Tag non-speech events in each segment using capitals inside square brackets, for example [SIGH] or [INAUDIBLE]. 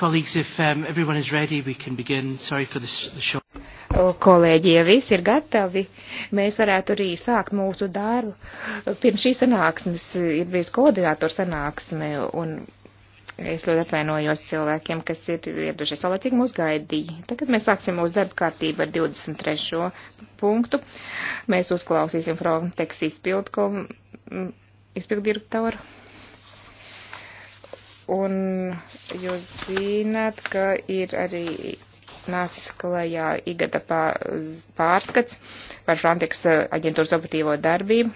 Colleagues, if um, everyone is ready, we can begin. Sorry for the, the short. Kolēģi, ja viss ir gatavi, mēs varētu arī sākt mūsu darbu. Pirms šīs sanāksmes ir bijusi koordinātora sanāksme, un es ļoti atvainojos cilvēkiem, kas ir ieradušies saulēcīgi mūs gaidīja. Tagad mēs sāksim mūsu darba kārtību ar 23. punktu. Mēs uzklausīsim Frontex izpildu, izpildu direktoru Un jūs zināt, ka ir arī nācis klajā igada pārskats par Frontex aģentūras operatīvo darbību.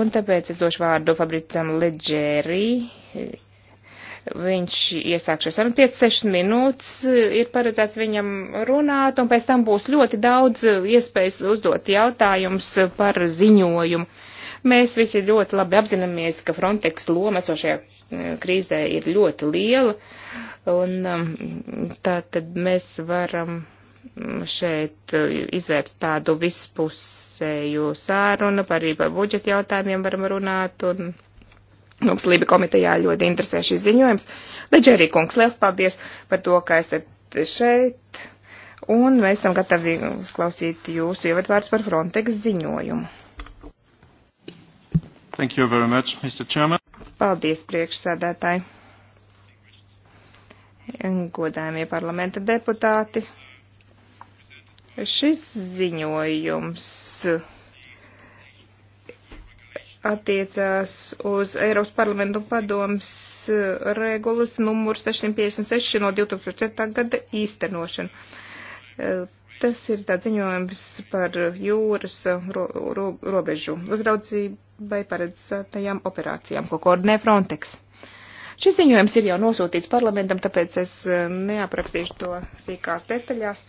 Un tāpēc es došu vārdu Fabricam Leģērī. Viņš iesāk šo sarunu 5-6 minūtes, ir paredzēts viņam runāt, un pēc tam būs ļoti daudz iespējas uzdot jautājumus par ziņojumu. Mēs visi ļoti labi apzināmies, ka Frontex loma esošajā krīzē ir ļoti liela, un um, tā tad mēs varam šeit uh, izvērst tādu vispusēju sārunu, par arī par budžeta jautājumiem varam runāt, un mums Lība komitejā ļoti interesē šis ziņojums. Leģerī kungs, liels paldies par to, ka esat šeit, un mēs esam gatavi klausīt jūsu ievadvārds par Frontex ziņojumu. Thank you very much, Mr. Chairman. Paldies, priekšsēdētāji! Godājumie parlamenta deputāti! Šis ziņojums attiecās uz Eiropas parlamentu padomas regulas numuru 656 no 2004. gada īstenošanu. Tas ir tāds ziņojums par jūras ro, ro, robežu uzraudzībai paredzētajām operācijām, ko koordinē Frontex. Šis ziņojums ir jau nosūtīts parlamentam, tāpēc es eh, neaprakstīšu to sīkās detaļās.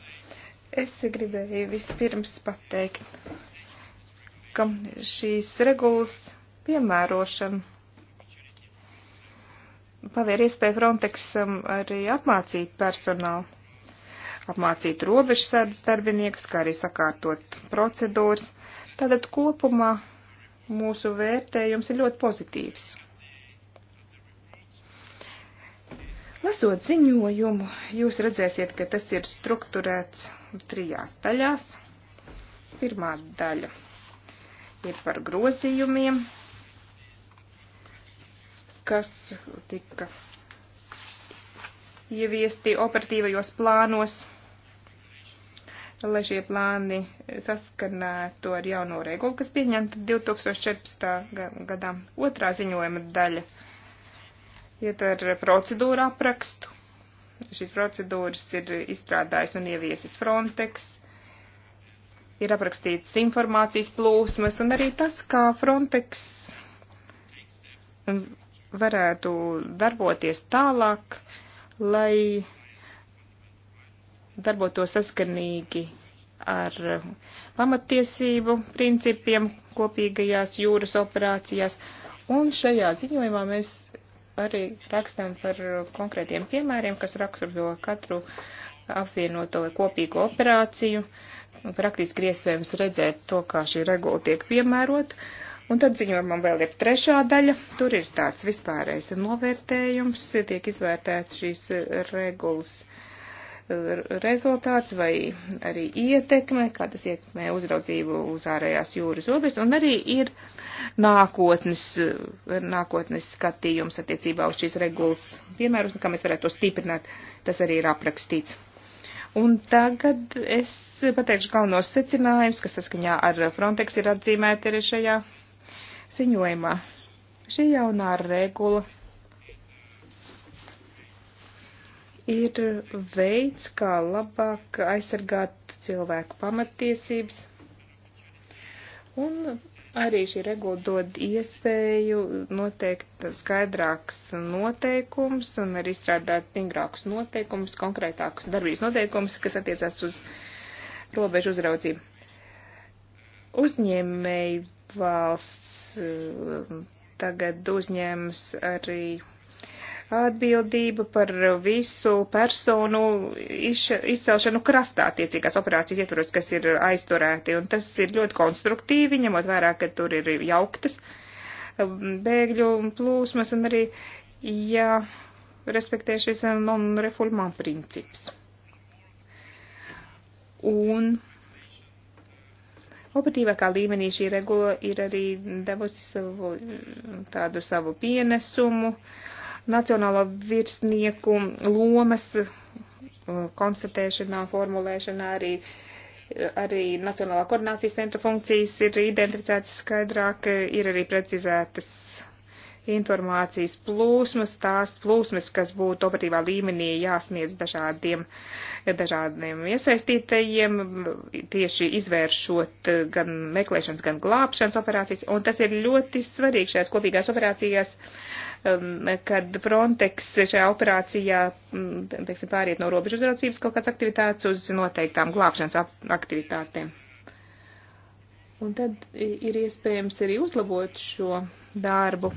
Es gribēju vispirms pateikt, ka šīs regulas piemērošana pavēr iespēju Frontexam arī apmācīt personālu apmācīt robežsēdas darbiniekus, kā arī sakārtot procedūras. Tātad kopumā mūsu vērtējums ir ļoti pozitīvs. Lasot ziņojumu, jūs redzēsiet, ka tas ir strukturēts trijās daļās. Pirmā daļa ir par grozījumiem, kas tika ieviesti operatīvajos plānos lai šie plāni saskanētu ar jauno regulu, kas pieņemta 2014. gadā. Otrā ziņojuma daļa iet ar procedūru aprakstu. Šīs procedūras ir izstrādājis un ieviesis Frontex. Ir aprakstīts informācijas plūsmas un arī tas, kā Frontex varētu darboties tālāk, lai darbotos saskanīgi ar um, pamatiesību principiem kopīgajās jūras operācijās. Un šajā ziņojumā mēs arī rakstam par uh, konkrētiem piemēriem, kas raksturo katru apvienoto vai kopīgu operāciju. Praktiski iespējams redzēt to, kā šī regula tiek piemērot. Un tad ziņojumam vēl ir trešā daļa. Tur ir tāds vispārējais novērtējums, tiek izvērtēts šīs uh, regulas uh, rezultāts vai arī ietekme, kā tas ietekmē uzraudzību uz ārējās jūras robežas, un arī ir nākotnes, nākotnes skatījums attiecībā uz šīs regulas piemērus, kā mēs varētu to stiprināt, tas arī ir aprakstīts. Un tagad es pateikšu galvenos secinājumus, kas saskaņā ar Frontex ir atzīmēti arī šajā ziņojumā. Šī jaunā regula ir veids, kā labāk aizsargāt cilvēku pamatiesības. Un arī šī regula dod iespēju noteikt skaidrāks noteikums un arī izstrādāt stingrākus noteikumus, konkrētākus darbības noteikumus, kas attiecās uz robežu uzraudzību. Uzņēmēji valsts eh, tagad uzņēmas arī atbildība par visu personu izcelšanu krastā tiecīgās operācijas ietvaros, kas ir aizturēti, un tas ir ļoti konstruktīvi, ņemot vērā, ka tur ir jauktas um, bēgļu plūsmas un arī, ja respektē šis non-refulmā princips. Un operatīvākā līmenī šī regula ir arī devusi savu, tādu savu pienesumu. Uh, nacionālo virsnieku lomas uh, konstatēšanā, formulēšanā arī arī Nacionālā koordinācijas centra funkcijas ir identificētas skaidrāk, ir arī precizētas informācijas plūsmas, tās plūsmas, kas būtu operatīvā līmenī jāsniedz dažādiem, dažādiem iesaistītajiem, tieši izvēršot gan meklēšanas, gan glābšanas operācijas. Un tas ir ļoti svarīgi šajās kopīgās operācijās Um, kad Frontex šajā operācijā mm, teiksim, pāriet no robežu uzraudzības kaut kādas aktivitātes uz noteiktām glābšanas aktivitātēm. Un tad ir iespējams arī uzlabot šo darbu.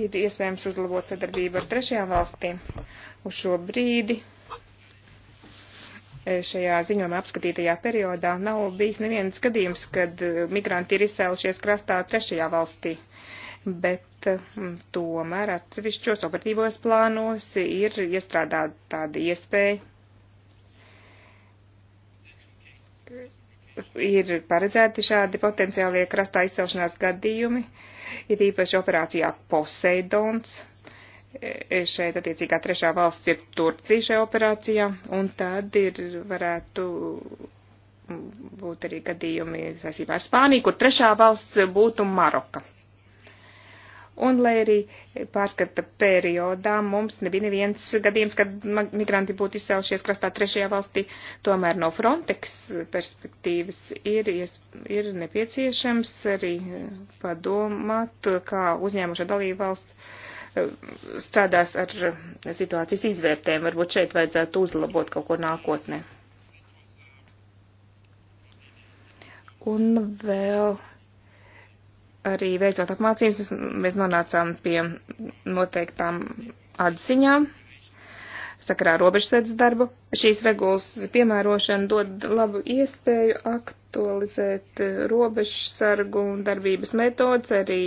Ir iespējams uzlabot sadarbību ar trešajām valstīm. Uz šo brīdi e, šajā ziņojumā apskatītajā periodā nav bijis neviens gadījums, kad e, migranti ir izcēlušies krastā trešajā valstī. Uh, bet mm, tomēr atsevišķos operatīvos plānos ir iestrādāta tāda iespēja. Ir paredzēti šādi potenciālie krastā izcelšanās gadījumi, ir īpaši operācijā Poseidons. E, šeit attiecīgā trešā valsts ir Turcija šajā operācijā, un tad ir varētu būt arī gadījumi saistībā ar Spāniju, kur trešā valsts būtu Maroka. Un, lai arī pārskata periodā mums nebija neviens gadījums, kad migranti būtu izcēlušies krastā trešajā valstī, tomēr no Frontex perspektīvas ir, ir nepieciešams arī padomāt, kā uzņēmuša dalība valsts eh, strādās ar eh, situācijas izvērtēm. Varbūt šeit vajadzētu uzlabot kaut ko nākotnē. Un vēl arī veicot apmācības, mēs nonācām pie noteiktām atziņām sakarā robežsēdz darbu. Šīs regulas piemērošana dod labu iespēju aktualizēt eh, robežsargu un darbības metodas, arī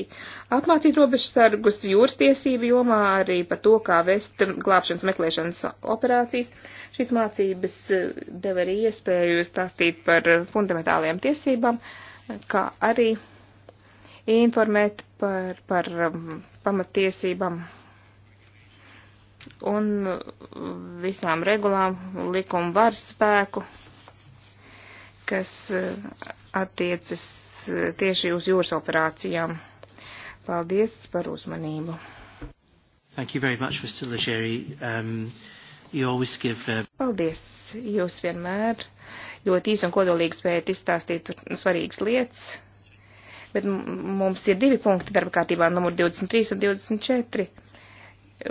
apmācīt robežsargus jūras tiesību jomā, arī par to, kā vest glābšanas meklēšanas operācijas. Šīs mācības eh, deva arī iespēju stāstīt par fundamentālajām tiesībām, eh, kā arī informēt par, par um, pamatiesībām un visām regulām likuma varas spēku, kas uh, attiecas uh, tieši uz jūras operācijām. Paldies par uzmanību. Thank you very much, Mr. Legeri. Um, you always give... Uh... Paldies. Jūs vienmēr ļoti īsi un kodolīgi spējat izstāstīt svarīgas lietas bet mums ir divi punkti darba kārtībā, numur 23 un 24.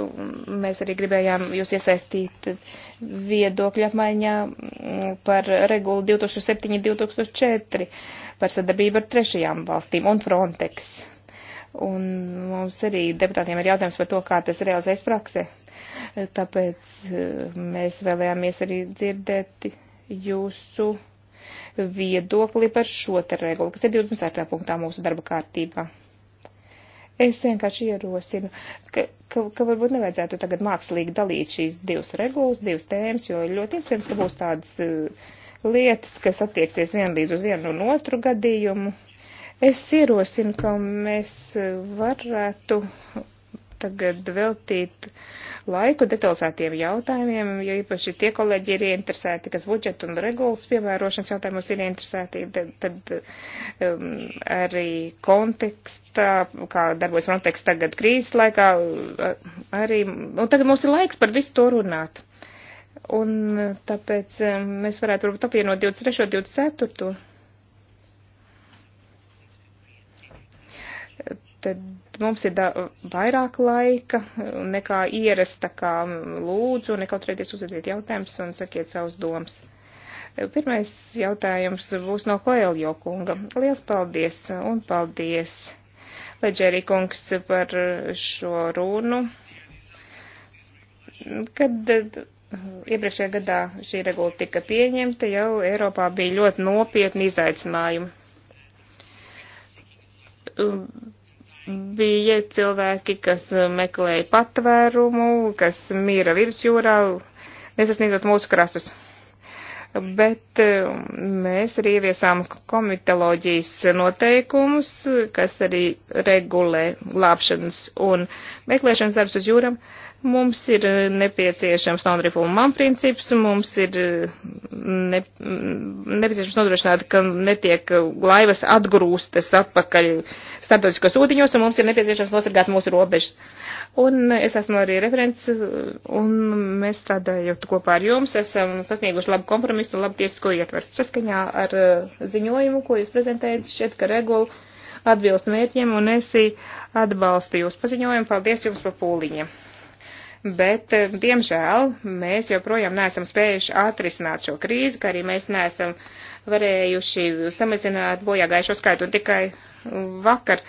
Un mēs arī gribējām jūs iesaistīt viedokļu apmaiņā par regulu 2007-2004 par sadarbību ar trešajām valstīm un Frontex. Un mums arī deputātiem ir jautājums par to, kā tas realizēs praksē. Tāpēc mēs vēlējāmies arī dzirdēt jūsu viedokli par šo te regulu, kas ir 24. punktā mūsu darba kārtībā. Es vienkārši ierosinu, ka, ka, ka varbūt nevajadzētu tagad mākslīgi dalīt šīs divas regulas, divas tēmas, jo ļoti iespējams, ka būs tādas eh, lietas, kas attieksies vienlīdz uz vienu un otru gadījumu. Es ierosinu, ka mēs eh, varētu tagad veltīt uh, laiku detalizētiem jautājumiem, jo īpaši tie kolēģi ir ieinteresēti, kas budžeta un regulas piemērošanas jautājumos ir ieinteresēti, tad, tad um, arī kontekstā, kā darbojas Frontex tagad krīzes laikā, arī, un tagad mums ir laiks par visu to runāt. Un tāpēc um, mēs varētu varbūt apvienot 23. 24. tad mums ir vairāk laika nekā ierasta, kā lūdzu, nekautrēties uzdodiet jautājumus un sakiet savus domas. Pirmais jautājums būs no Koeljo kunga. Liels paldies un paldies, Leģeri kungs, par šo runu. Kad iepriekšējā gadā šī regula tika pieņemta, jau Eiropā bija ļoti nopietni izaicinājumi Bija cilvēki, kas uh, meklēja patvērumu, kas mīra virsjūrā, nesasniedzot mūsu krastus. Bet um, mēs arī ieviesām komitoloģijas noteikumus, kas arī regulē glābšanas un meklēšanas darbs uz jūram. Uh, Mums ir eh, nepieciešams non-refulmam princips, mums ir eh, ne, nepieciešams nodrošināt, ka netiek eh, laivas atgrūstas atpakaļ starptautiskos ūdiņos, un mums ir nepieciešams nosargāt mūsu robežas. Un es esmu arī referents, un mēs strādājot kopā ar jums, esam sasnieguši labu kompromisu un labu tiesisko ietveru. Saskaņā ar ziņojumu, ko jūs prezentējat, šķiet, ka regula atbilst mērķiem, un es atbalstu jūs paziņojumu. Paldies jums par pūliņiem! bet, eh, diemžēl, mēs joprojām neesam spējuši atrisināt šo krīzi, kā arī mēs neesam varējuši samazināt bojā gājušo skaitu. Un tikai vakar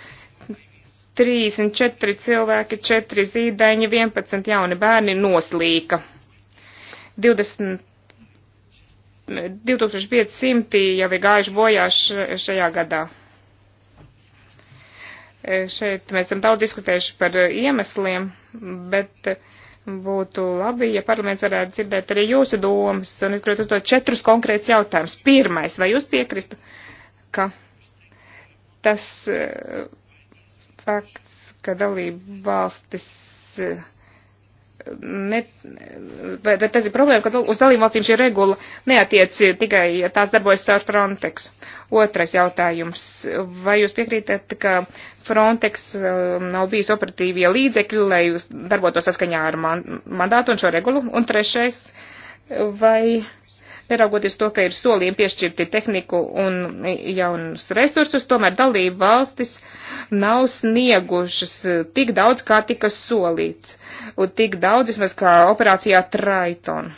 34 cilvēki, 4 zīdaiņi, 11 jauni bērni noslīka. 20, 2500 jau ir gājuši bojā šajā gadā. Eh, šeit mēs esam daudz diskutējuši par eh, iemesliem, bet uh, būtu labi, ja parlaments varētu dzirdēt arī jūsu domas, un es gribētu uzdot četrus konkrētus jautājumus. Pirmais, vai jūs piekristu, ka tas eh, fakts, ka dalība valstis eh, ne, bet tas ir problēma, ka nu, uz dalībvalstīm šī regula neatiec tikai, ja tās darbojas caur Frontex. Otrais jautājums. Vai jūs piekrītat, ka Frontex um, nav bijis operatīvie līdzekļi, lai jūs darbotos saskaņā ar man, mandātu un šo regulu? Un trešais, vai neraugoties to, ka ir solījumi piešķirti tehniku un jaunus resursus, tomēr dalība valstis nav sniegušas tik daudz, kā tika solīts, un tik daudz, vismaz kā operācijā Triton.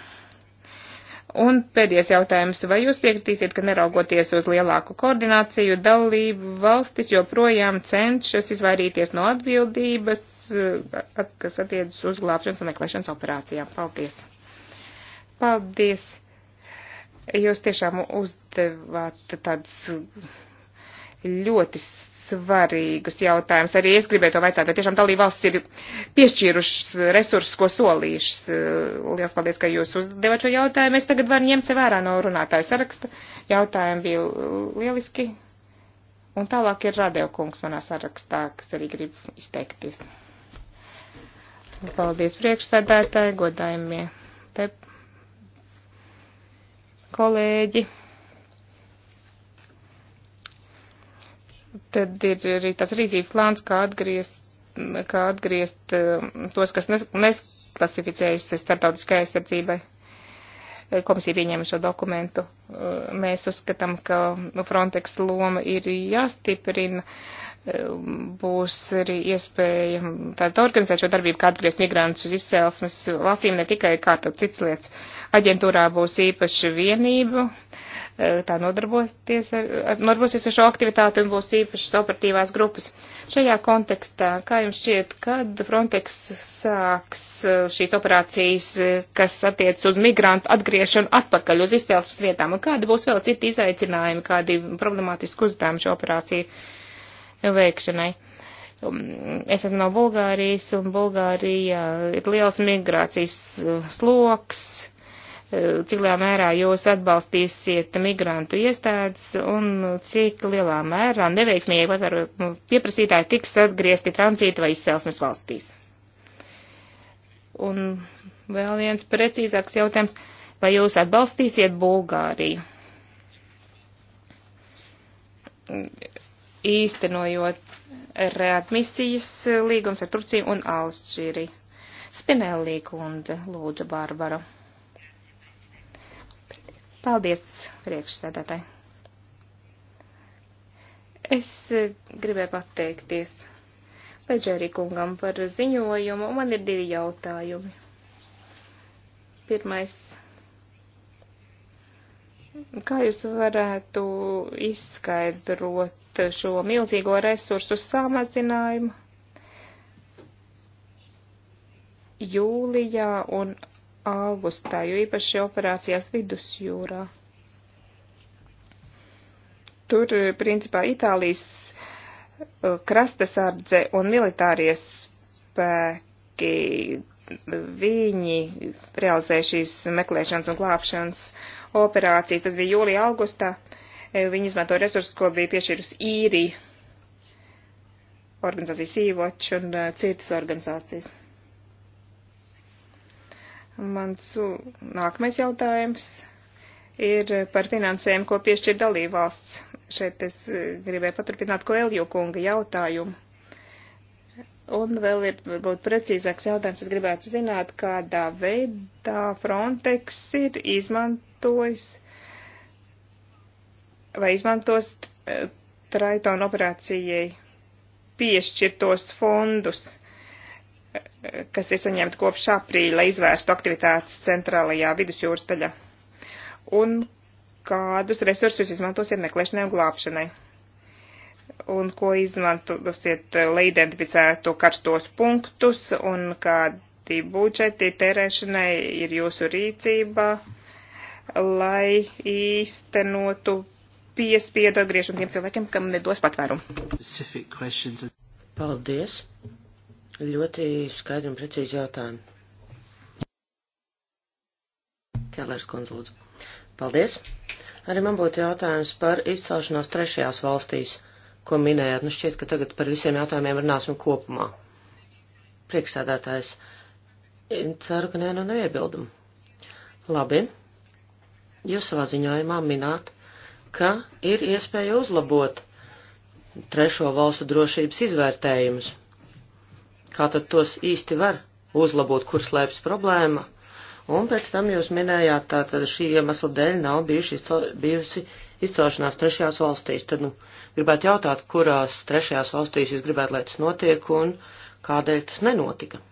Un pēdējais jautājums, vai jūs piekritīsiet, ka neraugoties uz lielāku koordināciju, dalību valstis joprojām cenšas izvairīties no atbildības, kas attiecas uz glābšanas un meklēšanas operācijām? Paldies! Paldies! Jūs tiešām uzdevāt tāds ļoti svarīgus jautājumus. Arī es gribēju to vaicāt, vai tiešām dalībvalsts ir piešķīrušas resursus, ko solījušas. Lielas paldies, ka jūs uzdevat šo jautājumu. Es tagad varu ņemt sev vērā no runātāja saraksta. Jautājumi bija lieliski. Un tālāk ir Radev kungs manā sarakstā, kas arī grib izteikties. Paldies priekšsēdētāji, godājumie. Te kolēģi. Tad ir arī tas rīcības plāns, kā atgriezt, kā atgriezt um, tos, kas nesklasificējas starptautiskai aizsardzībai. Komisija pieņēma šo dokumentu. Uh, mēs uzskatām, ka nu, Frontex loma ir jāstiprina Ehm, būs arī iespēja mm, tātad organizēt šo darbību, kā atgriezt migrantus uz izcēlesmes valstīm, ne tikai kārtot cits lietas. Aģentūrā būs īpaša vienība, eh, tā nodarboties ar, nodarbosies ar šo aktivitāti un būs īpašas operatīvās grupas. Šajā kontekstā, kā jums šķiet, kad Frontex sāks eh, šīs operācijas, eh, kas attiec uz migrantu atgriešanu atpakaļ uz izcēlesmes vietām, un kādi būs vēl citi izaicinājumi, kādi problemātiski uzdevumi šo operāciju? veikšanai. Um, es esmu no Bulgārijas, un Bulgārija ir liels migrācijas uh, sloks, uh, cik lielā mērā jūs atbalstīsiet migrantu iestādes un cik lielā mērā neveiksmīgi patvērumu nu, pieprasītāji tiks atgriezti tranzīta vai izcelsmes valstīs. Un vēl viens precīzāks jautājums, vai jūs atbalstīsiet Bulgāriju? īstenojot readmisijas līgums ar Turciju un Alšķīri. Spinelli kundze, lūdzu, Bārbara. Paldies, priekšsēdētāji. Es gribēju pateikties Leģērī kungam par ziņojumu. Man ir divi jautājumi. Pirmais Kā jūs varētu izskaidrot šo milzīgo resursu samazinājumu jūlijā un augustā, jo īpaši operācijās vidusjūrā? Tur, principā, Itālijas uh, krastasardze un militārie spēki, viņi realizē šīs meklēšanas un glābšanas operācijas. Tas bija jūlija, augustā. E, viņi izmanto resursus, ko bija piešķīrusi īrija organizācija Sīvoč un e, citas organizācijas. Mans nākamais jautājums ir par finansējumu, ko piešķir dalībvalsts. Šeit es e, gribēju paturpināt ko Elju kunga jautājumu. Un vēl ir varbūt precīzāks jautājums. Es gribētu zināt, kādā veidā Frontex ir izmantojis izmantojis vai izmantos eh, Traitona operācijai piešķirtos fondus, eh, kas ir saņemti kopš aprīļa, lai izvērstu aktivitātes centrālajā vidusjūras daļā, un kādus resursus izmantosiet meklēšanai un glābšanai, un ko izmantosiet, eh, lai identificētu karstos punktus, un kādi budžeti tērēšanai ir jūsu rīcībā lai īstenotu piespiedu atgriešanu tiem cilvēkiem, kam nedos patvērumu. Paldies! Ļoti skaidri un precīzi jautājumi. Kellers kundze, lūdzu. Paldies! Arī man būtu jautājums par izcelšanos trešajās valstīs, ko minējāt. Nu šķiet, ka tagad par visiem jautājumiem runāsim kopumā. Priekšsēdētājs, ceru, ka nē, nu neiebildumu. Labi. Jūs savā ziņojumā mināt, ka ir iespēja uzlabot trešo valstu drošības izvērtējumus. Kā tad tos īsti var uzlabot, kur slēpjas problēma? Un pēc tam jūs minējāt, tātad šī iemesla dēļ nav bijuši, bijusi izcelšanās trešajās valstīs. Tad, nu, gribētu jautāt, kurās trešajās valstīs jūs gribētu, lai tas notiek un kādēļ tas nenotika?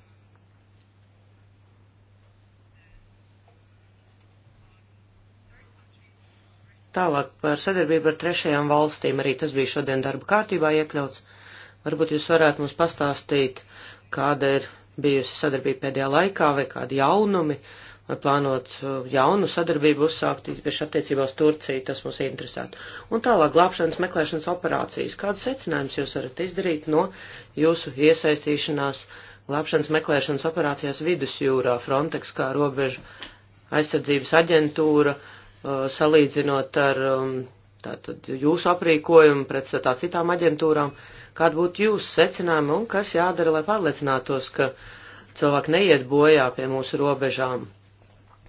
Tālāk par sadarbību ar trešajām valstīm, arī tas bija šodien darba kārtībā iekļauts. Varbūt jūs varētu mums pastāstīt, kāda ir bijusi sadarbība pēdējā laikā vai kādi jaunumi, vai plānot uh, jaunu sadarbību uzsākt tieši attiecībā uz Turciju, tas mums interesētu. Un tālāk glābšanas meklēšanas operācijas. Kādus secinājumus jūs varat izdarīt no jūsu iesaistīšanās glābšanas meklēšanas operācijās vidusjūrā, Frontex kā robežu aizsardzības aģentūra? Uh, salīdzinot ar um, tātad, jūsu aprīkojumu pretstatā citām aģentūrām, kāda būtu jūsu secinājuma un kas jādara, lai pārliecinātos, ka cilvēki neiet bojā pie mūsu robežām.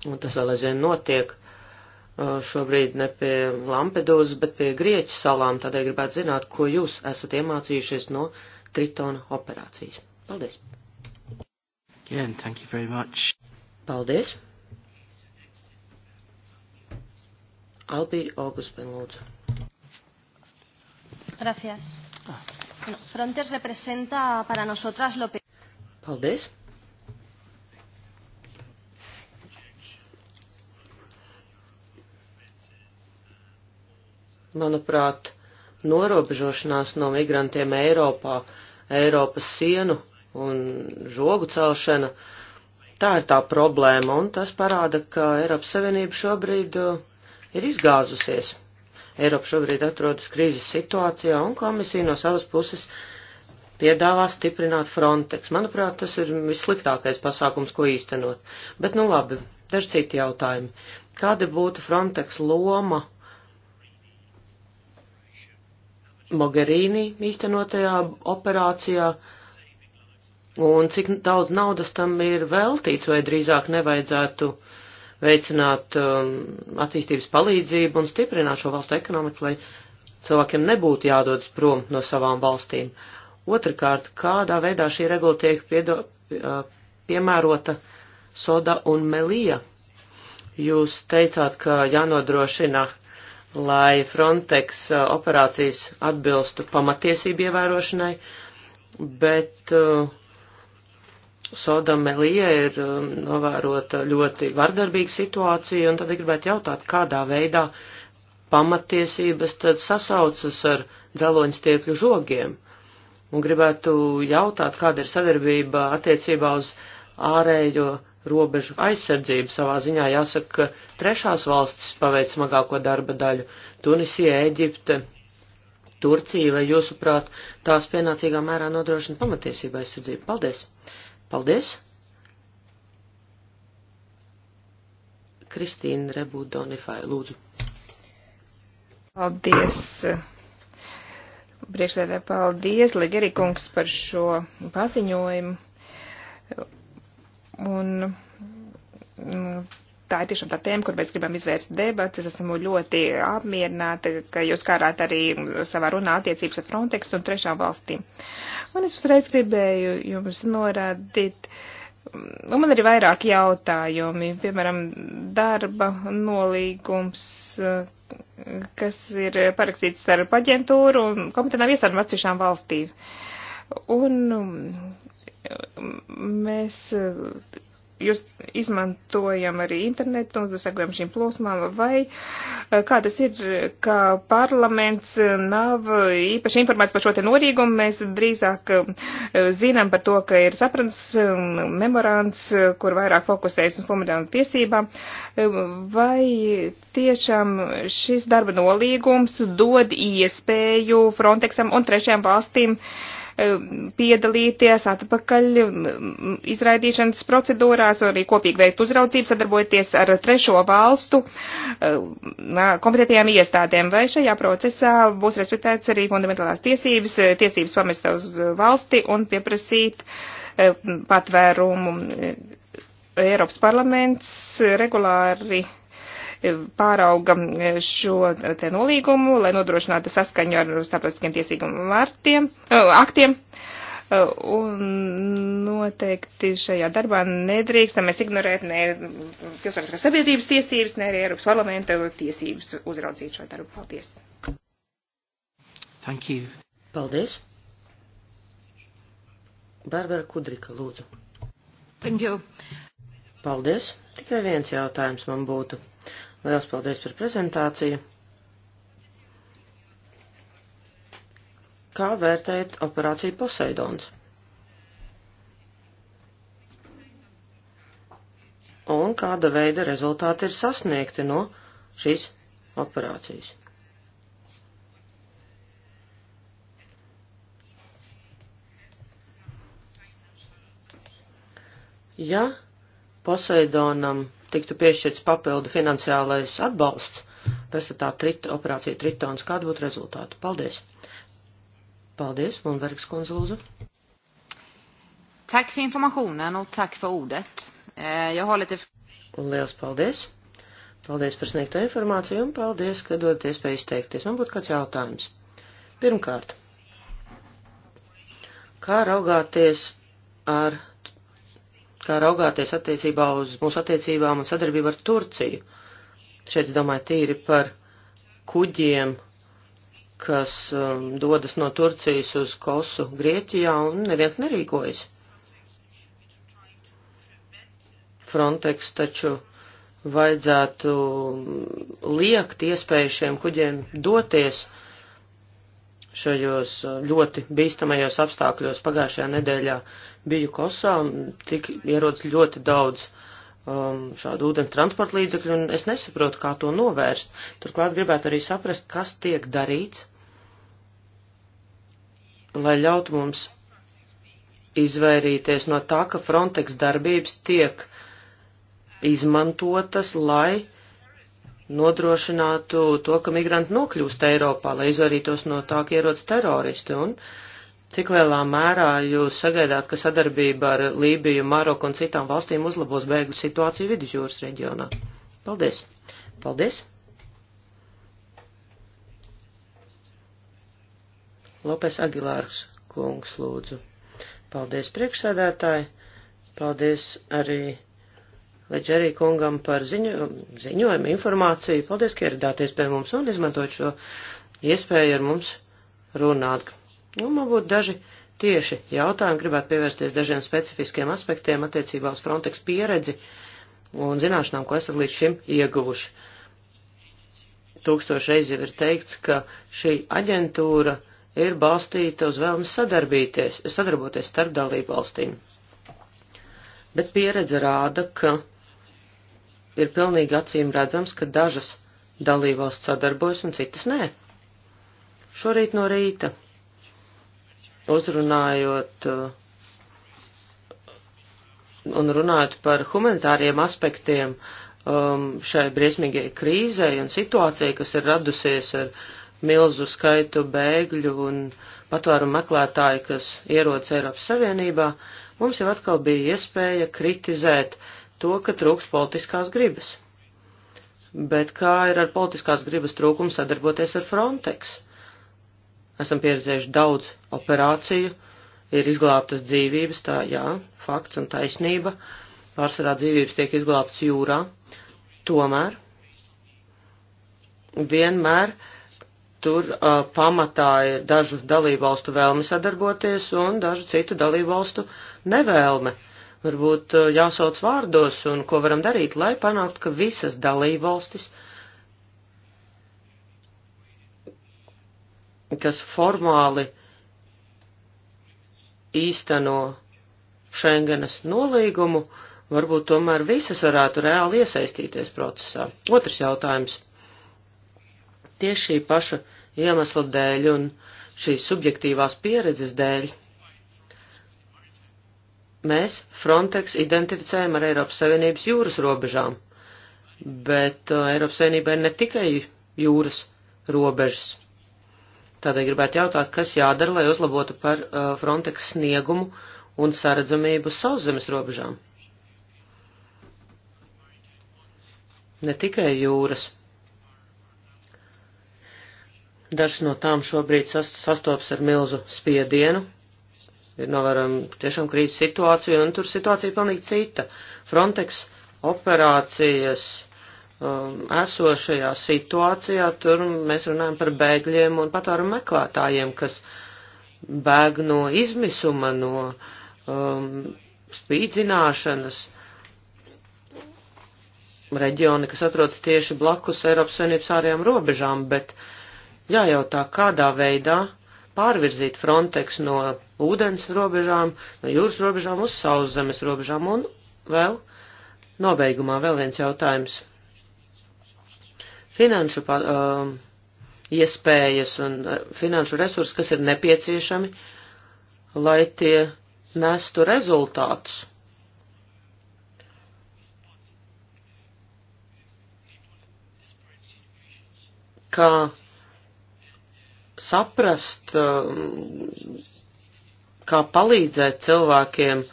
Un tas vēl aizvien notiek uh, šobrīd ne pie Lampedūzas, bet pie Grieķu salām, tādēļ gribētu zināt, ko jūs esat iemācījušies no Tritona operācijas. Paldies! Again, thank you very much. Paldies! Albija Augustin, lūdzu. Gracias. Ah. Bueno, Frontex representa para nosotras lo peor. Paldies. Manuprāt, norobežošanās no migrantiem Eiropā, Eiropas sienu un žogu celšana, tā ir tā problēma, un tas parāda, ka Eiropas Savienība šobrīd uh, ir izgāzusies. Eiropa šobrīd atrodas krīzes situācijā un komisija no savas puses piedāvā stiprināt Frontex. Manuprāt, tas ir vissliktākais pasākums, ko īstenot. Bet nu labi, daži citi jautājumi. Kāda būtu Frontex loma Mogherīni īstenotajā operācijā? Un cik daudz naudas tam ir veltīts, vai drīzāk nevajadzētu uh, veicināt um, attīstības palīdzību un stiprināt šo valstu ekonomiku, lai cilvēkiem nebūtu jādodas prom no savām valstīm. Otrakārt, kādā veidā šī regula tiek piedo, uh, piemērota soda un melija? Jūs teicāt, ka jānodrošina, lai Frontex uh, operācijas atbilstu pamatiesību ievērošanai, bet uh, Soda Melija ir um, novērota ļoti vardarbīga situācija, un tad es gribētu jautāt, kādā veidā pamatiesības tad sasaucas ar dzeloņstiepļu žogiem. Un gribētu jautāt, kāda ir sadarbība attiecībā uz ārējo robežu aizsardzību. Savā ziņā jāsaka, ka trešās valstis paveic smagāko darba daļu - Tunisija, Eģipte, Turcija, vai jūsuprāt tās pienācīgā mērā nodrošina pamatiesību aizsardzību? Paldies! Paldies! Kristīna Rebūda Donifai, lūdzu. Paldies! Priekšsēdē, paldies, Ligerikungs, par šo paziņojumu. Un, un mm, tā ir tiešām tā tēma, kur mēs gribam izvērst debatas. Esmu ļoti apmierināta, ka jūs kārāt arī savā runā attiecības ar Frontex un trešām valstīm. Un es uzreiz gribēju jums norādīt. Un man ir vairāk jautājumi, piemēram, darba nolīgums, kas ir parakstīts ar paģentūru un komitēnām iestādēm atsevišķām valstīm. Un um, mēs jūs izmantojam arī internetu un sekojam šīm plūsmām, vai eh, kā tas ir, ka parlaments eh, nav īpaši informēts par šo te norīgumu, mēs drīzāk eh, zinām par to, ka ir saprants memorāns, kur vairāk fokusējas uz pamudām tiesībām, vai tiešām šis darba nolīgums dod iespēju Frontexam un trešajām valstīm uh, piedalīties atpakaļ izraidīšanas procedūrās, arī kopīgi veikt uzraudzību, sadarbojoties ar trešo valstu e, kompetentajām iestādēm. Vai šajā procesā būs respektēts arī fundamentālās tiesības, e, tiesības pamest uz valsti un pieprasīt e, patvērumu? Eiropas parlaments regulāri pārauga šo te nolīgumu, lai nodrošinātu saskaņu ar starptautiskiem tiesīgumu vārtiem, aktiem. Un noteikti šajā darbā nedrīkstam mēs ignorēt ne pilsoniskās sabiedrības tiesības, ne arī Eiropas parlamenta tiesības uzraudzīt šo darbu. Paldies! Thank you. Paldies! Barbara Kudrika, lūdzu. Thank you. Paldies. Tikai viens jautājums man būtu. Liels paldies par prezentāciju. Kā vērtējat operāciju Poseidons? Un kāda veida rezultāti ir sasniegti no šīs operācijas? Ja Poseidonam tiktu piešķirts papildu finansiālais atbalsts, Vestatā trit, operācija Tritons, kāda būtu rezultāta? Paldies! Paldies, Lundbergs kundze lūdzu. Tack för informationen och tack för ordet. Eh, jag har lite... Liels paldies! Paldies par sniegto informāciju un paldies, ka dodat iespēju izteikties. Man būtu kāds jautājums. Pirmkārt, kā raugāties ar kā raugāties attiecībā uz mūsu attiecībām un sadarbību ar Turciju. Šeit es domāju tīri par kuģiem, kas um, dodas no Turcijas uz Kosu Grieķijā un neviens nerīkojas. Frontex taču vajadzētu um, liekt iespēju šiem kuģiem doties uh, šajos uh, ļoti bīstamajos apstākļos pagājušajā nedēļā biju Kosā, tik ierodas ļoti daudz um, šādu ūdens transporta līdzekļu, un es nesaprotu, kā to novērst. Turklāt gribētu arī saprast, kas tiek darīts, lai ļautu mums izvairīties no tā, ka Frontex darbības tiek izmantotas, lai uh, nodrošinātu to, ka migranti nokļūst Eiropā, lai izvairītos no tā, ka ierodas teroristi. Un cik lielā mērā jūs sagaidāt, ka sadarbība ar Lībiju, Maroku un citām valstīm uzlabos bēgļu situāciju vidusjūras reģionā? Paldies! Paldies! Lopes Agilārs kungs lūdzu. Paldies priekšsēdētāji, paldies arī Leģerī kungam par ziņo, ziņojumu, informāciju. Paldies, ka ieradāties pie mums un izmantot šo iespēju ar mums runāt. Nu, man būtu daži tieši jautājumi, gribētu pievērsties dažiem specifiskiem aspektiem attiecībā uz Frontex pieredzi un zināšanām, ko esat līdz šim ieguvuši. Tūkstošreiz jau ir teikts, ka šī aģentūra ir balstīta uz vēlmi sadarbīties, sadarboties starp dalību valstīm. Bet pieredze rāda, ka ir pilnīgi acīm redzams, ka dažas dalībvalsts sadarbojas un citas nē. Šorīt no rīta, uzrunājot uh, un runājot par humanitāriem aspektiem um, šai briesmīgajai krīzei un situācijai, kas ir radusies ar milzu skaitu bēgļu un patvērumu meklētāju, kas ierodas Eiropas Savienībā, mums jau atkal bija iespēja kritizēt uh, to, ka trūks politiskās gribas. Bet kā ir ar politiskās gribas trūkumu sadarboties ar Frontex? Esam pieredzējuši daudz operāciju, ir izglābtas dzīvības, tā jā, fakts un taisnība. Pārsvarā dzīvības tiek izglābtas jūrā. Tomēr vienmēr tur uh, pamatā ir dažu dalībvalstu vēlme sadarboties un dažu citu dalībvalstu nevēlme. Uh, varbūt eh, jāsauc vārdos un ko varam darīt, lai panāktu, ka visas dalībvalstis, kas formāli īsteno Schengenas nolīgumu, varbūt tomēr visas varētu reāli iesaistīties procesā. Otrs jautājums. Tieši šī paša iemesla dēļ un šīs subjektīvās pieredzes dēļ mēs Frontex identificējam ar Eiropas Savienības jūras robežām, bet uh, Eiropas Savienībā ir ne tikai jūras robežas. Tādēļ gribētu jautāt, kas jādara, lai uzlabotu par uh, Frontex sniegumu un saredzamību sauszemes robežām. Ne tikai jūras. Dažas no tām šobrīd sastopas ar milzu spiedienu, ir novērojama tiešām krīzes situācija, un tur situācija ir pilnīgi cita. Frontex operācijas um, esošajā situācijā, tur mēs runājam par bēgļiem un patvēru meklētājiem, kas bēg no izmisuma, no um, spīdzināšanas reģioni, kas atrodas tieši blakus Eiropas Savienības ārējām robežām, bet jājautā, kādā veidā pārvirzīt Frontex no ūdens robežām, no jūras robežām uz sauszemes robežām. Un vēl nobeigumā vēl viens jautājums. Finanšu pār, uh, um, iespējas un uh, finanšu resursi, kas ir nepieciešami, lai tie nestu rezultātus. Kā saprast, uh, kā palīdzēt cilvēkiem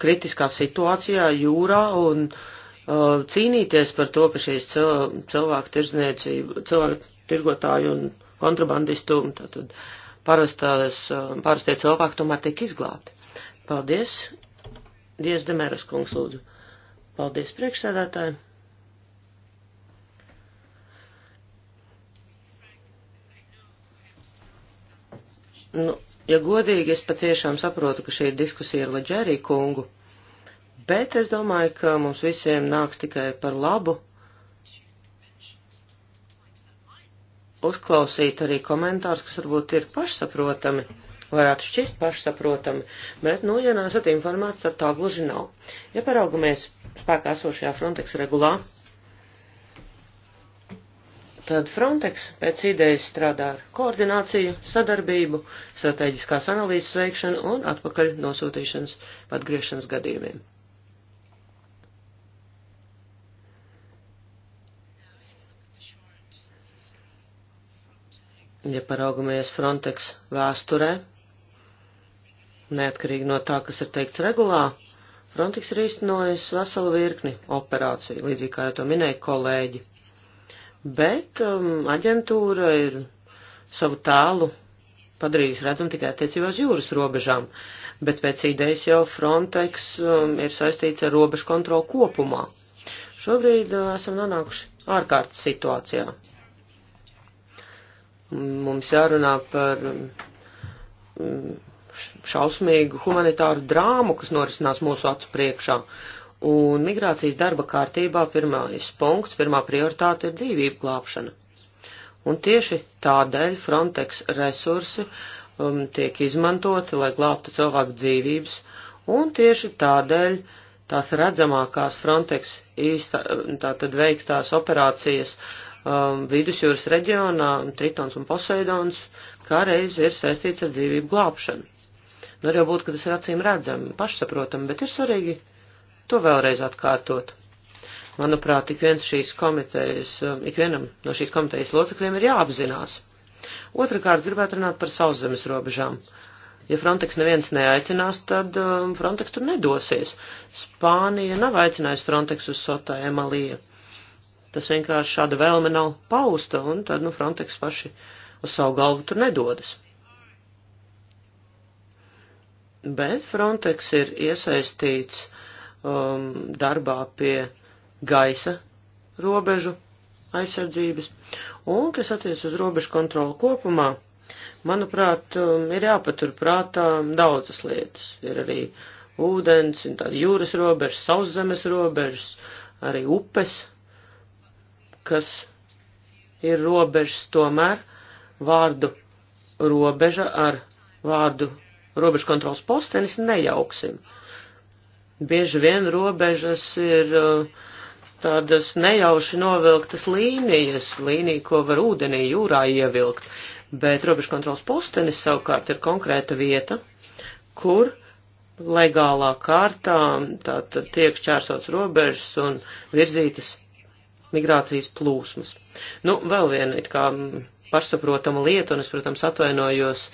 kritiskā situācijā jūrā un uh, cīnīties par to, ka šīs cilvēku tirzniecība, cilvēku tirgotāju un kontrabandistu, tātad parastās, uh, parastie cilvēki tomēr tiek izglābti. Paldies! Dievs Demēras kungs lūdzu. Paldies priekšsēdētājiem! Nu, ja godīgi, es patiešām saprotu, ka šī diskusija ir leģērī kungu, bet es domāju, ka mums visiem nāks tikai par labu uzklausīt arī komentārus, kas varbūt ir pašsaprotami, varētu šķist pašsaprotami, bet, nu, ja nesat informēts, tad tā gluži nav. Ja paraugamies spēkā esošajā Frontex regulā, Tad Frontex pēc idejas strādā ar koordināciju, sadarbību, strateģiskās analīzes veikšanu un atpakaļ nosūtīšanas atgriešanas gadījumiem. Ja paraugamies Frontex vēsturē, neatkarīgi no tā, kas ir teikts regulā, Frontex ir īstenojis veselu virkni operāciju, līdzīgi kā jau to minēja kolēģi bet um, aģentūra ir savu tālu padarījusi redzam tikai attiecībā uz jūras robežām, bet pēc idejas jau Frontex um, ir saistīts ar robežu kontroli kopumā. Šobrīd uh, esam nonākuši ārkārtas situācijā. Mums jārunā par um, šausmīgu humanitāru drāmu, kas norisinās mūsu acu priekšā. Uh, Un migrācijas darba kārtībā pirmais punkts, pirmā prioritāte ir dzīvību glābšana. Un tieši tādēļ Frontex resursi um, tiek izmantoti, lai glābtu cilvēku dzīvības, un tieši tādēļ tās redzamākās Frontex īsta, um, tātad veiktās operācijas um, vidusjūras reģionā, Tritons un Poseidons, kā reiz ir saistīts ar dzīvību glābšanu. Nu, arī būtu, ka tas ir acīm redzami, pašsaprotami, bet ir svarīgi to vēlreiz atkārtot. Manuprāt, ik viens šīs komitejas, um, ikvienam no šīs komitejas locekļiem ir jāapzinās. Otrakārt, gribētu runāt par sauszemes robežām. Ja Frontex neviens neaicinās, tad um, Frontex tur nedosies. Spānija nav aicinājusi Frontex uz Sotā Emalija. Tas vienkārši šāda vēlme nav pausta, un tad, nu, Frontex paši uz savu galvu tur nedodas. Bet Frontex ir iesaistīts uh, um, darbā pie gaisa robežu aizsardzības. Un, kas attiec uz robežu kontroli kopumā, manuprāt, um, ir jāpatur prātā daudzas lietas. Ir arī ūdens, ir tāda jūras robežas, sauszemes robežas, arī upes, kas ir robežas tomēr vārdu robeža ar vārdu robežu kontrols postenis nejauksim. Uh, Bieži vien robežas ir uh, tādas nejauši novilktas līnijas, līnija, ko var ūdenī jūrā ievilkt, bet robežkontrols postenis savukārt ir konkrēta vieta, kur legālā kārtā tātad tiek šķērsots robežas un virzītas migrācijas plūsmas. Nu, vēl viena it kā pašsaprotama lieta, un es, protams, atvainojos,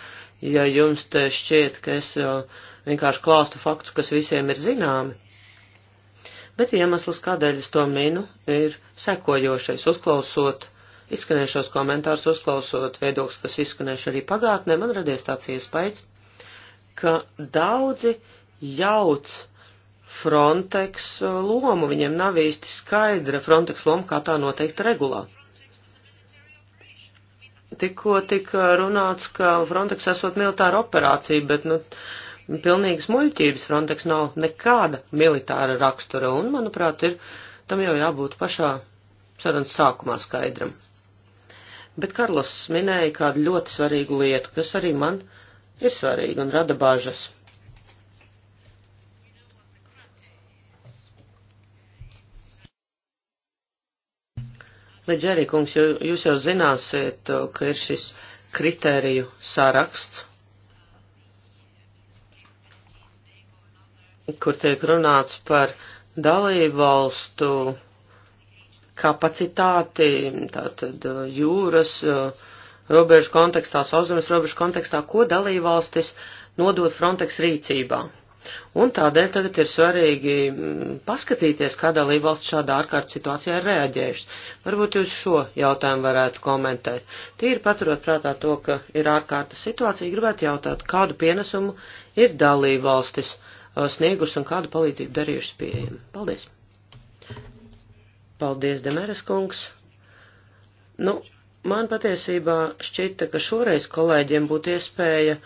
ja jums te šķiet, ka es uh, vienkārši klāstu faktus, kas visiem ir zināmi. Bet iemesls, kādēļ es to minu, ir sekojošais. Uzklausot izskanējušos komentārus, uzklausot viedokļus, kas izskanējuši arī pagātnē, man radies tāds iespējas, ka daudzi jauc Frontex uh, lomu, viņiem nav īsti skaidra Frontex loma, kā tā noteikti regulā. Tikko tika runāts, ka Frontex esot militāra operācija, bet, nu, pilnīgas muļķības. Frontex nav nekāda militāra rakstura un, manuprāt, ir, tam jau jābūt pašā sarunas sākumā skaidram. Bet Karlos minēja kādu ļoti svarīgu lietu, kas arī man ir svarīga un rada bažas. Leģerī kungs, jūs jau zināsiet, ka ir šis kritēriju saraksts, kur tiek runāts par dalību valstu kapacitāti, tātad uh, jūras, uh, robežu kontekstā, sauszemes robežu kontekstā, ko dalību valstis nodot Frontex rīcībā. Un tādēļ tagad ir svarīgi mm, paskatīties, kā dalība valsts šādā ārkārtas situācijā ir reaģējušas. Varbūt jūs šo jautājumu varētu komentēt. Tīri paturot prātā to, ka ir ārkārtas situācija, gribētu jautāt, kādu pienesumu ir dalība valstis uh, Uh, sniegušas un kādu palīdzību darījušas pieejami. Paldies! Paldies, Demeres kungs! Nu, man patiesībā šķita, ka šoreiz kolēģiem būtu iespēja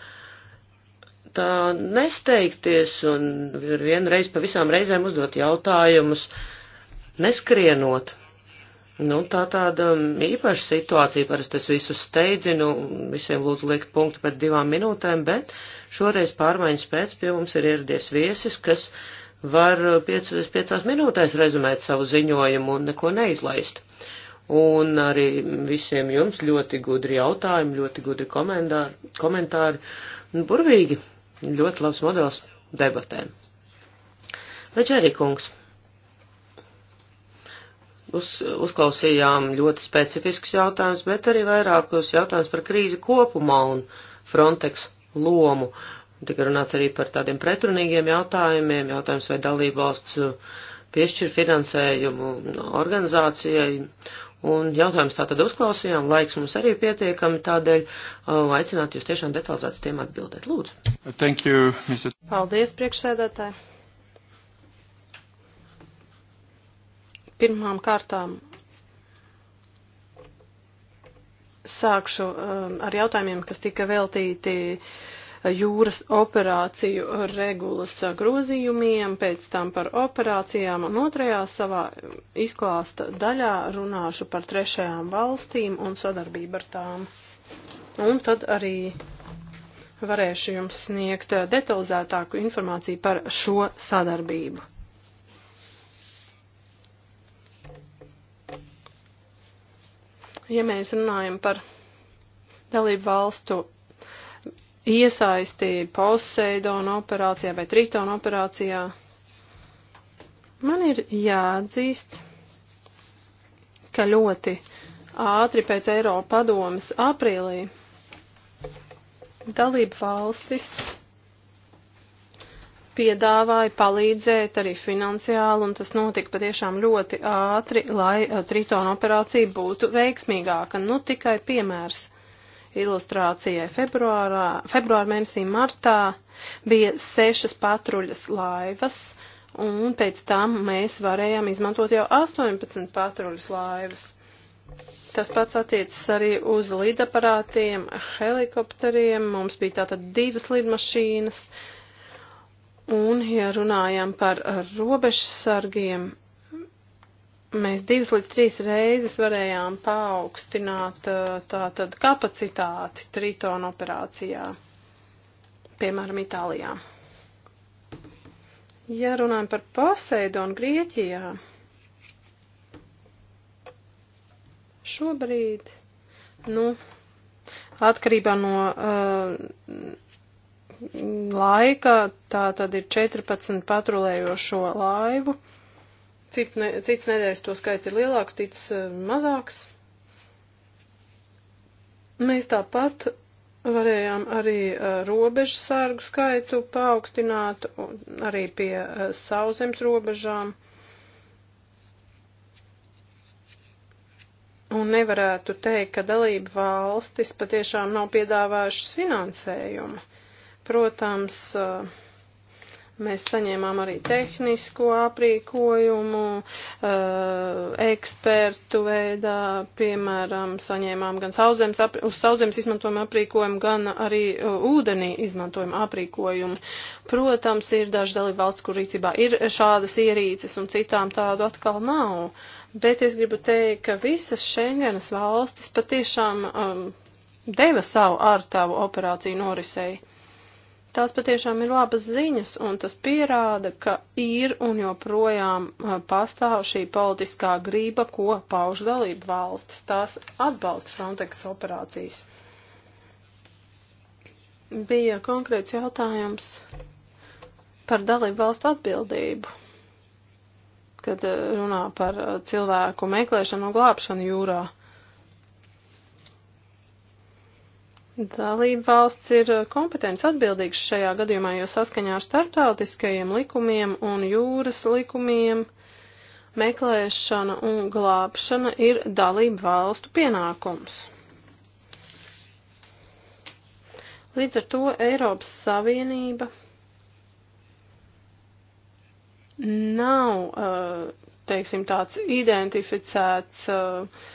tā nesteigties un vienreiz pa visām reizēm uzdot jautājumus, neskrienot. Nu, tā tāda īpaša situācija, parasti es visus steidzinu, visiem lūdzu liekt punktu pēc divām minūtēm, bet šoreiz pārmaiņas pēc pie mums ir ieradies viesis, kas var 5, 5 minūtēs rezumēt savu ziņojumu un neko neizlaist. Un arī visiem jums ļoti gudri jautājumi, ļoti gudri komentāri, komentāri burvīgi, ļoti labs modelis debatēm. Leģeri kungs. Uz, uzklausījām ļoti specifiskus jautājumus, bet arī vairākus jautājumus par krīzi kopumā un Frontex lomu. Tika runāts arī par tādiem pretrunīgiem jautājumiem, jautājums vai dalībvalsts piešķir finansējumu organizācijai Un jautājums tā tad uzklausījām, laiks mums arī pietiekami, tādēļ uh, aicināt jūs tiešām detalizētas tiem atbildēt. Lūdzu. Thank you, Mr. Paldies, priekšsēdētāji. Pirmām kārtām sākšu um, ar jautājumiem, kas tika veltīti uh, jūras operāciju regulas uh, grozījumiem, pēc tam par operācijām, un otrajā savā izklāsta daļā runāšu par trešajām valstīm un sadarbību ar tām. Un tad arī varēšu jums sniegt uh, detalizētāku informāciju par šo sadarbību. Ja mēs runājam par dalību valstu iesaisti Poseidona operācijā vai Tritona operācijā, man ir jāatzīst, ka ļoti ātri pēc Eiropa padomas aprīlī dalību valstis piedāvāja palīdzēt arī finansiāli, un tas notika patiešām ļoti ātri, lai uh, Tritona operācija būtu veiksmīgāka. Nu, tikai piemērs ilustrācijai februārā, februāra mēnesī martā bija sešas patruļas laivas, un pēc tam mēs varējām izmantot jau 18 patruļas laivas. Tas pats attiecas arī uz lidaparātiem, helikopteriem, mums bija tātad divas lidmašīnas, uh, Un, ja runājam par robežsargiem, mēs divas līdz trīs reizes varējām paaugstināt uh, tātad kapacitāti Triton operācijā, piemēram, Itālijā. Ja runājam par Poseidonu Grieķijā, šobrīd, nu, atkarībā no uh, laika, tā tad ir 14 patrulējošo laivu. Cik ne, cits nedēļas to skaits ir lielāks, cits eh, mazāks. Mēs tāpat varējām arī eh, robežu sārgu skaitu paaugstināt, arī pie eh, sauzemes robežām. Un nevarētu teikt, ka dalība valstis patiešām nav piedāvājušas finansējumu. Protams, eh, mēs saņēmām arī tehnisko aprīkojumu, eh, ekspertu veidā, piemēram, saņēmām gan sauzemes, uz sauzemes izmantojumu aprīkojumu, gan arī eh, ūdenī izmantojumu aprīkojumu. Protams, ir daži dalība valsts, kur rīcībā ir šādas ierīces un citām tādu atkal nav. Bet es gribu teikt, ka visas Schengenas valstis patiešām um, deva savu ārtāvu operāciju norisei. Tās patiešām ir labas ziņas, un tas pierāda, ka ir un joprojām eh, pastāv šī politiskā grība, ko pauž dalību valstis. Tās atbalsta Frontex operācijas. Bija konkrēts jautājums par dalību valstu atbildību, kad eh, runā par eh, cilvēku meklēšanu un glābšanu jūrā. Dalība valsts ir uh, kompetents atbildīgs šajā gadījumā, jo saskaņā ar starptautiskajiem likumiem un jūras likumiem meklēšana un glābšana ir dalība valstu pienākums. Līdz ar to Eiropas Savienība nav, uh, teiksim, tāds identificēts uh,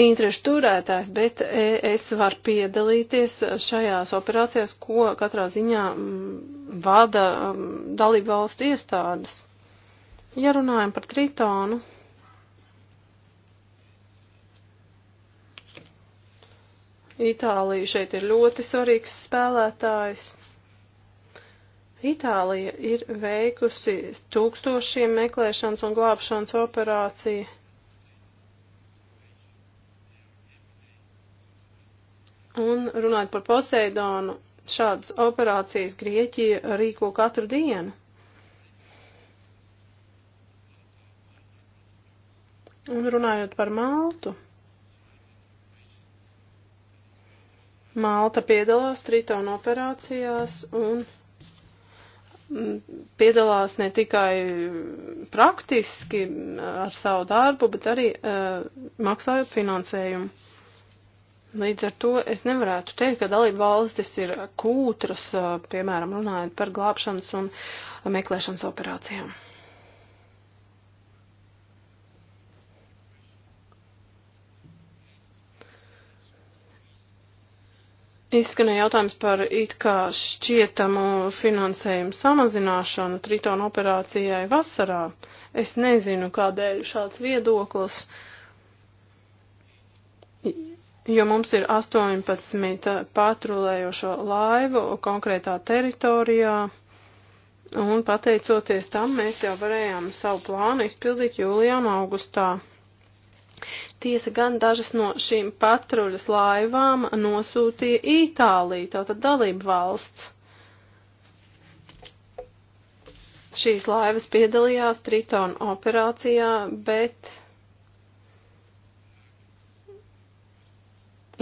interešu turētājs, bet es varu piedalīties šajās operācijās, ko katrā ziņā mm, vada mm, dalību valstu iestādes. Ja runājam par tritonu, Itālija šeit ir ļoti svarīgs spēlētājs. Itālija ir veikusi tūkstošiem meklēšanas un glābšanas operāciju Un runājot par Poseidonu, šādas operācijas Grieķija rīko katru dienu. Un runājot par Maltu. Malta piedalās Tritona operācijās un piedalās ne tikai praktiski ar savu darbu, bet arī uh, maksājot finansējumu. Līdz ar to es nevarētu teikt, ka dalība valstis ir kūtras, piemēram, runājot par glābšanas un meklēšanas operācijām. Izskanēja jautājums par it kā šķietamu finansējumu samazināšanu Tritona operācijai vasarā. Es nezinu, kādēļ šāds viedoklis jo mums ir 18 patrulējošo laivu konkrētā teritorijā, un pateicoties tam mēs jau varējām savu plānu izpildīt jūlijā un augustā. Tiesa gan dažas no šīm patruļas laivām nosūtīja Itālija, tātad dalību valsts. Šīs laivas piedalījās Tritona operācijā, bet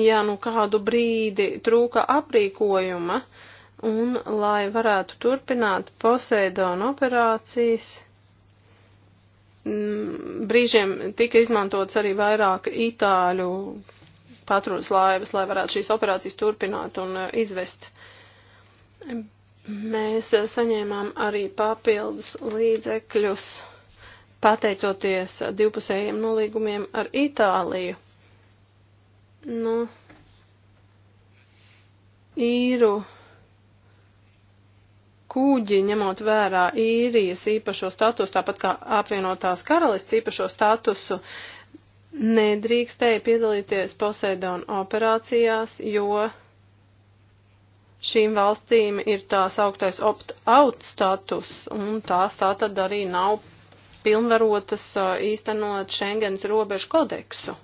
ja nu kādu brīdi trūka aprīkojuma, un lai varētu turpināt Poseidona operācijas, mm, brīžiem tika izmantots arī vairāk itāļu patruļas laivas, lai varētu šīs operācijas turpināt un e, izvest. Mēs saņēmām arī papildus līdzekļus pateicoties divpusējiem nolīgumiem ar Itāliju nu, īru kuģi, ņemot vērā īrijas īpašo statusu, tāpat kā apvienotās karalists īpašo statusu, nedrīkstēja piedalīties Poseidona operācijās, jo šīm valstīm ir tās augtais opt-out status, un tās tā tad arī nav pilnvarotas īstenot Schengens robežu kodeksu.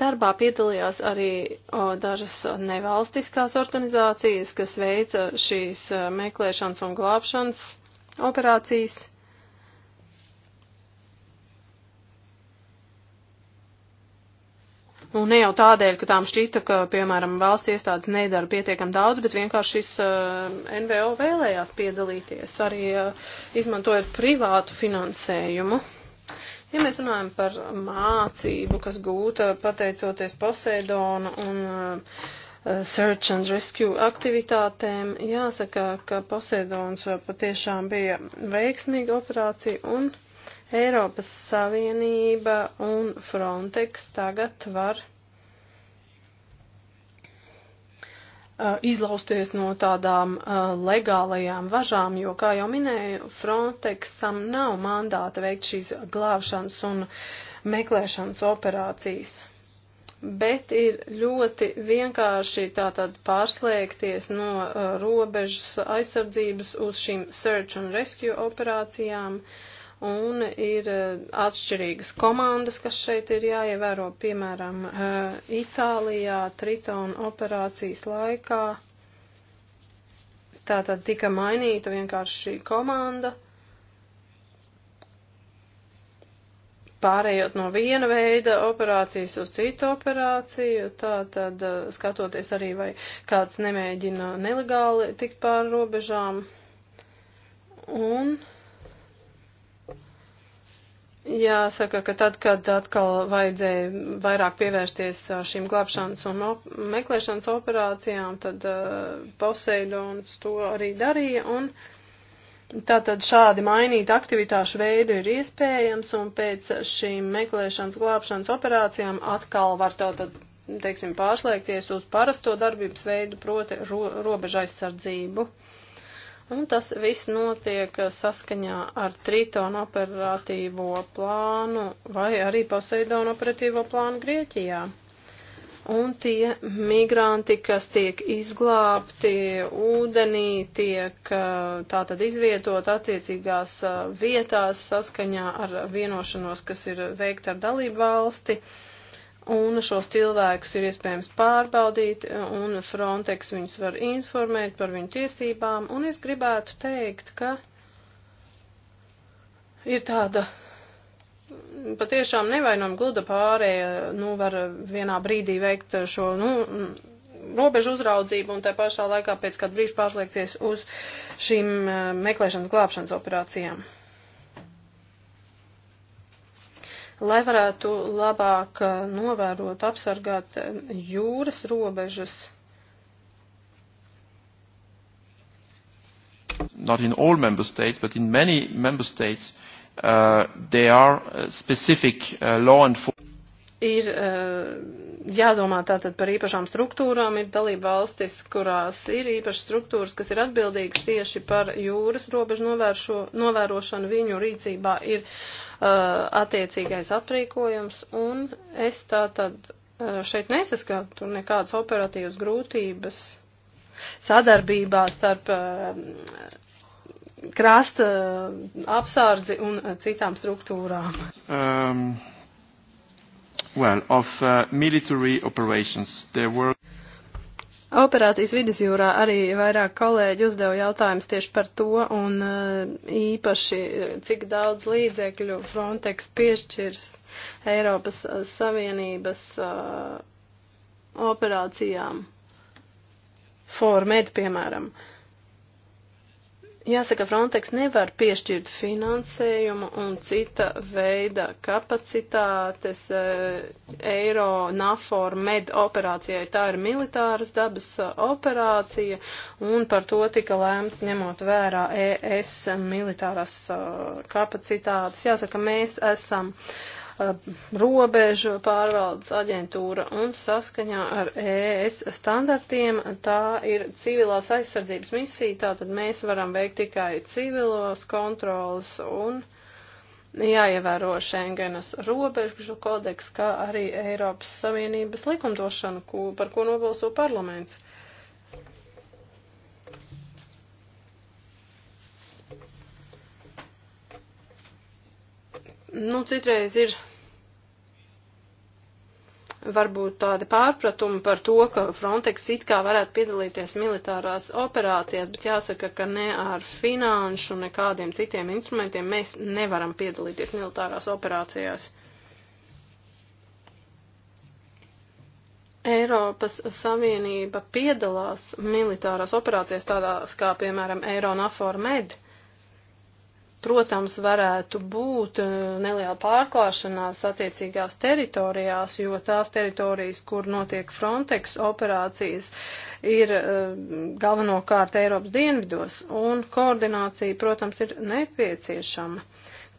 Darbā piedalījās arī o, dažas nevalstiskās organizācijas, kas veica šīs e, meklēšanas un glābšanas operācijas. Un nu, ne jau tādēļ, ka tām šķita, ka, piemēram, valsts iestādes nedara pietiekam daudz, bet vienkārši šis uh, e, NVO vēlējās piedalīties, arī uh, izmantojot privātu finansējumu. Uh, Ja mēs runājam par mācību, kas gūta pateicoties Poseidonu un uh, uh search and rescue aktivitātēm, jāsaka, ka Poseidons uh, patiešām bija veiksmīga operācija un Eiropas Savienība un Frontex tagad var izlausties no tādām legālajām važām, jo, kā jau minēju, Frontexam nav mandāta veikt šīs glābšanas un meklēšanas operācijas bet ir ļoti vienkārši tātad pārslēgties no uh, robežas aizsardzības uz šīm search and rescue operācijām. Uh, un ir e, atšķirīgas komandas, kas šeit ir jāievēro, piemēram, e, Itālijā Tritona operācijas laikā. Tātad tika mainīta vienkārši šī komanda, pārējot no viena veida operācijas uz citu operāciju, tātad e, skatoties arī, vai kāds nemēģina nelegāli tikt pāri robežām. Un Jāsaka, ka tad, kad atkal vajadzēja vairāk pievērsties šīm glābšanas un op meklēšanas operācijām, tad uh, Poseidons to arī darīja. Un tātad šādi mainīt aktivitāšu veidu ir iespējams, un pēc šīm meklēšanas glābšanas operācijām atkal var tātad, teiksim, pārslēgties uz parasto darbības veidu, proti ro robežaizsardzību. aizsardzību. Un tas viss notiek saskaņā ar Trītona operatīvo plānu vai arī Poseidona operatīvo plānu Grieķijā. Un tie migranti, kas tiek izglābti ūdenī, tiek eh, tātad izvietot attiecīgās eh, vietās saskaņā ar vienošanos, kas ir veikta ar dalību valsti. Uh, un šos cilvēkus ir iespējams pārbaudīt, un Frontex viņus var informēt par viņu tiesībām, un es gribētu teikt, ka ir tāda patiešām nevainojama gluda pārēja, nu, var vienā brīdī veikt šo, nu, robežu uzraudzību un tā pašā laikā pēc kāda brīža pārslēgties uz šīm eh, meklēšanas glābšanas operācijām. lai varētu labāk eh, novērot, apsargāt eh, jūras robežas. Not in all member states, but in many member states, uh, there are uh, specific uh, law enforcement. Ir uh, jādomā tātad par īpašām struktūrām. Ir dalība valstis, kurās ir īpašas struktūras, kas ir atbildīgas tieši par jūras robežu novēršo, novērošanu. Viņu rīcībā ir uh, attiecīgais aprīkojums, un es tātad uh, šeit nesaskatu nekādas operatīvas grūtības sadarbībā starp. Uh, krasta uh, apsārdzi un uh, citām struktūrām. Um well, of uh, military operations. There were Operācijas vidusjūrā arī vairāk kolēģi uzdeva jautājumus tieši par to, un uh, īpaši, uh, cik daudz līdzekļu Frontex piešķirs Eiropas uh, Savienības uh, operācijām. Formēd, piemēram. Uh, Jāsaka, Frontex nevar piešķirt finansējumu un cita veida kapacitātes e, eiro nafor med operācijai. Tā ir militāras dabas e, operācija un par to tika lēmts ņemot vērā ES militārās e, kapacitātes. Jāsaka, mēs esam uh, Uh, robežu pārvaldes aģentūra un saskaņā ar ES standartiem tā ir civilās aizsardzības misija, tātad mēs varam veikt tikai civilos kontrolas un jāievēro Schengenas robežu kodeks, kā arī Eiropas Savienības likumdošana, ko, par ko nobalso parlaments. Nu, citreiz ir varbūt tādi pārpratumi par to, ka Frontex it kā varētu piedalīties militārās operācijās, bet jāsaka, ka ne ar finanšu, ne kādiem citiem instrumentiem mēs nevaram piedalīties militārās operācijās. Eiropas Savienība piedalās militārās operācijās tādās kā, piemēram, Eironafor Med, protams, varētu būt eh, neliela pārklāšanās attiecīgās teritorijās, jo tās teritorijas, kur notiek Frontex operācijas, ir eh, galvenokārt Eiropas dienvidos, un koordinācija, protams, ir nepieciešama.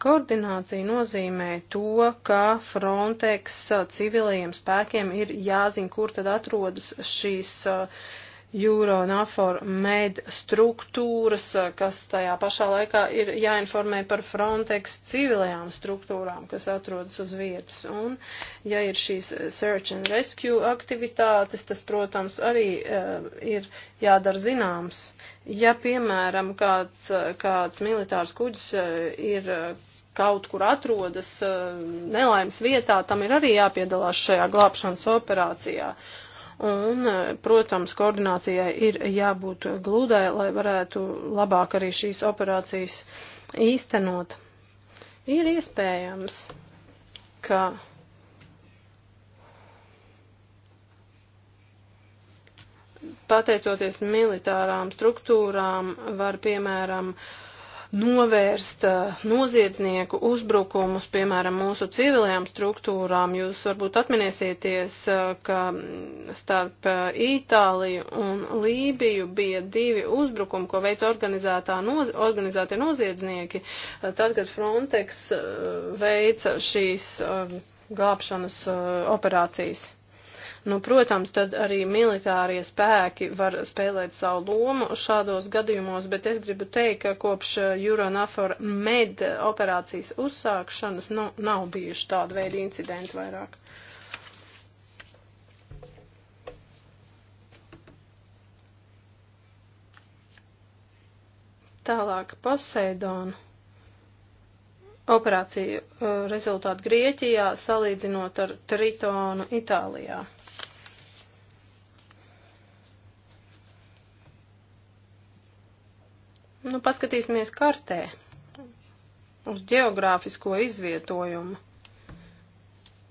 Koordinācija nozīmē to, ka Frontex eh, civilajiem spēkiem ir jāzina, kur tad atrodas šīs uh, Euronafor med struktūras, eh, kas tajā pašā laikā ir jāinformē par Frontex civilajām struktūrām, kas atrodas uz vietas. Un, ja ir šīs search and rescue aktivitātes, tas, protams, arī uh, ir jādara zināms. Ja, piemēram, kāds, eh, kāds militārs kuģis uh, ir kaut kur atrodas uh, nelaimes vietā, tam ir arī jāpiedalās šajā glābšanas operācijā. Uh, Un, protams, koordinācijai ir jābūt glūdai, lai varētu labāk arī šīs operācijas īstenot. Ir iespējams, ka pateicoties militārām struktūrām, var piemēram uh, novērst eh, noziedznieku uzbrukumus, piemēram, mūsu civilajām struktūrām. Jūs varbūt atminieties, eh, ka mm, starp eh, Itāliju un Lībiju bija divi uzbrukumi, ko veica noz organizētie noziedznieki, tad, kad Frontex veica šīs glābšanas operācijas. Nu, protams, tad arī militārie spēki var spēlēt savu lomu šādos gadījumos, bet es gribu teikt, ka kopš Euronafor med operācijas uzsākšanas nu, nav bijuši tāda veida incidenti vairāk. Tālāk Poseidonu operāciju uh, rezultātu Grieķijā salīdzinot ar Tritonu Itālijā. Nu, paskatīsimies kartē uz geogrāfisko izvietojumu.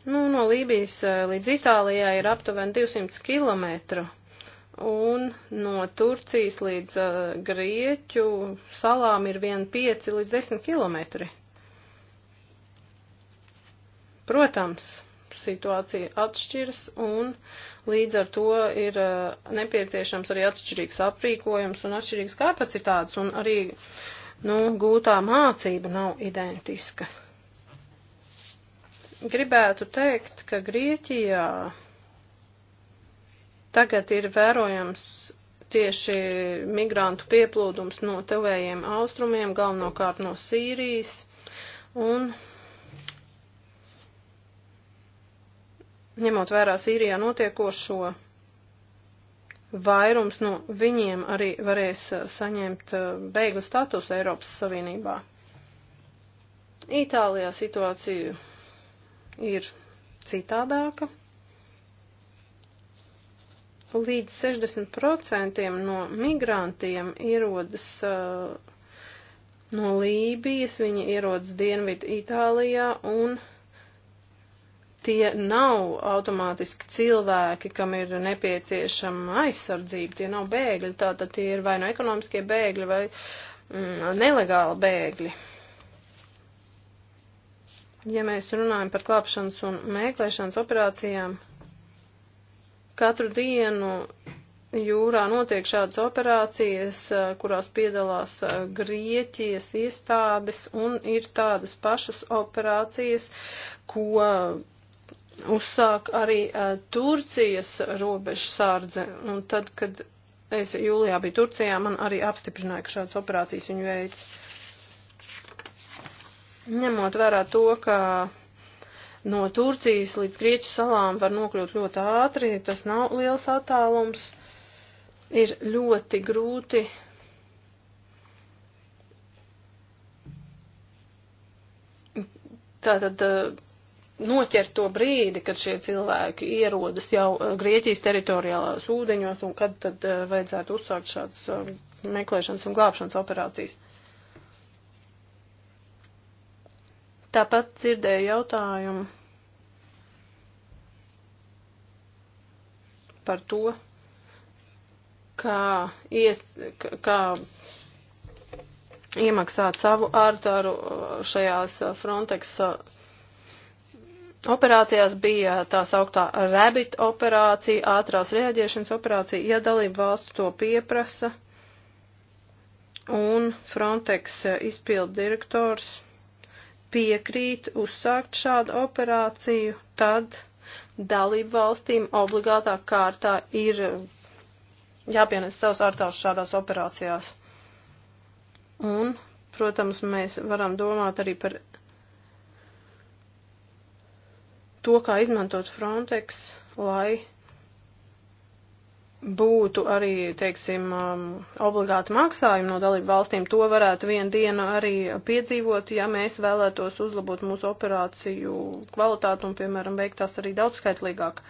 Nu, no Lībijas eh, līdz Itālijai ir aptuveni 200 kilometru, un no Turcijas līdz uh, Grieķu salām ir vien 5 līdz 10 kilometri. Protams, situācija atšķiras, un uh, Līdz ar to ir eh, nepieciešams arī atšķirīgs aprīkojums un atšķirīgs kapacitātes, un arī nu, gūtā mācība nav identiska. Gribētu teikt, ka Grieķijā tagad ir vērojams tieši migrantu pieplūdums no tevējiem austrumiem, galvenokārt no Sīrijas, un ņemot vērā Sīrijā notiekošo, vairums no viņiem arī varēs uh, saņemt uh, bēgļu statusu Eiropas Savienībā. Itālijā situācija ir citādāka. Līdz 60% no migrantiem ierodas uh, no Lībijas, viņi ierodas Dienvidu Itālijā un uh, tie nav automātiski cilvēki, kam ir nepieciešama aizsardzība, tie nav bēgļi, tātad tie ir vai no nu ekonomiskie bēgļi vai mm, nelegāli bēgļi. Ja mēs runājam par klāpšanas un meklēšanas operācijām, katru dienu jūrā notiek šādas operācijas, kurās piedalās Grieķijas iestādes un ir tādas pašas operācijas, ko uzsāk arī uh, Turcijas robežsārdze. Un tad, kad es jūlijā biju Turcijā, man arī apstiprināja, ka šādas operācijas viņu veids. Ņemot vērā to, ka no Turcijas līdz Grieķu salām var nokļūt ļoti ātri, tas nav liels attālums, ir ļoti grūti tātad noķert to brīdi, kad šie cilvēki ierodas jau eh, Grieķijas teritoriālās ūdeņos un kad tad eh, vajadzētu uzsākt šādas eh, meklēšanas un glābšanas operācijas. Tāpat dzirdēju jautājumu par to, kā, ies, kā iemaksāt savu ārtaru šajās Frontex Operācijās bija tā sauktā rabbit operācija, ātrās reaģēšanas operācija, ja dalība valsts to pieprasa, un Frontex eh, izpildu direktors piekrīt uzsākt šādu operāciju, tad dalību valstīm obligātā kārtā ir eh, jāpienes savs ārtaušs šādās operācijās. Un, protams, mēs varam domāt arī par to, kā izmantot Frontex, lai būtu arī, teiksim, um, obligāti maksājumi no dalību valstīm, to varētu vienu dienu arī piedzīvot, ja mēs vēlētos uzlabot mūsu operāciju kvalitātu un, piemēram, veikt tās arī daudz skaitlīgāk.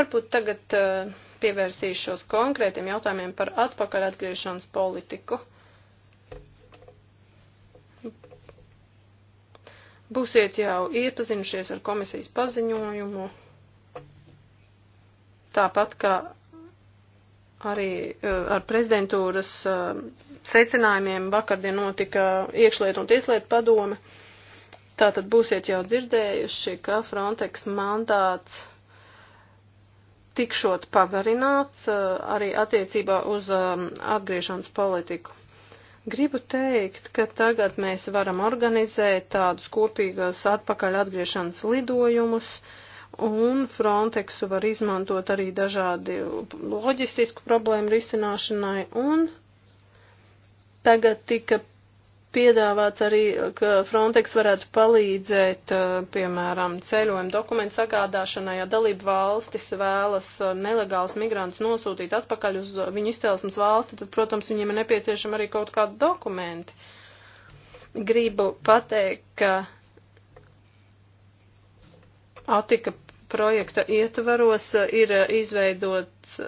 Varbūt tagad uh, pievērsīšos konkrētiem jautājumiem par atpakaļ atgriešanas politiku. Būsiet jau iepazinušies ar komisijas paziņojumu, tāpat kā arī eh, ar prezidentūras eh, secinājumiem vakardien notika iekšlietu un tieslietu padome. Tātad būsiet jau dzirdējuši, ka Frontex mandāts tikšot pagarināts eh, arī attiecībā uz atgriešanas politiku. Gribu teikt, ka tagad mēs varam organizēt tādus kopīgas atpakaļ atgriešanas lidojumus, un Frontexu var izmantot arī dažādi loģistisku problēmu risināšanai, un tagad tika piedāvāts arī, ka Frontex varētu palīdzēt, eh, piemēram, ceļojuma dokumentu sagādāšanai, ja dalību valstis vēlas eh, nelegālus migrantus nosūtīt atpakaļ uz eh, viņu izcelsmes valsti, tad, protams, viņiem ir nepieciešama arī kaut kāda dokumenti. Gribu pateikt, ka Atika projekta ietvaros ir izveidots,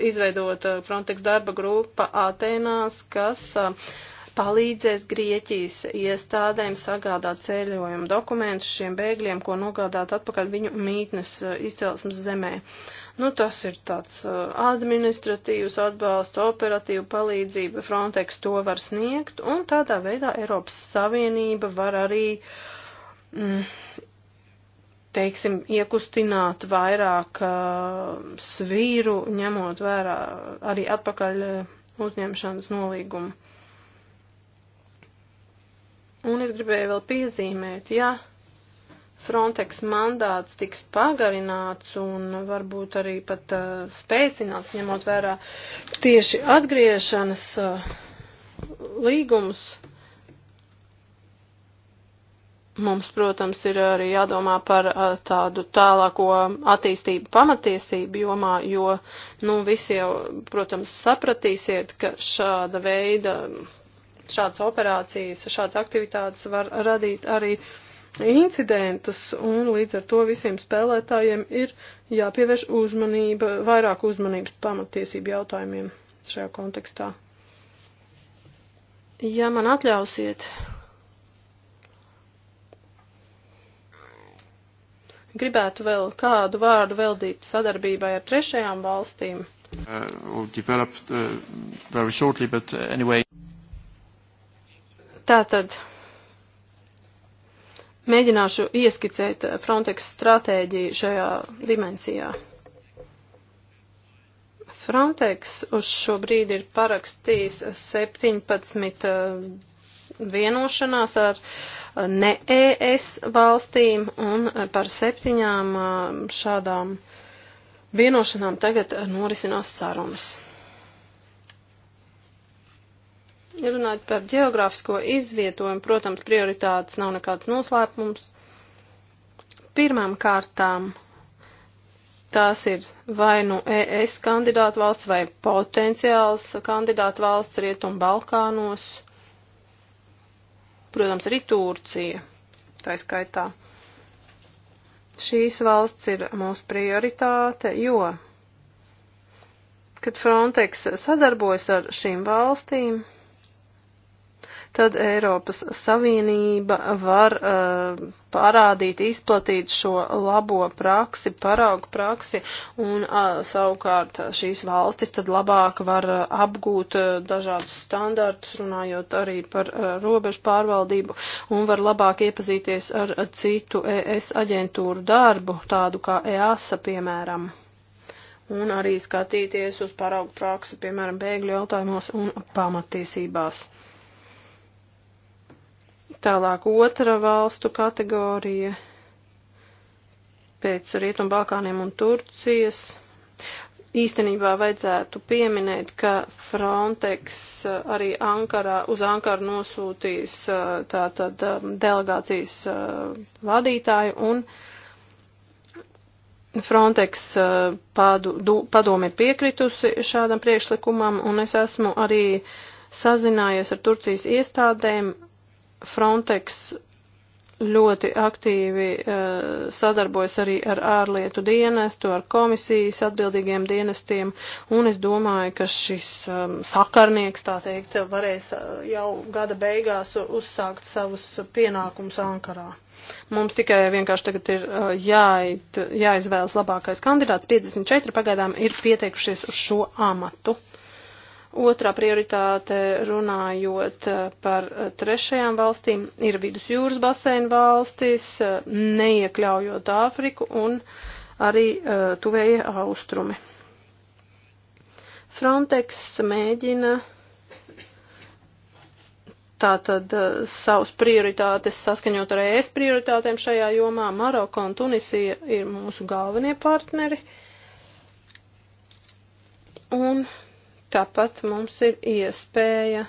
izveidota Frontex darba grupa Ātēnās, kas palīdzēs Grieķijas iestādēm sagādāt ceļojumu dokumentus šiem bēgļiem, ko nogādāt atpakaļ viņu mītnes eh, izcelsmes zemē. Nu, tas ir tāds eh, administratīvs atbalsts, operatīva palīdzība, Frontex to var sniegt, un tādā veidā Eiropas Savienība var arī, mm, teiksim, iekustināt vairāk uh, svīru, ņemot vērā arī atpakaļ uzņemšanas nolīgumu. Un es gribēju vēl piezīmēt, ja Frontex mandāts tiks pagarināts un varbūt arī pat uh, spēcināts, ņemot vērā tieši atgriešanas uh, līgumus. Mums, protams, ir arī jādomā par uh, tādu tālāko attīstību pamatiesību jomā, jo, nu, visi jau, protams, sapratīsiet, ka šāda veida. Uh, šādas operācijas, šādas aktivitātes var radīt arī incidentus, un līdz ar to visiem spēlētājiem ir jāpievērš uzmanība, vairāk uzmanības pamatiesību jautājumiem šajā kontekstā. Ja man atļausiet, gribētu vēl kādu vārdu veldīt sadarbībai ar trešajām valstīm. Uh, developed, uh, shortly, but uh, anyway. Tātad mēģināšu ieskicēt Frontex stratēģiju šajā dimensijā. Frontex uz šo brīdi ir parakstījis 17 eh, vienošanās ar eh, ne ES valstīm un par septiņām eh, šādām vienošanām tagad norisinās sarunas. Runājot par geogrāfisko izvietojumu, protams, prioritātes nav nekāds noslēpums. Pirmām kārtām tās ir vai nu ES kandidātu valsts vai potenciāls kandidātu valsts Rietumu Balkānos. Protams, arī Turcija. Tā skaitā. Šīs valsts ir mūsu prioritāte, jo, kad Frontex sadarbojas ar šīm valstīm, tad Eiropas Savienība var uh, parādīt, izplatīt šo labo praksi, paraugu praksi, un uh, savukārt šīs valstis tad labāk var uh, apgūt uh, dažādus standartus, runājot arī par uh, robežu pārvaldību, un var labāk iepazīties ar uh, citu ES aģentūru darbu, tādu kā EASA, piemēram un arī skatīties uz paraugu praksi, piemēram, bēgļu jautājumos un pamattiesībās. Tālāk otra valstu kategorija pēc Rietumbalkāniem un Turcijas. Īstenībā vajadzētu pieminēt, ka Frontex uh, arī Ankarā, uz Ankaru nosūtīs uh, tātad um, delegācijas uh, vadītāju un Frontex padu, du, padomi ir piekritusi šādam priekšlikumam un es esmu arī sazinājies ar Turcijas iestādēm Frontex ļoti aktīvi uh, sadarbojas arī ar ārlietu dienestu, ar komisijas atbildīgiem dienestiem, un es domāju, ka šis um, sakarnieks, tā teikt, varēs uh, jau gada beigās uzsākt savus pienākumus Ankarā. Mums tikai vienkārši tagad ir uh, eh, jāit, jāizvēlas labākais kandidāts. 54 pagaidām ir pieteikušies uz šo amatu. Otrā prioritāte runājot eh, par eh, trešajām valstīm ir vidusjūras basēnu valstis, eh, neiekļaujot Āfriku un arī tuvēja austrumi. Frontex mēģina tātad savus prioritātes saskaņot ar ES prioritātēm šajā jomā. Maroko un Tunisija ir mūsu galvenie partneri. Un Tāpat mums ir iespēja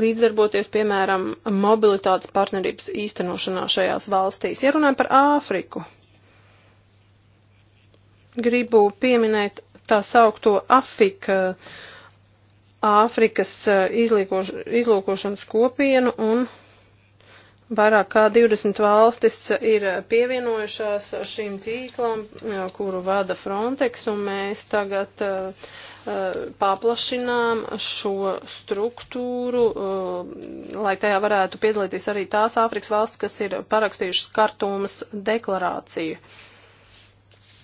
līdzdarboties, piemēram, mobilitātes partnerības īstenošanā šajās valstīs. Ja runājam par Āfriku, gribu pieminēt tā saukto Afrika, Āfrikas eh, izlūkošanas kopienu un Vairāk kā 20 valstis ir pievienojušās šīm tīklām, eh, kuru vada Frontex, un mēs tagad uh, paplašinām šo struktūru, uh, lai tajā varētu piedalīties arī tās Āfrikas valsts, kas ir parakstījušas kartumas deklarāciju. Uh,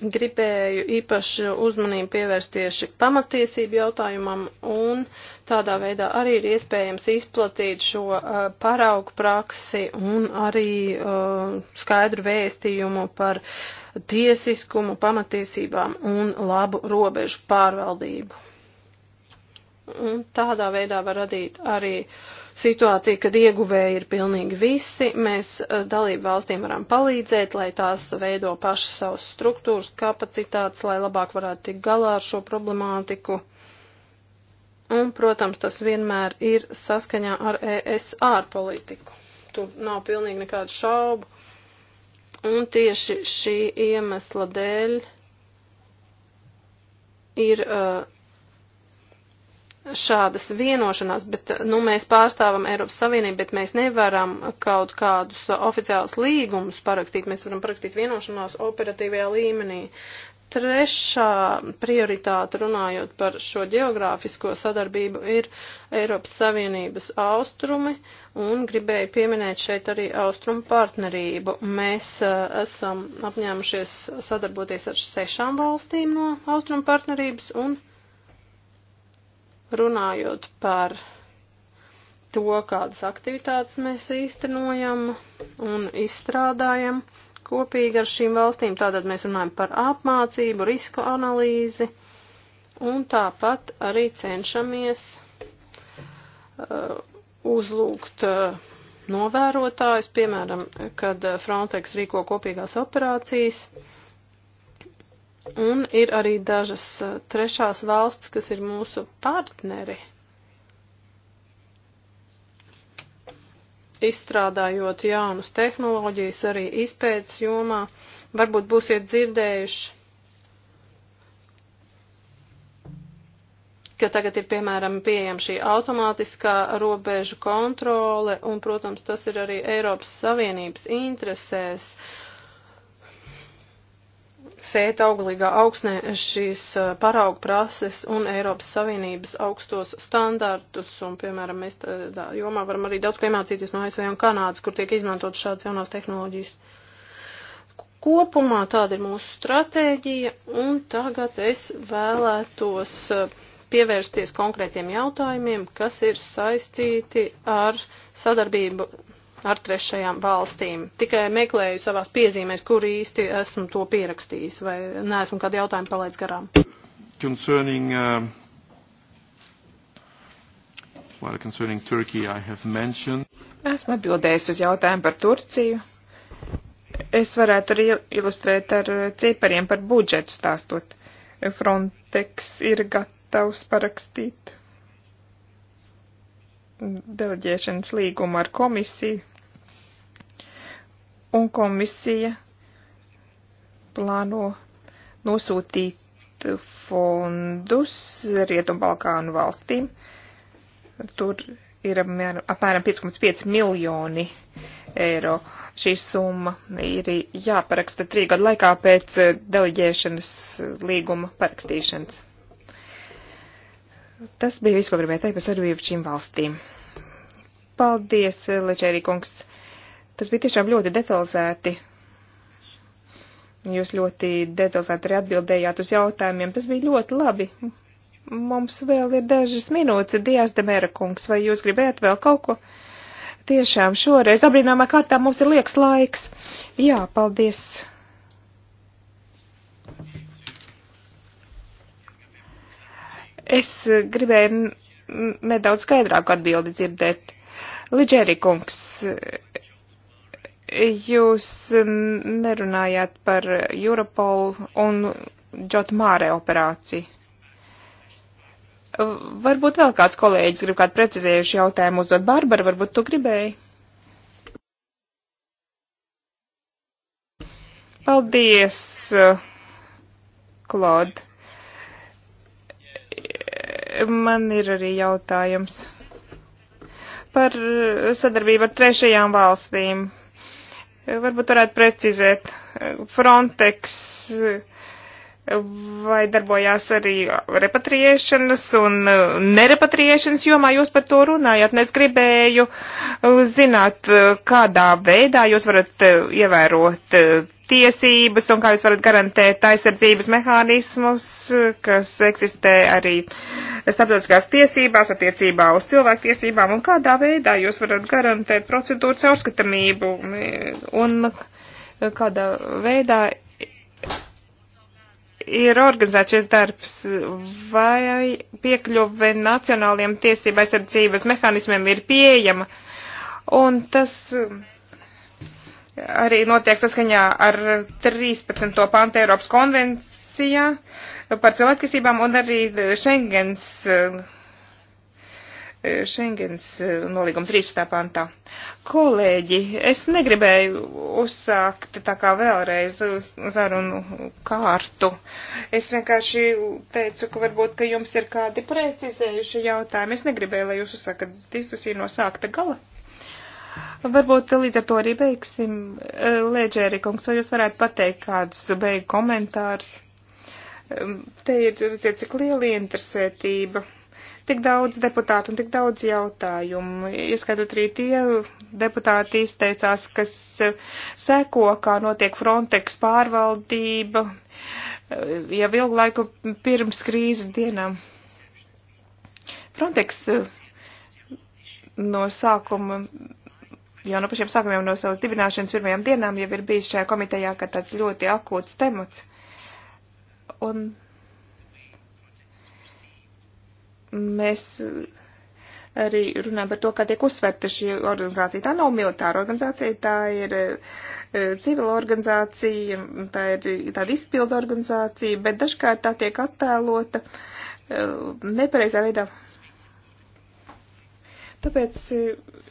gribēju īpaši uzmanību pievērst tieši pamatiesību jautājumam un tādā veidā arī ir iespējams izplatīt šo uh, paraugu praksi un arī uh, skaidru vēstījumu par tiesiskumu, pamatiesībām un labu robežu pārvaldību. Un tādā veidā var radīt arī uh, situāciju, kad ieguvēji ir pilnīgi visi. Mēs eh, dalību valstīm varam palīdzēt, lai tās veido pašas savas struktūras, kapacitātes, lai labāk varētu tikt galā ar šo problemātiku. Un, protams, tas vienmēr ir saskaņā ar ES ārpolitiku. Tur nav pilnīgi nekādu šaubu. Un tieši šī iemesla dēļ ir uh, šādas vienošanās, bet, nu, mēs pārstāvam Eiropas Savienību, bet mēs nevaram kaut kādus oficiālus līgumus parakstīt, mēs varam parakstīt vienošanās operatīvajā līmenī. Trešā prioritāte runājot par šo geogrāfisko sadarbību ir Eiropas Savienības austrumi un gribēju pieminēt šeit arī austrumu partnerību. Mēs uh, esam apņēmušies sadarboties ar sešām valstīm no austrumu partnerības un. Uh, Runājot par to, kādas aktivitātes mēs īstenojam un izstrādājam kopīgi ar šīm valstīm, tātad mēs runājam par apmācību, risku analīzi un tāpat arī cenšamies uh, uzlūgt uh, novērotājus, piemēram, kad Frontex rīko kopīgās operācijas. Uh, Un ir arī dažas eh, trešās valsts, kas ir mūsu partneri. Izstrādājot jaunas tehnoloģijas arī izpētes jomā, varbūt būsiet dzirdējuši, ka tagad ir piemēram pieejama šī automātiskā robežu kontrole, un, protams, tas ir arī Eiropas Savienības interesēs. Uh, sēt auglīgā augsnē šīs eh, paraugu prases un Eiropas Savienības augstos standartus, un, piemēram, mēs tādā jomā varam arī daudz ko iemācīties no ASV un Kanādas, kur tiek izmantot šādas jaunās tehnoloģijas. Kopumā tāda ir mūsu stratēģija, un tagad es vēlētos eh, pievērsties konkrētiem jautājumiem, kas ir saistīti ar sadarbību ar trešajām valstīm. Tikai meklēju savās piezīmēs, kur īsti esmu to pierakstījis, vai neesmu kādu jautājumu palaidis garām. Concerning, um, well, concerning Turkey, I have mentioned. Esmu atbildējis uz jautājumu par Turciju. Es varētu arī ilustrēt ar uh, cipariem par budžetu stāstot. Frontex ir gatavs parakstīt deleģēšanas līgumu ar komisiju un komisija plāno nosūtīt fondus Rietumbalkānu valstīm. Tur ir apmēram 5,5 miljoni eiro. Šī summa ir jāparaksta trīs gadu laikā pēc deleģēšanas līguma parakstīšanas. Tas bija viss, ko gribēju teikt par sadarbību šīm valstīm. Paldies, Lečērī kungs! Tas bija tiešām ļoti detalizēti. Jūs ļoti detalizēti arī atbildējāt uz jautājumiem. Tas bija ļoti labi. Mums vēl ir dažas minūtes, Dijas Demēra kungs, vai jūs gribējāt vēl kaut ko? Tiešām šoreiz abrīnāmā kārtā mums ir liekas laiks. Jā, paldies. Es gribēju nedaudz skaidrāku atbildi dzirdēt. Liģēri kungs, Jūs nerunājāt par Europolu un Džotmāre operāciju. Varbūt vēl kāds kolēģis grib kādu precizējušu jautājumu uzdot. Barbara, varbūt tu gribēji? Paldies, Klod. Man ir arī jautājums par sadarbību ar trešajām valstīm Varbūt varētu precizēt. Frontex vai darbojās arī repatriešanas un uh, nerepatriešanas jomā, jūs par to runājāt. Es gribēju uh, zināt, uh, kādā veidā jūs varat ievērot tiesības un kā jūs varat garantēt aizsardzības mehānismus, kas eksistē arī starptautiskās tiesībās attiecībā uz cilvēktiesībām un kādā veidā jūs varat garantēt procedūru caurskatamību un kādā veidā ir organizēts šis darbs, vai piekļuve nacionāliem tiesību aizsardzības mehānismiem ir pieejama, un tas eh, arī notiek saskaņā ar 13. pantu Eiropas konvencijā par cilvēktiesībām un arī Schengens eh, Šengens eh, nolīguma 13. pantā. Kolēģi, es negribēju uzsākt tā kā vēlreiz sarunu kārtu. Es vienkārši teicu, ka varbūt, ka jums ir kādi precizējuši jautājumi. Es negribēju, lai jūs uzsākat diskusiju no sākta gala. Varbūt līdz ar to arī beigsim. Eh, Lēģēri, kungs, vai jūs varētu pateikt kādus beigu komentārus? Eh, Te ir, redziet, cik liela interesētība tik daudz deputātu un tik daudz jautājumu. Ieskaitot arī tie deputāti izteicās, kas eh, seko, kā notiek Frontex pārvaldība eh, jau ilgu laiku pirms krīzes dienām. Frontex eh, no sākuma, jau no pašiem sākumiem no savas dibināšanas pirmajām dienām jau ir bijis šajā komitejā kā tāds ļoti akūts temats. Un mēs arī runājam par to, kā tiek uzsvērta šī organizācija. Tā nav militāra organizācija, tā ir e, civila organizācija, tā ir tāda izpilda organizācija, bet dažkārt tā tiek attēlota e, nepareizā veidā. Tāpēc, e,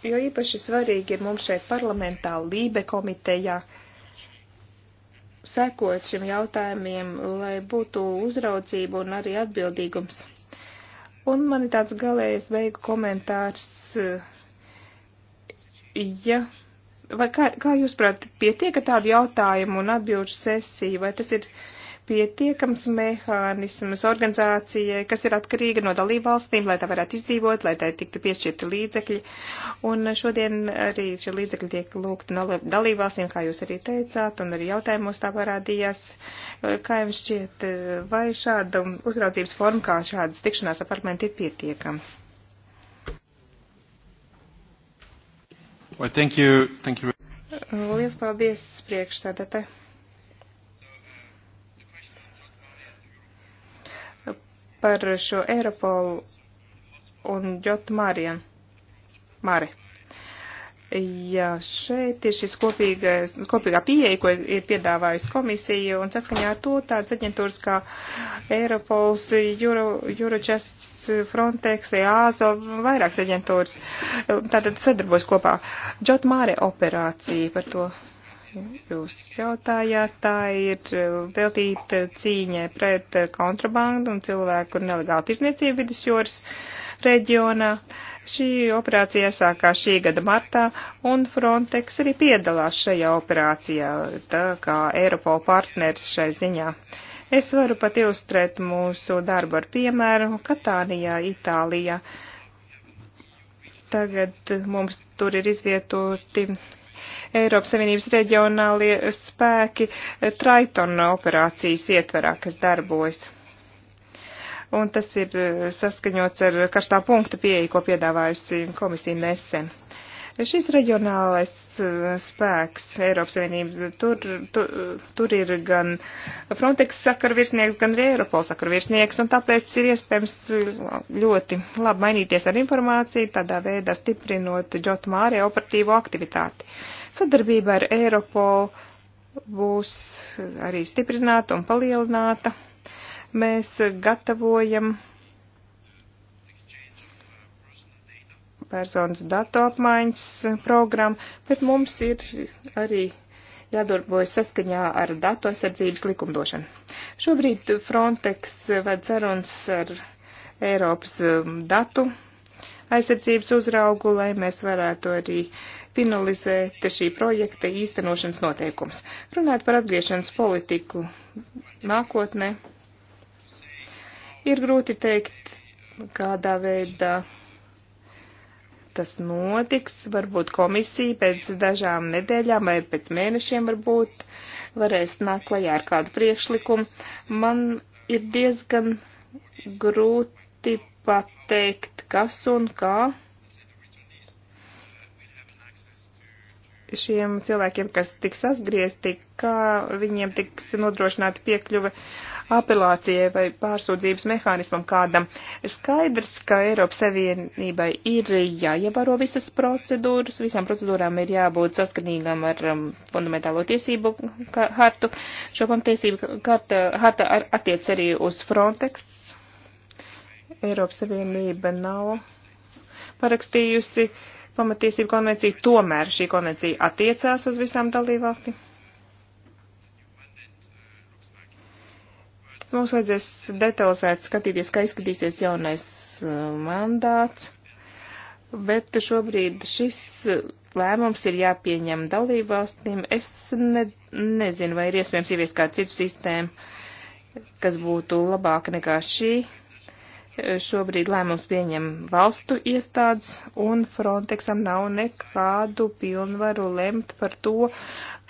jo īpaši svarīgi ir mums šeit parlamentā, Lībe komitejā, sekot šiem jautājumiem, lai būtu uzraudzība un arī atbildīgums Un man ir tāds galējais beigu komentārs, eh, ja, vai kā, kā jūs prāt, pietiek ar tādu jautājumu un atbilžu sesiju, vai tas ir pietiekams mehānisms organizācijai, kas ir atkarīga no dalībvalstīm, lai tā varētu izdzīvot, lai tai tiktu piešķirti līdzekļi. Un šodien arī šie līdzekļi tiek lūgti no dalībvalstīm, kā jūs arī teicāt, un arī jautājumos tā parādījās. Kā jums šķiet, vai šāda uzraudzības forma, kā šādas tikšanās ar parlamentu, ir pietiekama? Well, thank you. Thank you. Lielas paldies priekšsēdētāji. par šo Eiropolu un Džotu Māriju. Māri. Jā, šeit ir šis kopīga, kopīgā pieeja, ko ir piedāvājusi komisija, un saskaņā ar to tādas aģentūras kā Eiropols, Euro, Eurojusts, Frontex, EASO, vairākas aģentūras, tātad sadarbojas kopā. Džot Māre operācija par to Jūs jautājāt, tā ir veltīta cīņai pret kontrabandu un cilvēku nelegālu tirzniecību vidusjūras reģionā. Šī operācija sākās šī gada martā, un Frontex arī piedalās šajā operācijā, tā kā Eiropola partneris šai ziņā. Es varu pat ilustrēt mūsu darbu ar piemēru Katānijā, Itālijā. Tagad mums tur ir izvietoti Eiropas Savienības reģionālie spēki eh, Triton operācijas ietverā, kas darbojas. Un tas ir eh, saskaņots ar karstā punkta pieeju, ko piedāvājusi komisija nesen. Šis reģionālais uh, spēks Eiropas Savienības, tur, tur, tur ir gan Frontex sakarvirsnieks, gan arī Eiropols sakarvirsnieks, un tāpēc ir iespējams ļoti labi mainīties ar informāciju, tādā veidā stiprinot Džotmāri operatīvo aktivitāti. Sadarbība ar Eiropolu būs arī stiprināta un palielināta. Mēs gatavojam personas datu apmaiņas eh, programmu, bet mums ir arī jādarbojas saskaņā ar datu aizsardzības likumdošanu. Šobrīd Frontex eh, ved sarunas ar Eiropas eh, datu aizsardzības uzraugu, lai mēs varētu arī finalizēt šī projekta īstenošanas noteikums. Runāt par atgriešanas politiku nākotnē ir grūti teikt, kādā veidā. Uh, tas notiks. Varbūt komisija pēc dažām nedēļām vai pēc mēnešiem varbūt varēs nākt klajā ar kādu priekšlikumu. Man ir diezgan grūti pateikt, kas un kā šiem cilvēkiem, kas tiks atgriezti, kā viņiem tiks nodrošināta piekļuve apelācijai vai pārsūdzības mehānismam kādam. Skaidrs, ka Eiropas Savienībai ir jāievaro visas procedūras, visām procedūrām ir jābūt saskanīgām ar um, fundamentālo tiesību hartu. Šo pamatiesību harta, harta attiec arī uz Frontex. Eiropas Savienība nav parakstījusi uh, pamatiesību konvencija, tomēr šī konvencija attiecās uz visām dalībvalstīm. Mums vajadzēs detalizēt skatīties, kā izskatīsies jaunais uh, mandāts, bet šobrīd šis uh, lēmums ir jāpieņem dalībvalstīm. Es ne, nezinu, vai ir iespējams ievies kādu citu sistēmu, kas būtu labāka nekā šī Šobrīd lēmums pieņem valstu iestādes, un Frontexam nav nekādu pilnvaru lemt par to,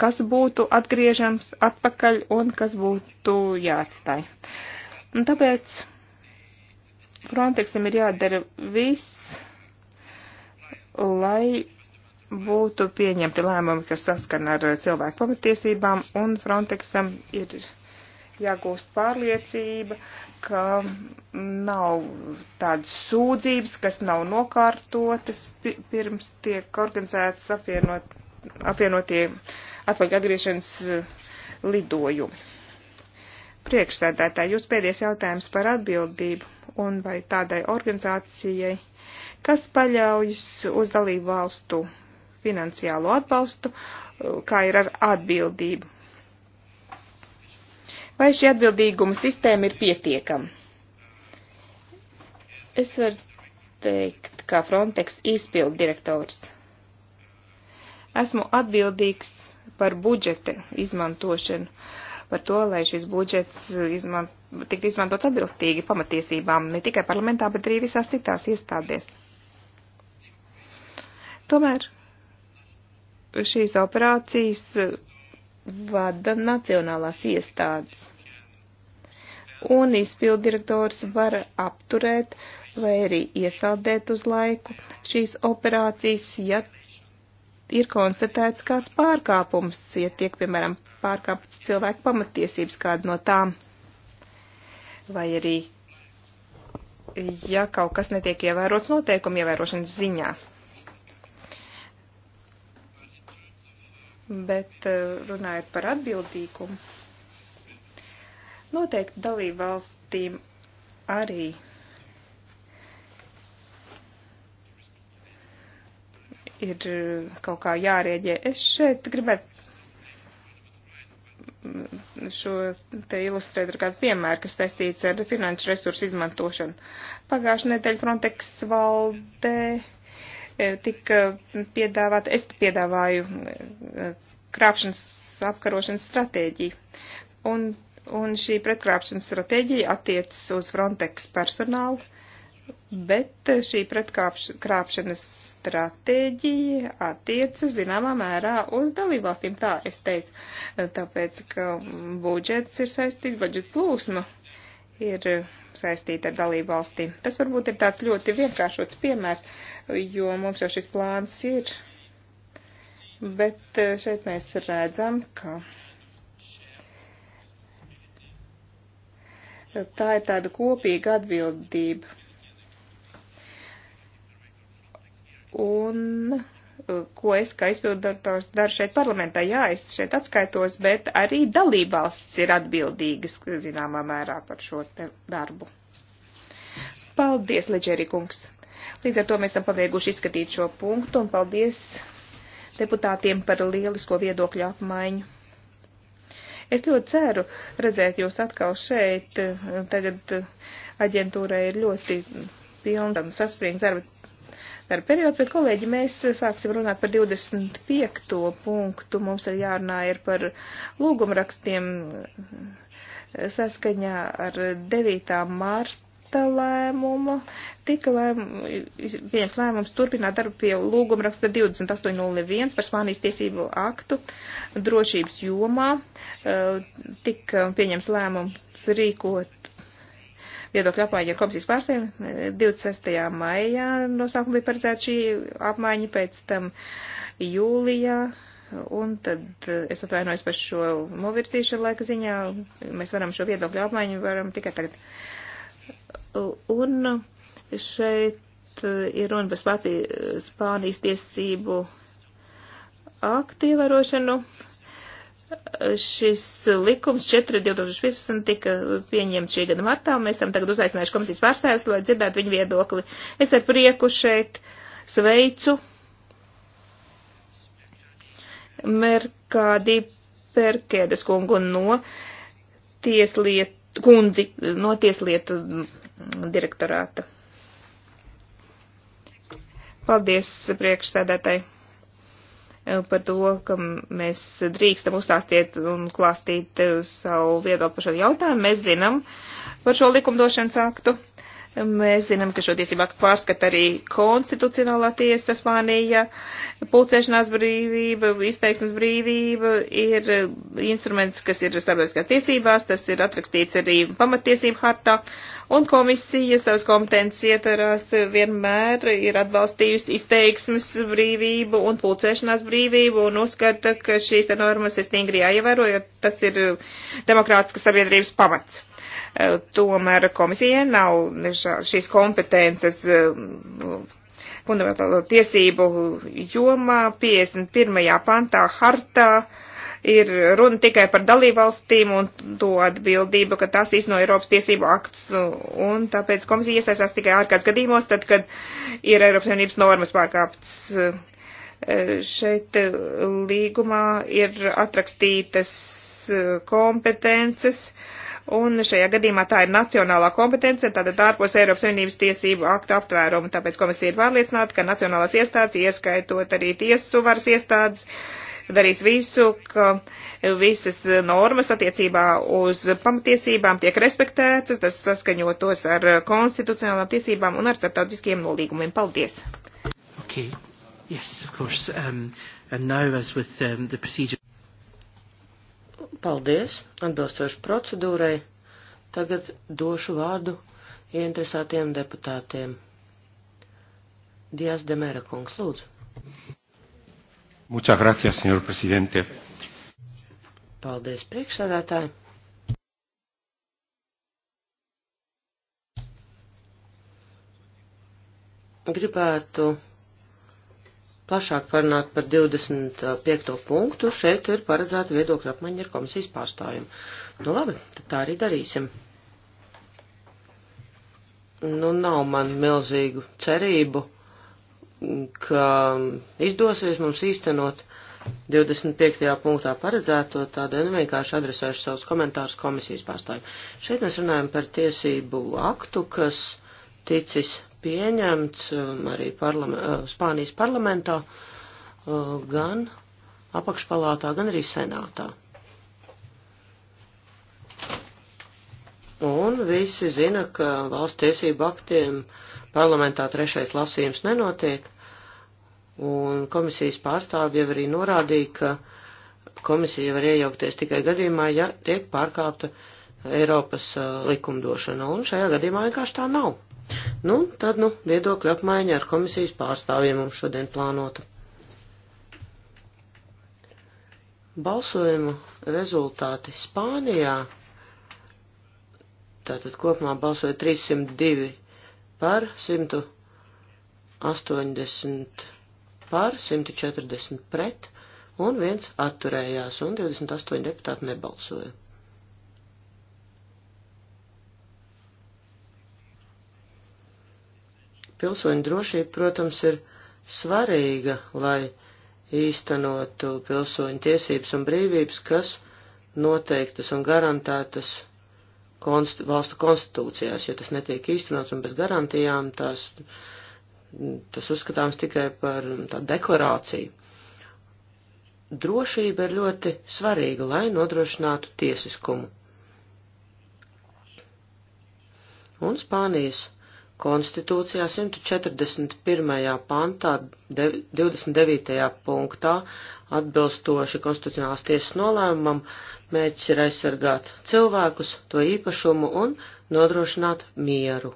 kas būtu atgriežams atpakaļ un kas būtu jāatstāj. Un tāpēc Frontexam ir jādara viss, lai būtu pieņemti lēmumi, kas saskan ar cilvēku pamatiesībām, un Frontexam ir jāgūst pārliecība, ka nav tādas sūdzības, kas nav nokārtotas pirms tiek organizētas apvienot, apvienotie atpakaļ atgriešanas eh, lidojumi. Priekšsēdētāji, jūs pēdējais jautājums par atbildību un vai tādai organizācijai, kas paļaujas uz dalību valstu finansiālo atbalstu, eh, kā ir ar atbildību Vai šī atbildīguma sistēma ir pietiekama? Es varu teikt, kā Frontex izpildu direktors. Esmu atbildīgs par budžeta izmantošanu, par to, lai šis budžets izman, tiktu izmantots atbilstīgi pamatiesībām ne tikai parlamentā, bet arī visās citās iestādēs. Tomēr šīs operācijas vada nacionālās iestādes. Un izpildirektors var apturēt vai arī iesaldēt uz laiku šīs operācijas, ja ir konstatēts kāds pārkāpums, ja tiek, piemēram, pārkāptas cilvēku pamatiesības kāda no tām. Vai arī, ja kaut kas netiek ievērots noteikumu ievērošanas ziņā. Bet eh, runājot par atbildīgumu, noteikti dalību valstīm arī ir eh, kaut kā jārēģē. Es šeit gribētu mm, šo te ilustrēt ar kādu piemēru, kas saistīts ar finanšu resursu izmantošanu. Pagājušajā nedēļā Frontex valdē Eh, tika piedāvāta, es piedāvāju eh, krāpšanas apkarošanas stratēģiju. Un, un šī pretkrāpšanas stratēģija attiecas uz Frontex personālu, bet šī pretkrāpšanas stratēģija attiecas zināmā mērā uz dalībvalstīm, tā es teicu, eh, tāpēc, ka budžets ir saistīts, budžeta plūsma ir saistīta ar dalību valstīm. Tas varbūt ir tāds ļoti vienkāršots piemērs, jo mums jau šis plāns ir, bet eh, šeit mēs redzam, ka tā ir tāda kopīga atbildība. Un ko es kā izpildotors daru šeit parlamentā. Jā, es šeit atskaitos, bet arī dalībvalsts ir atbildīgas, zināmā mērā, par šo darbu. Paldies, Leģeri kungs! Līdz ar to mēs esam pabeiguši izskatīt šo punktu un paldies deputātiem par lielisko viedokļu apmaiņu. Es ļoti ceru redzēt jūs atkal šeit. Tagad aģentūrai ir ļoti pilna saspringts darba darba periodu, bet, kolēģi, mēs sāksim runāt par 25. punktu. Mums ir jārunā ir par lūgumrakstiem saskaņā ar 9. marta lēmumu. Tika lēm, viens lēmums turpināt darbu pie lūgumraksta 28.01 par Spānijas tiesību aktu drošības jomā. Tika pieņems lēmums rīkot viedokļu apmaiņa ar komisijas pārstāvjiem. 26. Eh, maijā no sākuma bija paredzēta šī apmaiņa, pēc tam jūlijā. Un tad eh, es atvainojos par šo novirzīšanu laika ziņā. Mēs varam šo viedokļu apmaiņu varam tikai tagad. Un šeit eh, ir runa par Spānijas tiesību aktu ievērošanu šis likums 4.2015 tika pieņemts šī gada martā, un mēs esam tagad uzaicinājuši komisijas pārstāvis, lai dzirdētu viņu viedokli. Es ar prieku šeit sveicu Merkādī Perkēdes kungu no tieslietu, kundzi no tieslietu direktorāta. Paldies priekšsēdētāji. Eh, par to, ka mēs drīkstam uzstāstīt un klāstīt eh, savu viedokli par šo jautājumu. Mēs zinām par šo likumdošanas aktu. Mēs zinām, ka šo tiesību aktu pārskata arī konstitucionālā tiesa Spānija, pulcēšanās brīvība, izteiksmes brīvība ir instruments, kas ir starptautiskās tiesībās, tas ir atrakstīts arī pamatiesību hartā, un komisija savas kompetences ietvarās vienmēr ir atbalstījusi izteiksmes brīvību un pulcēšanās brīvību un uzskata, ka šīs normas ir stingri jāievēro, jo tas ir demokrātiskas sabiedrības pamats. Tomēr komisijai nav šīs kompetences eh, fundamentālo tiesību jomā 51. pantā hartā ir runa tikai par dalībvalstīm un to atbildību, ka tās izno Eiropas tiesību akts, un tāpēc komisija iesaistās tikai ārkārtas gadījumos, tad, kad ir Eiropas Savienības normas pārkāptas. Eh, šeit eh, līgumā ir atrakstītas kompetences, un šajā gadījumā tā ir nacionālā kompetence, tātad ārpus Eiropas Savienības tiesību aktu aptvērumu, tāpēc komisija ir pārliecināta, ka nacionālās iestādes, ieskaitot arī tiesu varas iestādes, darīs visu, ka visas normas attiecībā uz pamatiesībām tiek respektētas, tas saskaņotos ar konstitucionālām tiesībām un ar starptautiskiem nolīgumiem. Paldies! Okay. Yes, of course. Um, and now, as with um, the procedure. Paldies, atbilstoši procedūrai. Tagad došu vārdu ieinteresētiem deputātiem. Dijas Demēra kungs, lūdzu. Muchas gracias, señor presidente. Paldies, priekšsādātāji. Gribētu plašāk parunāt par 25. punktu, šeit ir paredzēta viedokļa apmaiņa ar komisijas pārstājumu. Nu labi, tad tā arī darīsim. Nu nav man milzīgu cerību, ka izdosies mums īstenot 25. punktā paredzēto tādēļ nu, vienkārši adresēšu savus komentārus komisijas pārstāvjiem. Šeit mēs runājam par tiesību aktu, kas ticis pieņemts um, arī parlam uh, Spānijas parlamentā, uh, gan apakšpalātā, gan arī senātā. Un visi zina, ka valsts tiesību aktiem parlamentā trešais lasījums nenotiek, un komisijas pārstāvji jau arī norādīja, ka komisija var iejaukties tikai gadījumā, ja tiek pārkāpta Eiropas uh, likumdošana, un šajā gadījumā vienkārši tā nav. Nu, tad, nu, viedokļa apmaiņa ar komisijas pārstāvjiem mums šodien plānota. Balsojumu rezultāti Spānijā. Tātad kopumā balsoja 302 par, 180 par, 140 pret un viens atturējās un 28 deputāti nebalsoja. Pilsoņu drošība, protams, ir svarīga, lai īstenotu pilsoņu tiesības un brīvības, kas noteiktas un garantētas konst valstu konstitūcijās. Ja tas netiek īstenots un bez garantijām, tās, tas uzskatāms tikai par nu, tādu deklarāciju drošība ir ļoti svarīga, lai nodrošinātu tiesiskumu. Un Spānijas Konstitūcijā 141. pantā 29. punktā atbilstoši konstitucionālās tiesas nolēmumam mērķis ir aizsargāt cilvēkus, to īpašumu un nodrošināt mieru.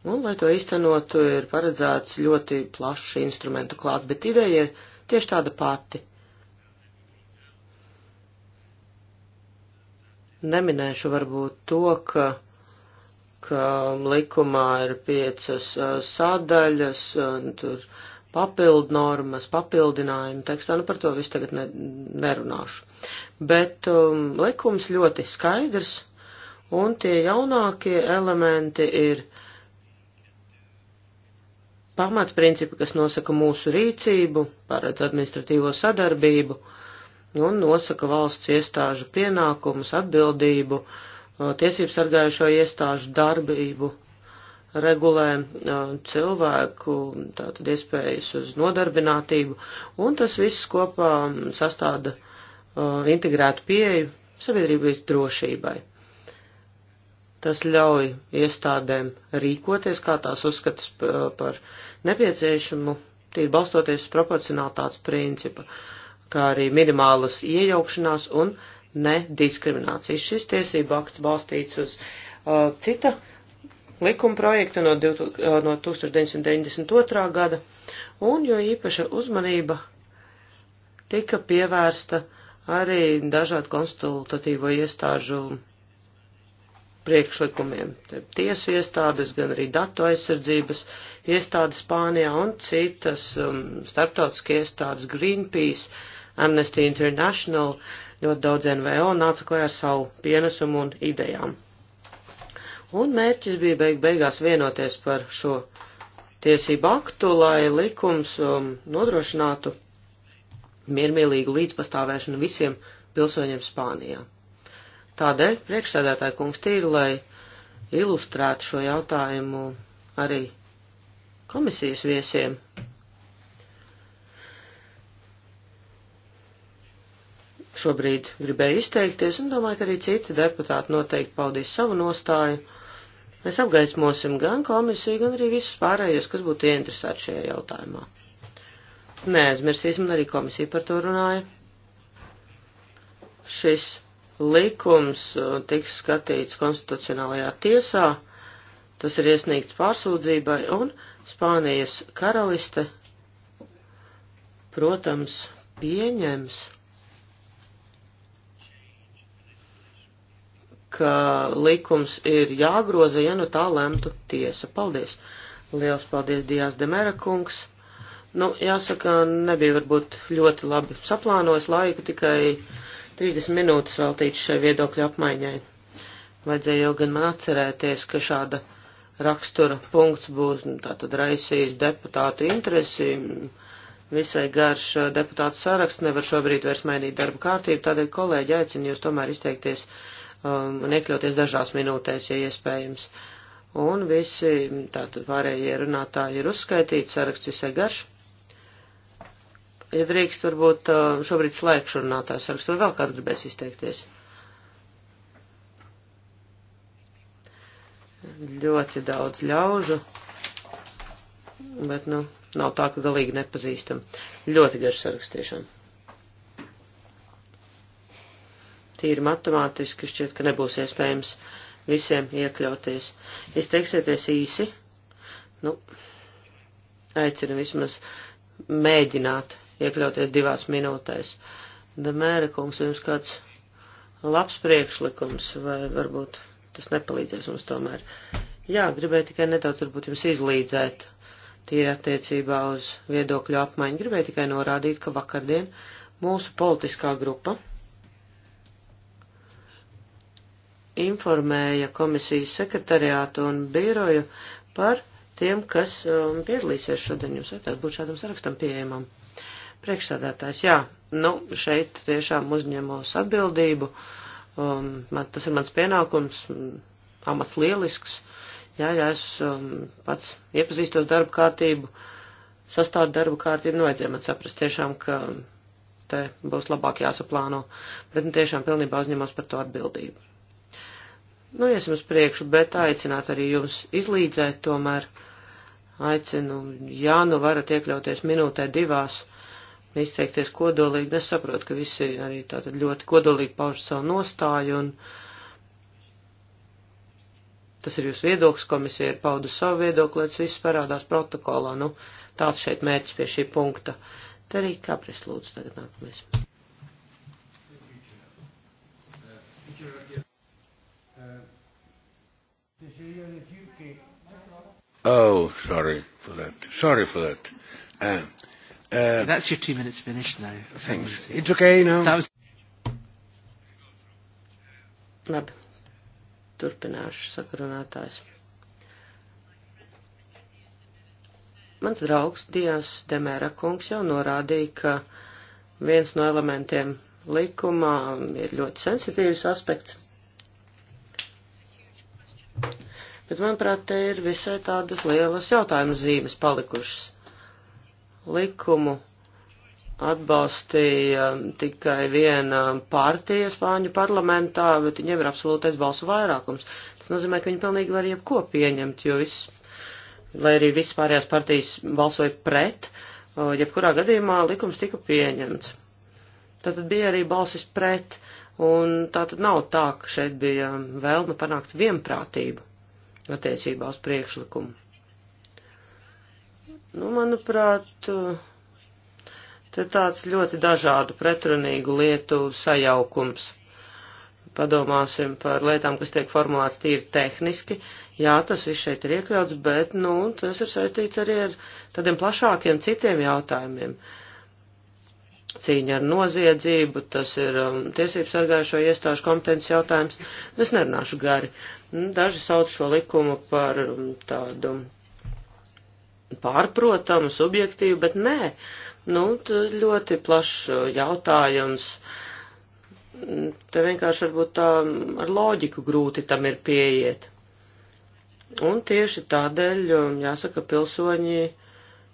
Un, lai to īstenotu, ir paredzēts ļoti plašs instrumentu klāts, bet ideja ir tieši tāda pati. Neminēšu varbūt to, ka, ka likumā ir piecas sādaļas, tur papildu normas, papildinājumi tekstā, nu par to visu tagad ne, nerunāšu. Bet um, likums ļoti skaidrs, un tie jaunākie elementi ir pamatprincipi, kas nosaka mūsu rīcību, paredz administratīvo sadarbību, uh, un nosaka valsts iestāžu pienākumus, atbildību, uh, tiesību sargājušo iestāžu darbību, regulē uh, cilvēku tātad iespējas uz nodarbinātību, un tas viss kopā um, sastāda uh, integrētu pieeju sabiedrības drošībai. Tas ļauj iestādēm rīkoties, kā tās uzskatas par nepieciešamu, tīri balstoties uz proporcionālitātes principu. Uh, kā arī minimālas iejaukšanās un nediskriminācijas. Šis tiesība akts balstīts uz uh, cita likuma projekta no, 2000, uh, no 1992. gada, un jo īpaša uzmanība tika pievērsta arī dažādu konsultatīvo iestāžu priekšlikumiem. Tiesu iestādes, gan arī datu aizsardzības iestādes Spānijā un citas um, starptautiskie iestādes Greenpeace Amnesty International, ļoti daudz NVO nāca klajā ar savu pienesumu un idejām. Un mērķis bija beig beigās vienoties par šo tiesību aktu, lai likums um, nodrošinātu miermīlīgu līdzpastāvēšanu visiem pilsoņiem Spānijā. Tādēļ priekšsēdētāja kungs tīri, lai ilustrētu šo jautājumu arī komisijas viesiem, šobrīd gribēju izteikties, un domāju, ka arī citi deputāti noteikti paudīs savu nostāju. Mēs apgaismosim gan komisiju, gan arī visus pārējos, kas būtu ieinteresēti šajā jautājumā. Neaizmirsīsim, un arī komisija par to runāja. Šis likums uh, tiks skatīts konstitucionālajā tiesā, tas ir iesniegts pārsūdzībai, un Spānijas karaliste, protams, pieņems ka likums ir jāgroza, ja nu tā lemtu tiesa. Paldies! Liels paldies, Dijās Demera kungs! Nu, jāsaka, nebija varbūt ļoti labi saplānojis laiku, tikai 30 minūtes veltīts šai viedokļu apmaiņai. Vajadzēja jau gan man atcerēties, ka šāda rakstura punkts būs nu, tātad raisījis deputātu interesi. Visai garš eh, deputātu saraksts nevar šobrīd vairs mainīt darba kārtību, tādēļ kolēģi aicinu jūs tomēr izteikties um, un iekļauties dažās minūtēs, ja iespējams. Un visi tātad pārējie runātāji ir uzskaitīti, saraksts visai garš. Ja drīkst, varbūt um, šobrīd slēgšu runātāju sarakstu, vai vēl kāds gribēs izteikties? Ļoti daudz ļaužu, bet, nu, nav tā, ka galīgi nepazīstam. Ļoti garš saraksts tiešām. tīri matemātiski šķiet, ka nebūs iespējams visiem iekļauties. Izteiksieties īsi, nu, aicinu vismaz mēģināt iekļauties divās minūtēs. Demēra kungs, jums kāds labs priekšlikums, vai varbūt tas nepalīdzēs mums tomēr? Jā, gribēju tikai nedaudz varbūt jums izlīdzēt tīri attiecībā uz viedokļu apmaiņu. Gribēju tikai norādīt, ka vakardien mūsu politiskā grupa informēja komisijas sekretariātu un biroju par tiem, kas um, piedalīsies šodien. Jums vajadzētu būt šādam sarakstam pieejamam. Priekšsādātājs, jā, nu, šeit tiešām uzņemos atbildību. Um, man, tas ir mans pienākums, mm, amats lielisks. Jā, jā, es um, pats iepazīstos darba kārtību, sastādu darba kārtību, nu, vajadzēja man saprast tiešām, ka te būs labāk jāsaplāno, bet nu, tiešām pilnībā uzņemos par to atbildību. Nu, iesim uz priekšu, bet aicināt arī jums izlīdzēt tomēr. Aicinu, jā, nu varat iekļauties minūtē divās, izteikties kodolīgi. Es saprotu, ka visi arī tātad ļoti kodolīgi pauž savu nostāju un tas ir jūsu viedoklis, komisija ir paudu savu viedokli, tas viss parādās protokolā. Nu, tāds šeit mērķis pie šī punkta. Te arī kāpēc lūdzu tagad nākamais. Oh, sorry for that. Sorry for that. Uh, uh, That's your two minutes finished now. Thanks. It's okay now. That was... Labi. Turpināšu sakarunātājs. Mans draugs Dijas Demēra kungs jau norādīja, ka viens no elementiem likumā ir ļoti sensitīvs aspekts Bet, manuprāt, te ir visai tādas lielas jautājuma zīmes palikušas. Likumu atbalstīja tikai viena partija Spāņu parlamentā, bet viņiem ir absolūtais balsu vairākums. Tas nozīmē, ka viņi pilnīgi var jebko pieņemt, jo viss, lai arī viss pārējās partijas balsoja pret, jebkurā gadījumā likums tika pieņemts. Tātad bija arī balsis pret, un tātad nav tā, ka šeit bija vēlme panākt vienprātību attiecībā uz priekšlikumu. Nu, manuprāt, te tāds ļoti dažādu pretrunīgu lietu sajaukums. Padomāsim par lietām, kas tiek formulēts tīri tehniski. Jā, tas viss šeit ir iekļauts, bet, nu, tas ir saistīts arī ar tādiem plašākiem citiem jautājumiem. Cīņa ar noziedzību, tas ir um, tiesības sargājušo iestāžu kompetences jautājums. Es nerunāšu gari. Uh, Nu, daži sauc šo likumu par um, tādu pārprotamu, subjektīvu, bet nē, nu, ļoti plašs uh, jautājums. Mm, te vienkārši varbūt tā mm, ar loģiku grūti tam ir pieiet. Un tieši tādēļ, um, jāsaka, pilsoņi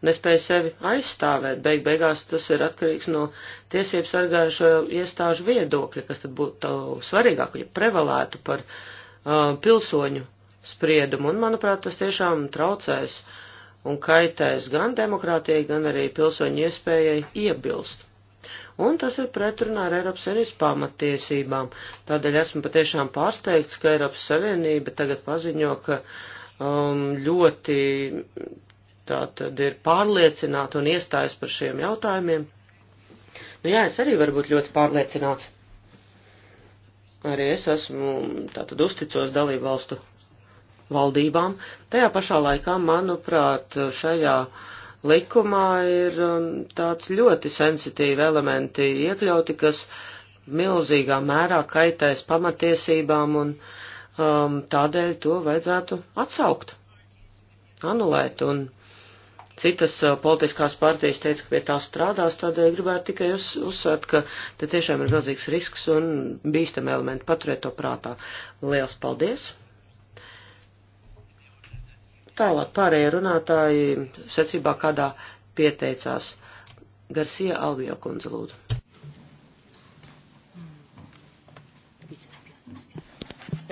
nespēja sevi aizstāvēt. Beig beigās tas ir atkarīgs no tiesību sargājušo iestāžu viedokļa, kas tad būtu svarīgāk, ja prevalētu par uh, pilsoņu spriedumu, un, manuprāt, tas tiešām traucēs un kaitēs gan demokrātijai, gan arī pilsoņu iespējai iebilst. Un tas ir pretrunā ar Eiropas Savienības pamatiesībām. Tādēļ esmu patiešām pārsteigts, ka Eiropas Savienība tagad paziņo, ka um, ļoti tātad ir pārliecināta un iestājas par šiem jautājumiem. Nu jā, es arī varu būt ļoti pārliecināts. Arī es esmu tātad uzticos dalību valstu valdībām. Tajā pašā laikā, manuprāt, šajā likumā ir um, tāds ļoti sensitīvi elementi iekļauti, kas milzīgā mērā kaitēs pamatiesībām un um, tādēļ to vajadzētu atsaukt, anulēt un Citas uh, politiskās partijas teica, ka pie tā strādās, tādēļ uh, gribētu tikai uz, uzsvērt, ka te tiešām ir milzīgs risks un bīstami elementi paturēt to prātā. Liels paldies! Tālāk pārējie runātāji secībā kādā pieteicās. Garcia Alvio kundze lūdzu.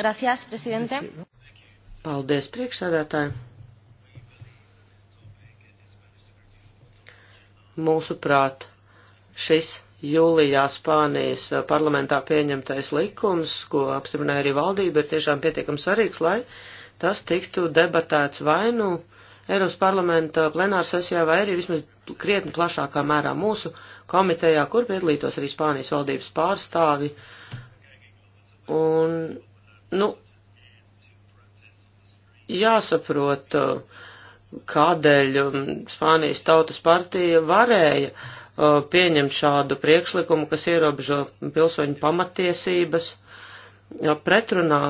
Gracias, presidente. Paldies, priekšsēdētāji. Mūsuprāt, šis jūlijā Spānijas eh, parlamentā pieņemtais likums, ko apstiprināja arī valdība, ir tiešām pietiekami svarīgs, lai tas tiktu debatēts vai nu Eiropas parlamenta plenāra sesijā vai arī vismaz krietni plašākā mērā mūsu komitejā, kur piedalītos arī Spānijas valdības pārstāvi. Un, nu, jāsaprot, uh, kādēļ um, Spānijas tautas partija varēja uh, pieņemt šādu priekšlikumu, kas ierobežo pilsoņu pamatiesības uh, pretrunā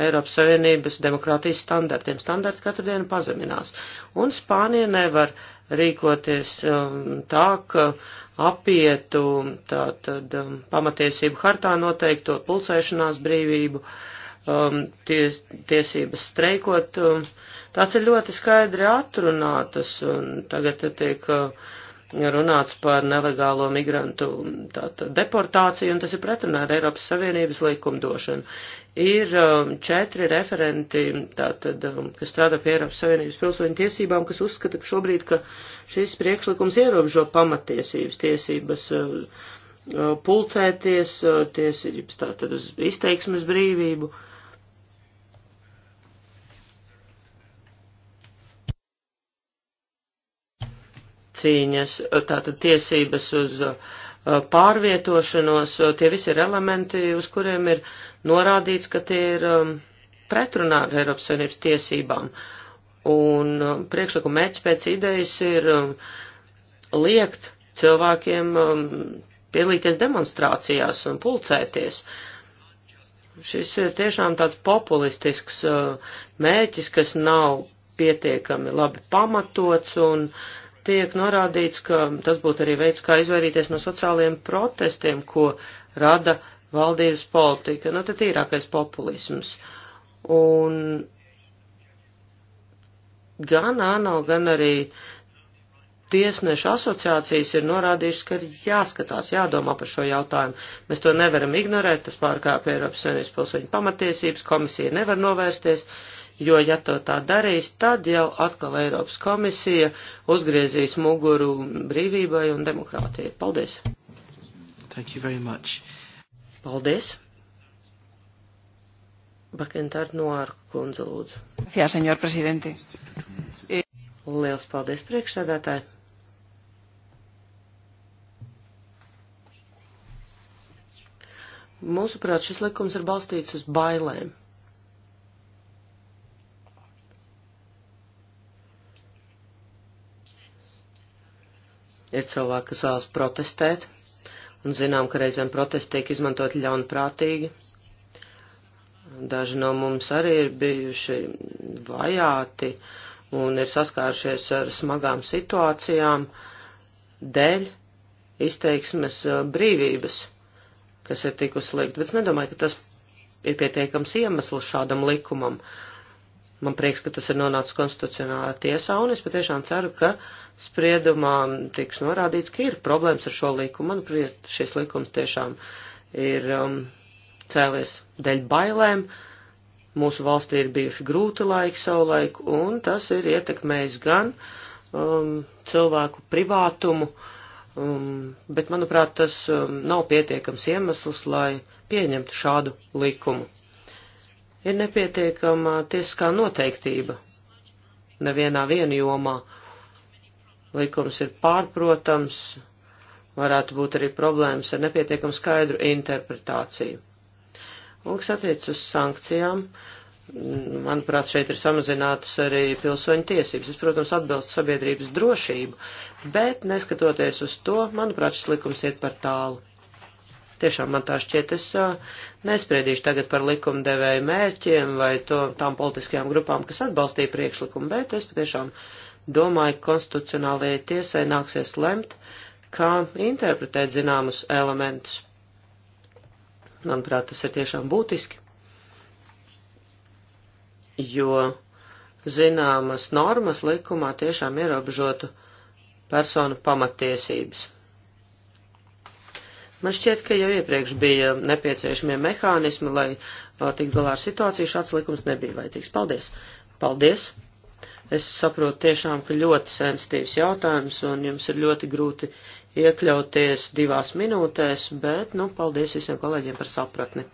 Eiropas Savienības demokrātijas standartiem. Standarti katru dienu pazeminās. Un Spānija nevar rīkoties um, tā, ka apietu tātad um, pamatiesību hartā noteikto pulcēšanās brīvību. Uh, um, ties, tiesības streikot, um, tās ir ļoti skaidri atrunātas, un tagad tiek uh, runāts par nelegālo migrantu um, tātad, tā, deportāciju, un tas ir pretrunā ar Eiropas Savienības likumdošanu. Ir um, četri referenti, tātad, um, kas strādā pie Eiropas Savienības pilsoņu tiesībām, kas uzskata, ka šobrīd, ka šis priekšlikums ierobežo pamatiesības tiesības. Uh, uh pulcēties, uh, tiesības tātad uz izteiksmes brīvību, uh, cīņas, tātad tiesības uz uh, pārvietošanos, uh, tie visi ir elementi, uz kuriem ir norādīts, ka tie ir um, pretrunā ar Eiropas Savienības tiesībām. Un um, priekšlikuma mērķis pēc idejas ir um, liekt cilvēkiem piedalīties demonstrācijās un pulcēties. Šis ir tiešām tāds populistisks uh, mērķis, kas nav pietiekami labi pamatots un uh, tiek norādīts, ka tas būtu arī veids, kā izvairīties no sociālajiem protestiem, ko rada valdības politika. Nu, tad īrākais populisms. Un gan ANO, gan arī tiesnešu asociācijas ir norādījušas, ka ir jāskatās, jādomā par šo jautājumu. Mēs to nevaram ignorēt, tas pārkāpja Eiropas Savienības pilsoņu pamatiesības, komisija nevar novērsties. Uh, jo, ja to tā darīs, tad jau atkal Eiropas komisija uzgriezīs muguru brīvībai un demokrātijai. Paldies! Thank you very much. Paldies! Bakentārt Noāru kundze lūdzu. Jā, senjor prezidenti. Liels paldies priekšsēdētāji. Mūsuprāt, šis likums ir balstīts uz bailēm. Ir cilvēki, kas vēlas protestēt, un zinām, ka reizēm protesti tiek izmantot ļaunprātīgi. Daži no mums arī ir bijuši vajāti un ir saskāršies ar smagām situācijām dēļ izteiksmes eh, brīvības, kas ir tikusi likt, bet es nedomāju, ka tas ir pietiekams iemesls šādam likumam. Uh, Man prieks, ka tas ir nonācis konstitucionālā tiesā, un es patiešām ceru, ka spriedumā tiks norādīts, ka ir problēmas ar šo likumu. Manuprāt, šis likums tiešām ir um, cēlies dēļ bailēm. Mūsu valstī ir bijuši grūti laiki savulaik, un tas ir ietekmējis gan um, cilvēku privātumu, um, bet, manuprāt, tas um, nav pietiekams iemesls, lai pieņemtu šādu likumu ir nepietiekama tiesiskā noteiktība nevienā viena jomā. Likums ir pārprotams, varētu būt arī problēmas ar nepietiekam skaidru interpretāciju. Un kas attiec uz sankcijām, manuprāt, šeit ir samazinātas arī pilsoņu tiesības. Es, protams, atbilstu sabiedrības drošību, bet neskatoties uz to, manuprāt, šis likums iet par tālu. Tiešām man tā šķiet, es nespriedīšu tagad par likumdevēju mērķiem vai to, tām politiskajām grupām, kas atbalstīja priekšlikumu, bet es patiešām domāju, ka konstitucionālajai tiesai nāksies lemt, kā interpretēt zināmus elementus. Manuprāt, tas ir tiešām būtiski, jo zināmas normas likumā tiešām ierobežotu personu pamatiesības. Man šķiet, ka jau iepriekš bija nepieciešamie mehānismi, lai tik galā ar situāciju šāds likums nebija vajadzīgs. Paldies! Paldies! Es saprotu tiešām, ka ļoti sensitīvs jautājums, un jums ir ļoti grūti iekļauties divās minūtēs, bet, nu, paldies visiem kolēģiem par sapratni.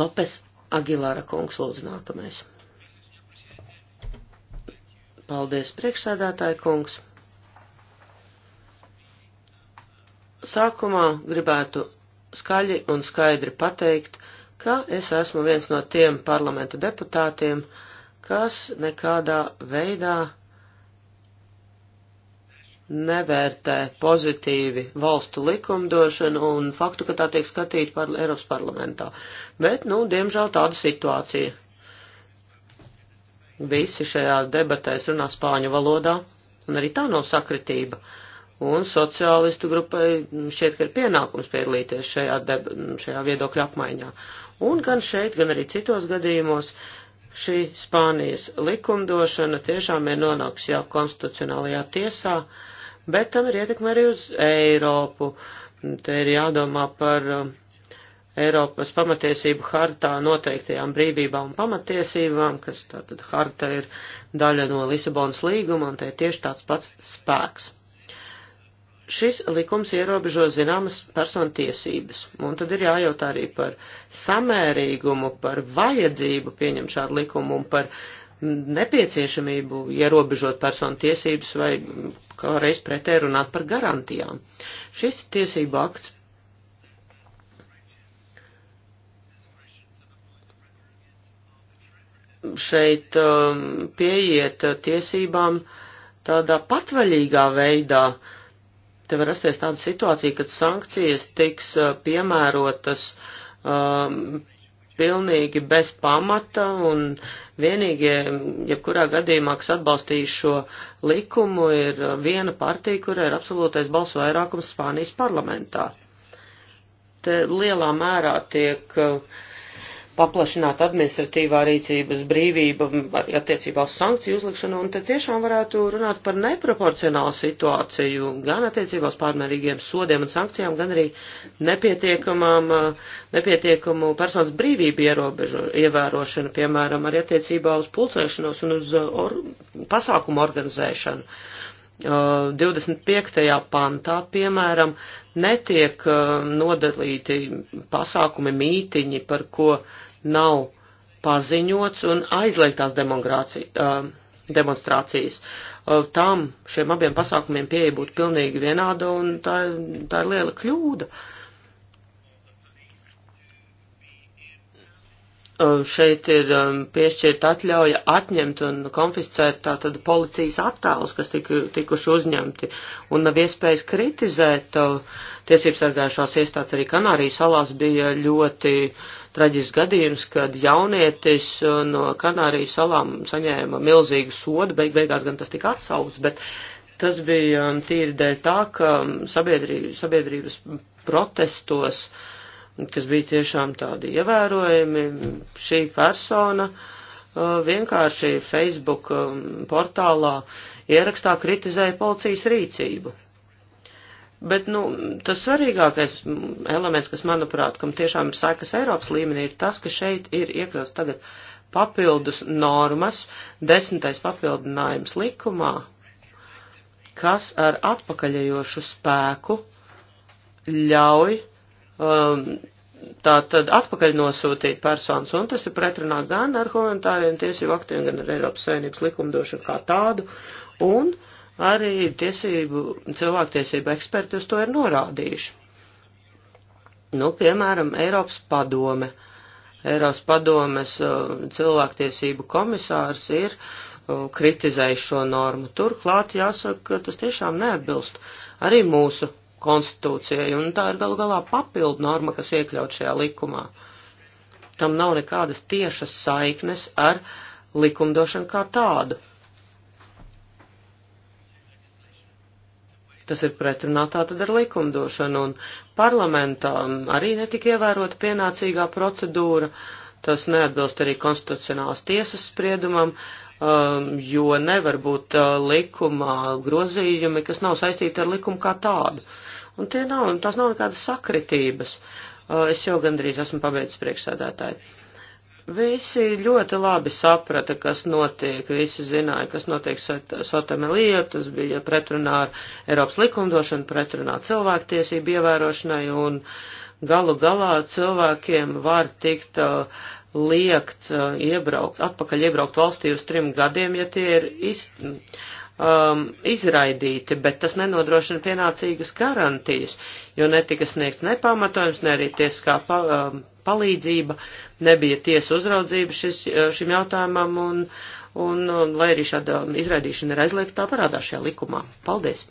Lopes Agilāra kungs lūdzu nākamais. Paldies, priekšsēdētāji kungs. Sākumā gribētu skaļi un skaidri pateikt, ka es esmu viens no tiem parlamenta deputātiem, kas nekādā veidā nevērtē pozitīvi valstu likumdošanu un faktu, ka tā tiek skatīta par Eiropas parlamentā. Bet, nu, diemžēl tāda situācija. Visi šajās debatēs runā spāņu valodā, un arī tā nav sakritība. Uh, Un sociālistu grupai šķiet, ka ir pienākums piedalīties šajā, deb, šajā viedokļa apmaiņā. Un gan šeit, gan arī citos gadījumos šī Spānijas likumdošana tiešām ir nonākusi jau konstitucionālajā tiesā, bet tam ir ietekme arī uz Eiropu. Te ir jādomā par um, Eiropas pamatiesību hartā noteiktajām brīvībām un pamatiesībām, kas tātad harta ir daļa no Lisabonas līguma, un te ir tieši tāds pats spēks šis likums ierobežo zināmas personu tiesības, un tad ir jājautā arī par samērīgumu, par vajadzību pieņemt šādu likumu un par nepieciešamību ierobežot personu tiesības vai kā reiz pretē runāt par garantijām. Šis tiesība akts šeit um, pieiet tiesībām tādā patvaļīgā veidā, uh, te var rasties tāda situācija, kad sankcijas tiks piemērotas um, pilnīgi bez pamata un vienīgie, jebkurā gadījumā, kas atbalstīs šo likumu, ir viena partija, kurai ir absolūtais balsu vairākums Spānijas parlamentā. Te lielā mērā tiek uh, paplašināt administratīvā rīcības brīvība attiecībā uz sankciju uzlikšanu, un te tiešām varētu runāt par neproporcionālu situāciju gan attiecībā uz pārmērīgiem sodiem un sankcijām, gan arī nepietiekamu personas brīvību ierobežu, ievērošanu, piemēram, arī attiecībā uz pulcēšanos un uz uh, or, pasākumu organizēšanu. 25. Uh, pantā, piemēram, netiek uh, nodalīti pasākumi, mītiņi, par ko uh, nav paziņots un aizliegtās uh, demonstrācijas. Uh, Tām šiem abiem pasākumiem pieeja būtu pilnīgi vienāda un tā, tā ir liela kļūda. Uh, Um, šeit ir um, piešķirta atļauja atņemt un konfiscēt tātad policijas attēlus, kas tik, tikuši uzņemti, un nav iespējas kritizēt. Uh, tiesības sargājušās iestādes arī Kanārijas salās bija ļoti traģisks gadījums, kad jaunietis uh, no Kanārijas salām saņēma milzīgu sodu, beig beigās gan tas tika atsauts, bet tas bija um, tīri dēļ tā, ka um, sabiedrī, sabiedrības protestos uh, kas bija tiešām tādi ievērojami. Šī persona uh, vienkārši Facebook um, portālā ierakstā kritizēja policijas rīcību. Bet, nu, tas svarīgākais elements, kas, manuprāt, kam tiešām ir sekas Eiropas līmenī, ir tas, ka šeit ir iekļauts tagad papildus normas, desmitais papildinājums likumā, kas ar atpakaļējošu spēku ļauj um, tā tad atpakaļ nosūtīt personas, un tas ir pretrunā gan ar humanitāriem tiesību aktiem, gan ar Eiropas Savienības likumdošanu kā tādu, un arī tiesību, cilvēktiesību eksperti uz to ir norādījuši. Nu, piemēram, Eiropas padome. Eiropas padomes uh, cilvēktiesību komisārs ir uh, kritizējis šo normu. Turklāt jāsaka, ka tas tiešām neatbilst arī mūsu konstitūcijai, un tā ir galu galā papildu norma, kas iekļaut šajā likumā. Tam nav nekādas tiešas saiknes ar likumdošanu kā tādu. Tas ir pretrunā tātad ar likumdošanu, un parlamentā arī netika ievērota pienācīgā procedūra, tas neatbilst arī konstitucionālas tiesas spriedumam, um, jo nevar būt uh, likumā grozījumi, kas nav saistīti ar likumu kā tādu. Un tie nav, un tās nav nekādas sakritības. Es jau gandrīz esmu pabeidzis priekšsēdētāju. Visi ļoti labi saprata, kas notiek, visi zināja, kas notiek Sotemelija, tas bija pretrunā ar Eiropas likumdošanu, pretrunā cilvēktiesību ievērošanai, un galu galā cilvēkiem var tikt uh, liekts uh, iebraukt, atpakaļ iebraukt valstī uz trim gadiem, ja tie ir iz, um, izraidīti, bet tas nenodrošina pienācīgas garantijas, jo netika sniegts ne pamatojums, ne arī tiesiskā pa, um, palīdzība, nebija tiesa uzraudzība šis, uh, šim jautājumam, un, un, un lai arī šāda izraidīšana ir aizliegta, tā parādās šajā likumā. Paldies!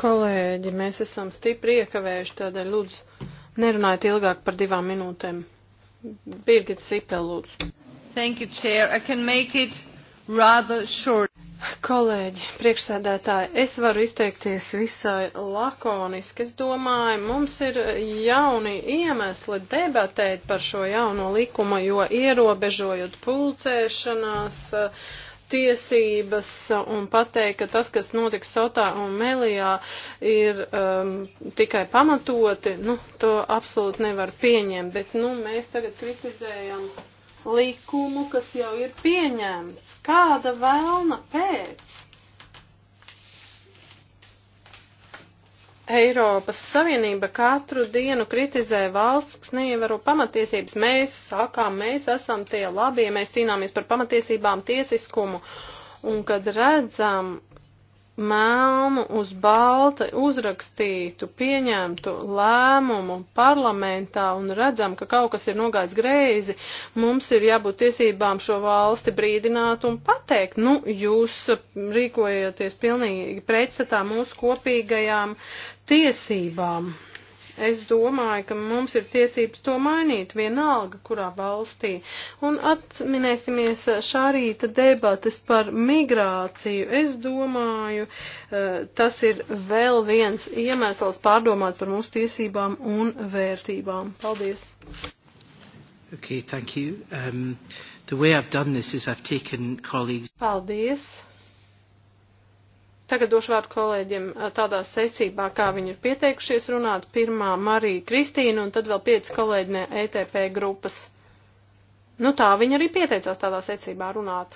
Kolēģi, mēs esam stipri iekavējuši, tādēļ lūdzu nerunājiet ilgāk par divām minūtēm. Birgit Sipel, lūdzu. Thank you, Chair. I can make it rather short. Kolēģi, priekšsēdētāji, es varu izteikties visai lakoniski. Es domāju, mums ir jauni iemesli debatēt par šo jauno likumu, jo ierobežojot pulcēšanās tiesības un pateikt, ka tas, kas notika Sotā un Melijā, ir um, tikai pamatoti, nu, to absolūti nevar pieņemt. Bet, nu, mēs tagad kritizējam likumu, kas jau ir pieņemts. Kāda vēlna pēc? Eiropas Savienība katru dienu kritizē valsts, kas neievēro pamatiesības. Mēs sākām, mēs esam tie labie, mēs cīnāmies par pamatiesībām, tiesiskumu. Un kad redzam, melnu uz balta uzrakstītu, pieņemtu lēmumu parlamentā un redzam, ka kaut kas ir nogājis greizi, mums ir jābūt tiesībām šo valsti brīdināt un pateikt, nu, jūs rīkojaties pilnīgi pretstatā mūsu kopīgajām tiesībām. Es domāju, ka mums ir tiesības to mainīt vienalga, kurā valstī. Un atminēsimies šā rīta debates par migrāciju. Es domāju, eh, tas ir vēl viens iemesls pārdomāt par mūsu tiesībām un vērtībām. Paldies! Okay, thank you. Um, the way I've done this is I've taken colleagues. Paldies. Tagad došu vārdu kolēģiem tādā secībā, kā viņi ir pieteikušies runāt. Pirmā Marija Kristīna un tad vēl pieci kolēģi no ETP grupas. Nu tā, viņi arī pieteicās tādā secībā runāt.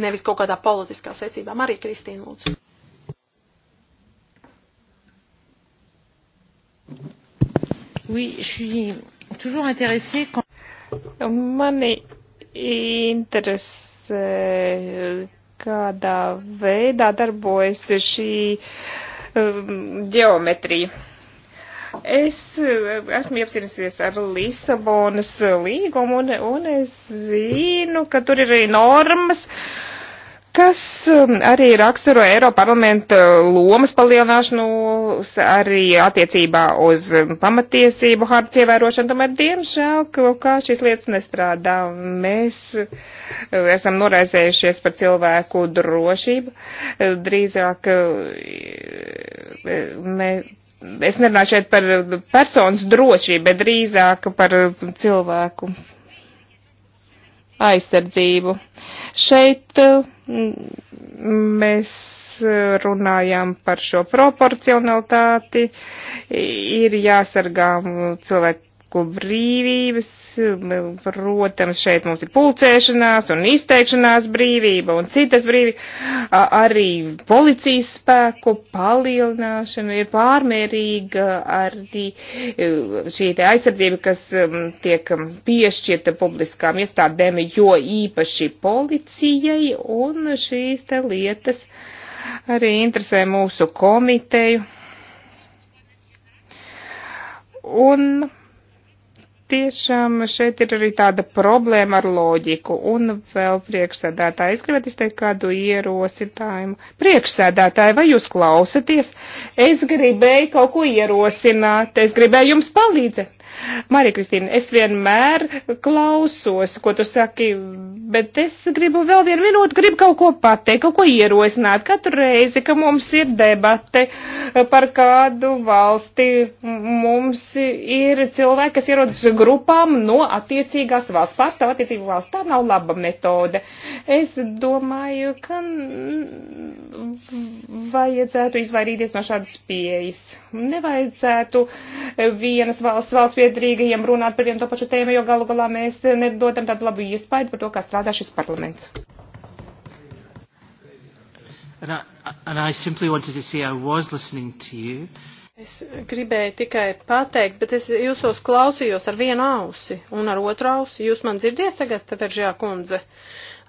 Nevis kaut kādā politiskā secībā. Marija Kristīna, lūdzu. Oui, je suis toujours intéressée quand... Mani interesē kādā veidā darbojas šī um, ģeometrija. Es um, esmu iepazinies ar Lisabonas līgumu un, un es zinu, ka tur ir arī normas. Uh, kas um, arī raksturo Eiroparlamenta lomas palielināšanos arī attiecībā uz um, pamatiesību hartas ievērošanu. Tomēr, diemžēl, kā šīs lietas nestrādā, mēs uh, esam noraizējušies par cilvēku drošību. Uh, drīzāk uh, mēs. Es nerunāju šeit par personas drošību, bet drīzāk par um, cilvēku aizsardzību. Šeit eh, mēs eh, runājam par šo proporcionalitāti, ir jāsargā cilvēku cilvēku brīvības. Protams, šeit mums ir pulcēšanās un izteikšanās brīvība un citas brīvības. Arī policijas spēku palielināšana ir pārmērīga, arī e, šī te aizsardzība, kas tiek piešķirta publiskām iestādēm, jo īpaši policijai un šīs te lietas arī interesē mūsu komiteju. Un tiešām šeit ir arī tāda problēma ar loģiku. Un vēl priekšsēdētāji, es gribētu izteikt kādu ierosinājumu. Priekšsēdētāji, vai jūs klausaties? Es gribēju kaut ko ierosināt, es gribēju jums palīdzēt. Marija Kristīna, es vienmēr klausos, ko tu saki, bet es gribu vēl vienu minūtu, gribu kaut ko pateikt, kaut ko ierosināt. Katru reizi, ka mums ir debate par kādu valsti, mums ir cilvēki, kas ierodas grupām no attiecīgās valsts, pārstāv attiecīgu valsts. Tā nav laba metode. Es domāju, ka vajadzētu izvairīties no šādas pieejas. Nevajadzētu vienas valsts valsts līdzpiedrīgajiem runāt par vienu to pašu tēmu, jo galu galā mēs nedodam tādu labu iespaidu par to, kā strādā šis parlaments. And I, and I simply wanted to say I was listening to you. Es gribēju tikai pateikt, bet es jūsos klausījos ar vienu ausi un ar otru ausi. Jūs man dzirdiet tagad, Veržjā kundze?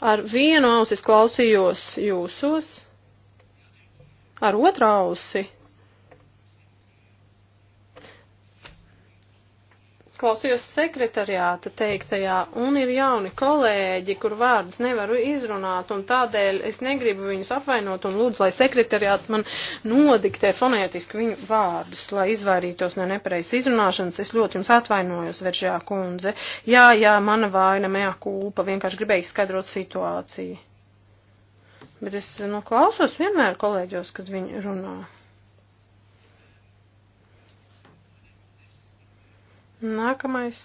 Ar vienu ausi es klausījos jūsos, ar otru ausi. klausījos sekretariāta teiktajā, un ir jauni kolēģi, kur vārdus nevaru izrunāt, un tādēļ es negribu viņus apvainot, un lūdzu, lai sekretariāts man nodiktē fonētiski viņu vārdus, lai izvairītos no nepareizas izrunāšanas. Es ļoti jums atvainojos, veržā kundze. Jā, jā, mana vaina, mea kūpa, vienkārši gribēju izskaidrot situāciju. Bet es, nu, klausos vienmēr kolēģos, kad viņi runā. Nākamais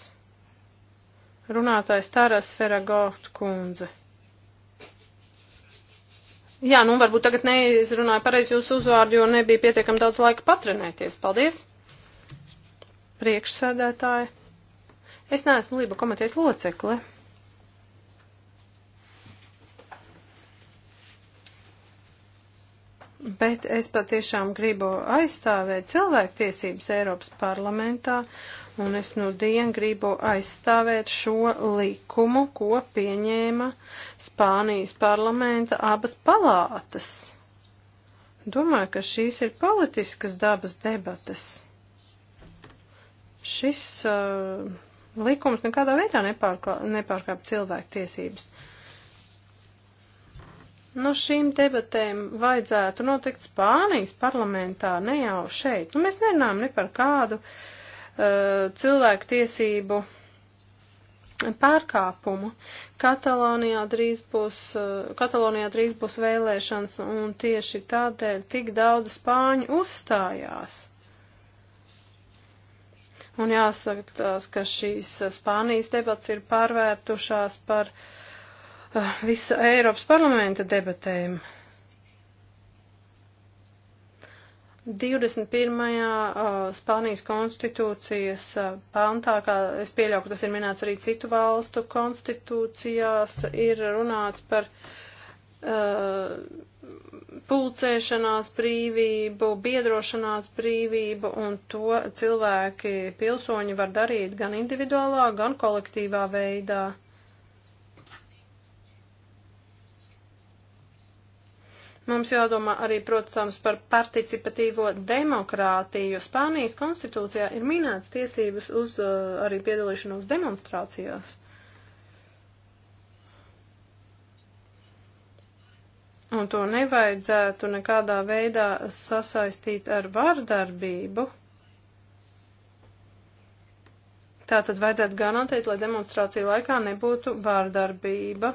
runātājs Tāras Feragot kundze. Jā, nu varbūt tagad neizrunāju pareizi jūsu uzvārdu, jo nebija pietiekam daudz laika patrenēties. Paldies! Priekšsēdētāji. Es neesmu Lība komitejas locekle. Bet es patiešām gribu aizstāvēt cilvēktiesības Eiropas parlamentā un es nu dienu gribu aizstāvēt šo likumu, ko pieņēma Spānijas parlamenta abas palātas. Domāju, ka šīs ir politiskas dabas debatas. Šis uh, likums nekādā veidā nepārkāp cilvēku tiesības. Nu, šīm debatēm vajadzētu notikt Spānijas parlamentā, ne jau šeit. Nu, mēs nerunājam ne par kādu uh, Uh, cilvēku tiesību pārkāpumu. Katalonijā drīz būs, uh, Katalonijā drīz būs vēlēšanas, un tieši tādēļ tik daudz spāņu uzstājās. Un jāsaka, ka šīs Spānijas debats ir pārvērtušās par uh, visa Eiropas parlamenta debatēm. Uh, 21. Spānijas konstitūcijas pantā, kā es pieļauju, ka tas ir minēts arī citu valstu konstitūcijās, ir runāts par uh, pulcēšanās brīvību, biedrošanās brīvību, un to cilvēki, pilsoņi var darīt gan individuālā, gan kolektīvā veidā. Mums jādomā arī, protams, par participatīvo demokrātiju. Spānijas konstitūcijā ir minēts tiesības uz uh, arī piedalīšanos demonstrācijās. Un to nevajadzētu nekādā veidā sasaistīt ar vardarbību. Tātad vajadzētu garantēt, lai demonstrācija laikā nebūtu vārdarbība.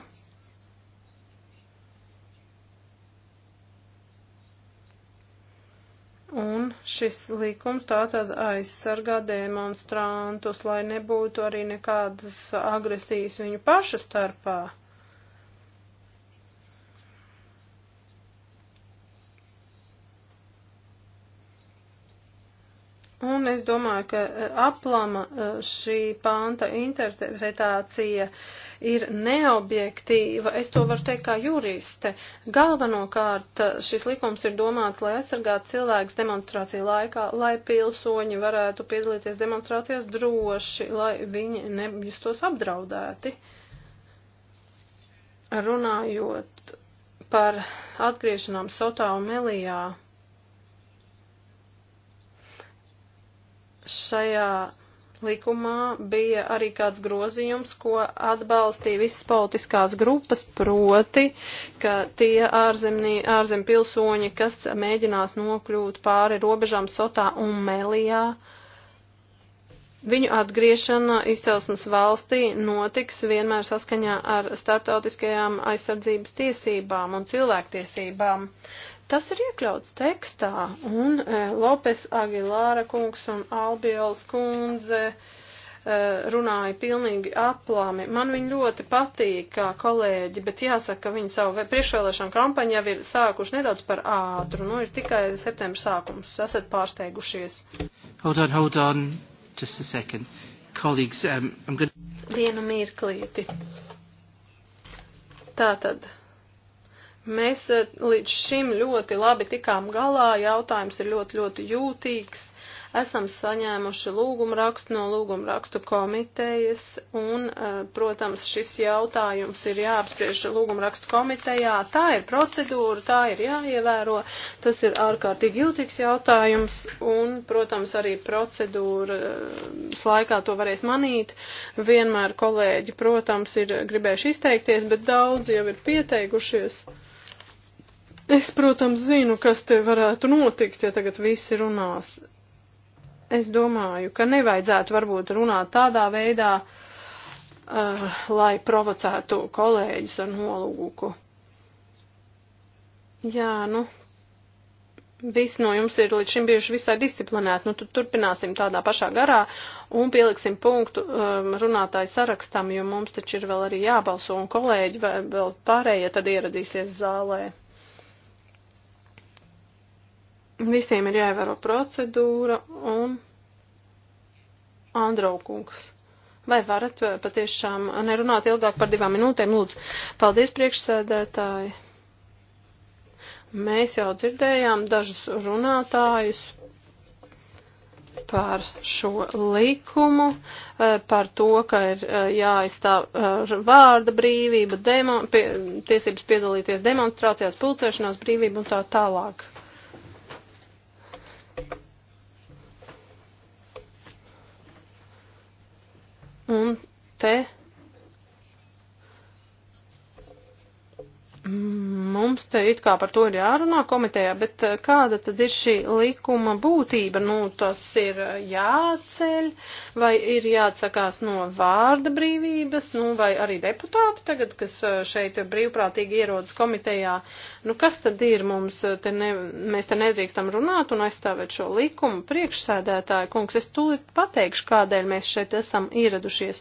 Šis likums tātad aizsargā demonstrantus, lai nebūtu arī nekādas agresijas viņu pašu starpā. Un es domāju, ka eh, aplama eh, šī panta interpretācija uh, ir neobjektīva. Es to varu teikt kā juriste. Galvenokārt eh, šis likums ir domāts, lai aizsargātu cilvēkus demonstrāciju laikā, lai pilsoņi varētu piedalīties demonstrācijās droši, lai viņi nejustos apdraudēti. Runājot par atgriešanām Sotā un Melijā. Šajā likumā bija arī kāds grozījums, ko atbalstīja visas politiskās grupas, proti, ka tie ārzemnī, ārzem pilsoņi, kas mēģinās nokļūt pāri robežām Sotā un Melijā, viņu atgriešana izcelsmes valstī notiks vienmēr saskaņā ar starptautiskajām aizsardzības tiesībām un cilvēktiesībām. Uh, Tas ir iekļauts tekstā, un e, Lopes Agilāra kungs un Albielas kundze e, runāja pilnīgi aplāmi. Man viņi ļoti patīk kā kolēģi, bet jāsaka, ka viņi savu priekšvēlēšanu kampaņu jau ir sākuši nedaudz par ātru. Nu, ir tikai septembra sākums. Esat pārsteigušies. Hold on, hold on. Just a second. Colleagues, um, I'm gonna... Vienu mirklīti. Tātad. Mēs e, līdz šim ļoti labi tikām galā, jautājums ir ļoti, ļoti jūtīgs. Esam saņēmuši lūgumu rakstu no lūgumu rakstu komitejas un, e, protams, šis jautājums ir jāapspriež lūgumu rakstu komitejā. Tā ir procedūra, tā ir jāievēro, tas ir ārkārtīgi jūtīgs jautājums un, protams, arī procedūras e, laikā to varēs manīt. Vienmēr kolēģi, protams, ir gribējuši izteikties, bet daudzi jau ir pieteikušies. Es, protams, zinu, kas te varētu notikt, ja tagad visi runās. Es domāju, ka nevajadzētu varbūt runāt tādā veidā, uh, lai provocētu kolēģis ar nolūku. Jā, nu, Visi no jums ir līdz šim bijuši visai disciplinēti, nu tad turpināsim tādā pašā garā un pieliksim punktu um, runātāju sarakstam, jo mums taču ir vēl arī jābalso un kolēģi vai vēl pārējie tad ieradīsies zālē. Visiem ir jāievēro procedūra un Andraukungs. Vai varat eh, patiešām nerunāt ilgāk par divām minūtēm, lūdzu? Paldies, priekšsēdētāji. Mēs jau dzirdējām dažus runātājus par šo likumu, eh, par to, ka ir eh, jāaizstāv vārda brīvība, demo, pie, tiesības piedalīties demonstrācijās, pulcēšanās brīvība un tā tālāk. Un te Mums te it kā par to ir jārunā komitejā, bet eh, kāda tad ir šī likuma būtība? Nu, tas ir eh, jāceļ, vai ir jāatsakās no vārda brīvības, nu, vai arī deputāti tagad, kas eh, šeit brīvprātīgi ierodas komitejā, Nu, kas tad ir mums, eh, te ne, mēs te nedrīkstam runāt un aizstāvēt šo likumu priekšsēdētāju, kungs, es tūlīt pateikšu, kādēļ mēs šeit esam ieradušies.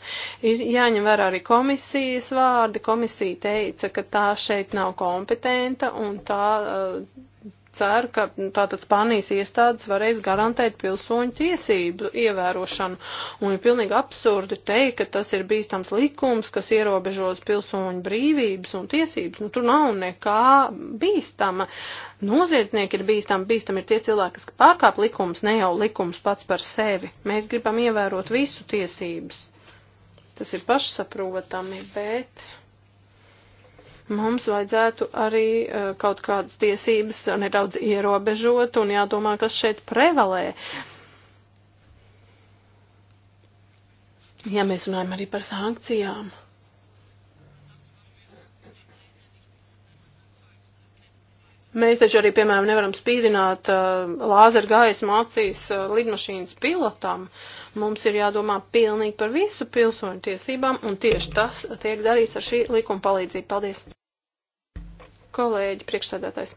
Ir jāņem vērā arī komisijas vārdi, komisija teica, ka tā šeit nav kompetenta un tā. Uh, ceru, ka nu, tātad Spānijas iestādes varēs garantēt pilsoņu tiesību ievērošanu. Un ir pilnīgi absurdi teikt, ka tas ir bīstams likums, kas ierobežos pilsoņu brīvības un tiesības. Nu, tur nav nekā bīstama. Noziedznieki ir bīstami, bīstami ir tie cilvēki, kas pārkāp likums, ne jau likums pats par sevi. Mēs gribam ievērot visu tiesības. Tas ir pašsaprotami, bet mums vajadzētu arī e, kaut kādas tiesības nedaudz ierobežot un jādomā, kas šeit prevalē. Ja mēs runājam arī par sankcijām. Mēs taču arī, piemēram, nevaram spīdināt uh, e, lāzera gaismu acīs uh, e, lidmašīnas pilotam. Uh, Mums ir jādomā pilnīgi par visu pilsoņu tiesībām, un tieši tas tiek darīts ar šī likuma palīdzību. Paldies! Kolēģi, priekšsēdētājs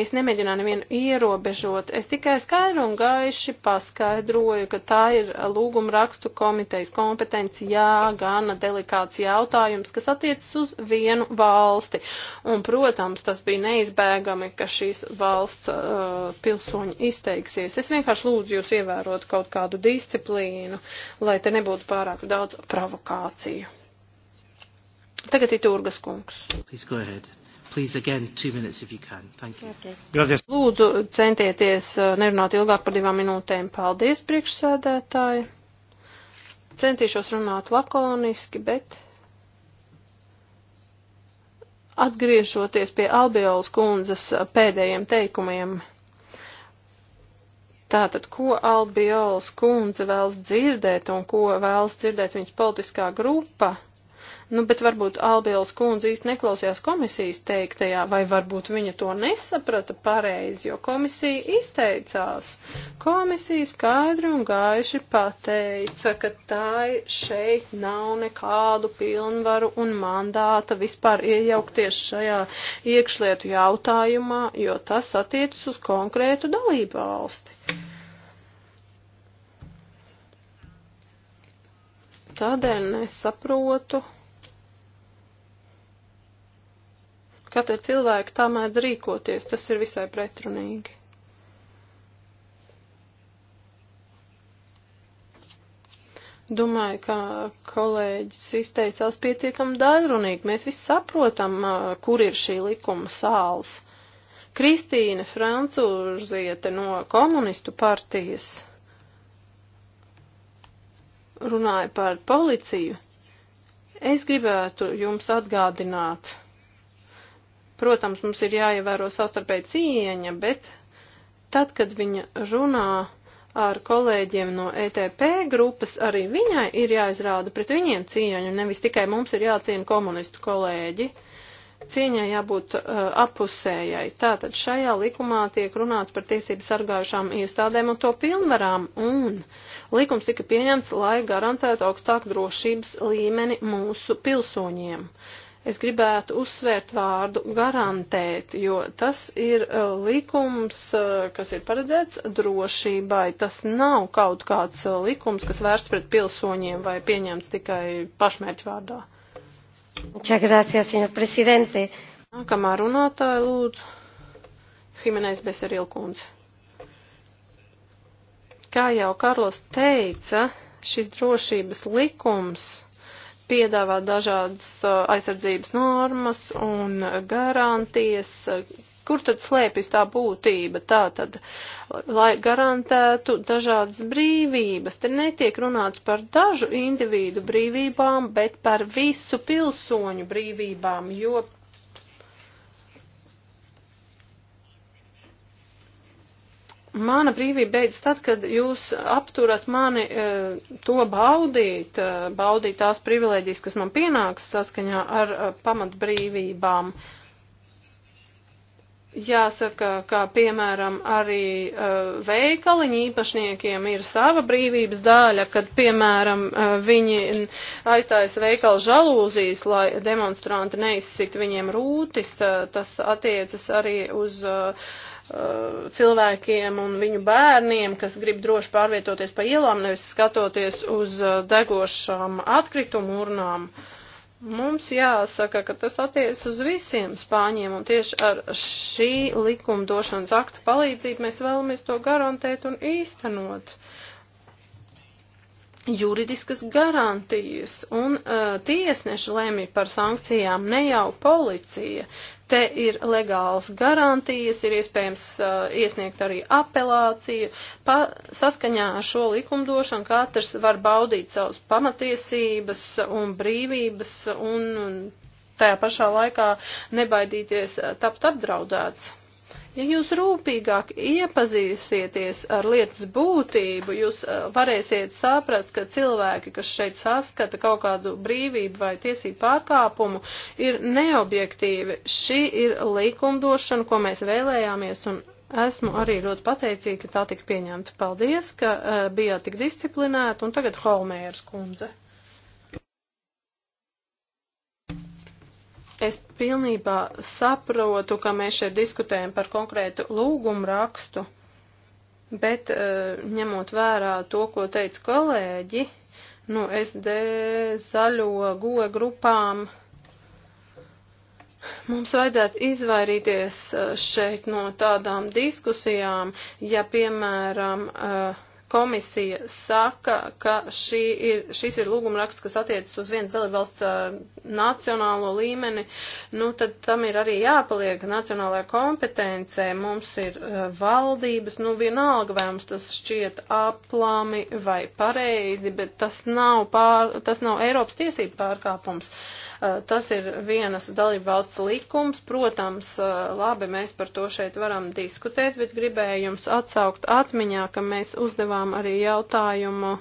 es nemēģināju nevienu ierobežot, es tikai skaidru un gaiši paskaidroju, ka tā ir lūguma rakstu komitejas kompetenci, jā, gana delikāts jautājums, kas attiecas uz vienu valsti. Un, protams, tas bija neizbēgami, ka šīs valsts uh, pilsoņi izteiksies. Es vienkārši lūdzu jūs ievērot kaut kādu disciplīnu, lai te nebūtu pārāk daudz provokāciju. Tagad ir Turgas kungs. Please go ahead. Please, again, two minutes if you can. Thank you. Okay. Gracias. Lūdzu, centieties uh, nerunāt ilgāk par divām minūtēm. Paldies, priekšsēdētāji. Centīšos runāt lakoniski, bet atgriežoties pie Albiolas kundzes pēdējiem teikumiem. Tātad, ko Albiolas kundze vēlas dzirdēt un ko vēlas dzirdēt viņas politiskā grupa? Nu, bet varbūt Albielas kundze īsti neklausījās komisijas teiktajā, vai varbūt viņa to nesaprata pareizi, jo komisija izteicās. Komisija skaidri un gaiši pateica, ka tai šeit nav nekādu pilnvaru un mandāta vispār iejaukties šajā iekšlietu jautājumā, jo tas attiecas uz konkrētu dalību valsti. Tādēļ nesaprotu. kā tie cilvēki tā mēdz rīkoties, tas ir visai pretrunīgi. Domāju, ka kolēģis izteicās pietiekam daļrunīgi. Mēs visi saprotam, kur ir šī likuma sāls. Kristīne Francūziete no komunistu partijas runāja par policiju. Es gribētu jums atgādināt, Protams, mums ir jāievēro savstarpēji cieņa, bet tad, kad viņa runā ar kolēģiem no ETP grupas, arī viņai ir jāizrāda pret viņiem cieņu, nevis tikai mums ir jāciena komunistu kolēģi. Cieņai jābūt uh, apusējai. Tātad šajā likumā tiek runāts par tiesību sargājušām iestādēm un to pilnvarām, un likums tika pieņemts, lai garantētu augstāku drošības līmeni mūsu pilsoņiem. Uh, Es gribētu uzsvērt vārdu garantēt, jo tas ir eh, likums, eh, kas ir paredzēts drošībai. Tas nav kaut kāds eh, likums, kas vērsts pret pilsoņiem vai pieņemts tikai pašmērķu vārdā. Gracias, Nākamā runātāja lūdzu Himenais Beserilkundze. Kā jau Karlos teica, šis drošības likums piedāvā dažādas uh, aizsardzības normas un garantijas, kur tad slēpjas tā būtība, tā tad, lai garantētu dažādas brīvības, te netiek runāts par dažu individu brīvībām, bet par visu pilsoņu brīvībām, jo Mana brīvība beidzas tad, kad jūs apturat mani e, to baudīt, e, baudīt tās privilēģijas, kas man pienāks saskaņā ar e, pamatbrīvībām. Jāsaka, kā piemēram arī e, veikaliņu īpašniekiem ir sava brīvības daļa, kad piemēram e, viņi aizstājas veikalu žalūzijas, lai demonstranti neizsikt viņiem rūtis, e, tas attiecas arī uz. E, Uh, cilvēkiem un viņu bērniem, kas grib droši pārvietoties pa ielām, nevis skatoties uz uh, degošām atkritumu urnām. Mums jāsaka, ka tas attiecas uz visiem spāņiem, un tieši ar šī likumdošanas akta palīdzību mēs vēlamies to garantēt un īstenot. Juridiskas garantijas un uh, tiesneši lemj par sankcijām, ne jau policija. Te ir legāls garantijas, ir iespējams uh, iesniegt arī apelāciju. Pa, saskaņā ar šo likumdošanu katrs var baudīt savas pamatiesības un brīvības un, un tajā pašā laikā nebaidīties tapt apdraudēts. Ja jūs rūpīgāk iepazīsieties ar lietas būtību, jūs eh, varēsiet saprast, ka cilvēki, kas šeit saskata kaut kādu brīvību vai tiesību pārkāpumu, ir neobjektīvi. Šī ir likumdošana, ko mēs vēlējāmies, un esmu arī ļoti pateicīga, ka tā tika pieņemta. Paldies, ka uh, bijāt tik disciplinēta, un tagad Holmēras kundze. Es pilnībā saprotu, ka mēs šeit diskutējam par konkrētu lūgumu rakstu, bet e, ņemot vērā to, ko teica kolēģi, nu, SD zaļo goe grupām mums vajadzētu izvairīties e, šeit no tādām diskusijām, ja, piemēram, uh, Komisija saka, ka šī ir, šis ir lūgumraksts, kas attiecas uz viens dalībvalsts uh, nacionālo līmeni, nu tad tam ir arī jāpaliek nacionālajā kompetencē. Mums ir uh, valdības, nu vienalga, vai mums tas šķiet aplami vai pareizi, bet tas nav, pār, tas nav Eiropas tiesību pārkāpums. Uh, Eh, tas ir vienas dalībvalsts likums. Protams, eh, labi, mēs par to šeit varam diskutēt, bet gribēju jums atsaukt atmiņā, ka mēs uzdevām arī jautājumu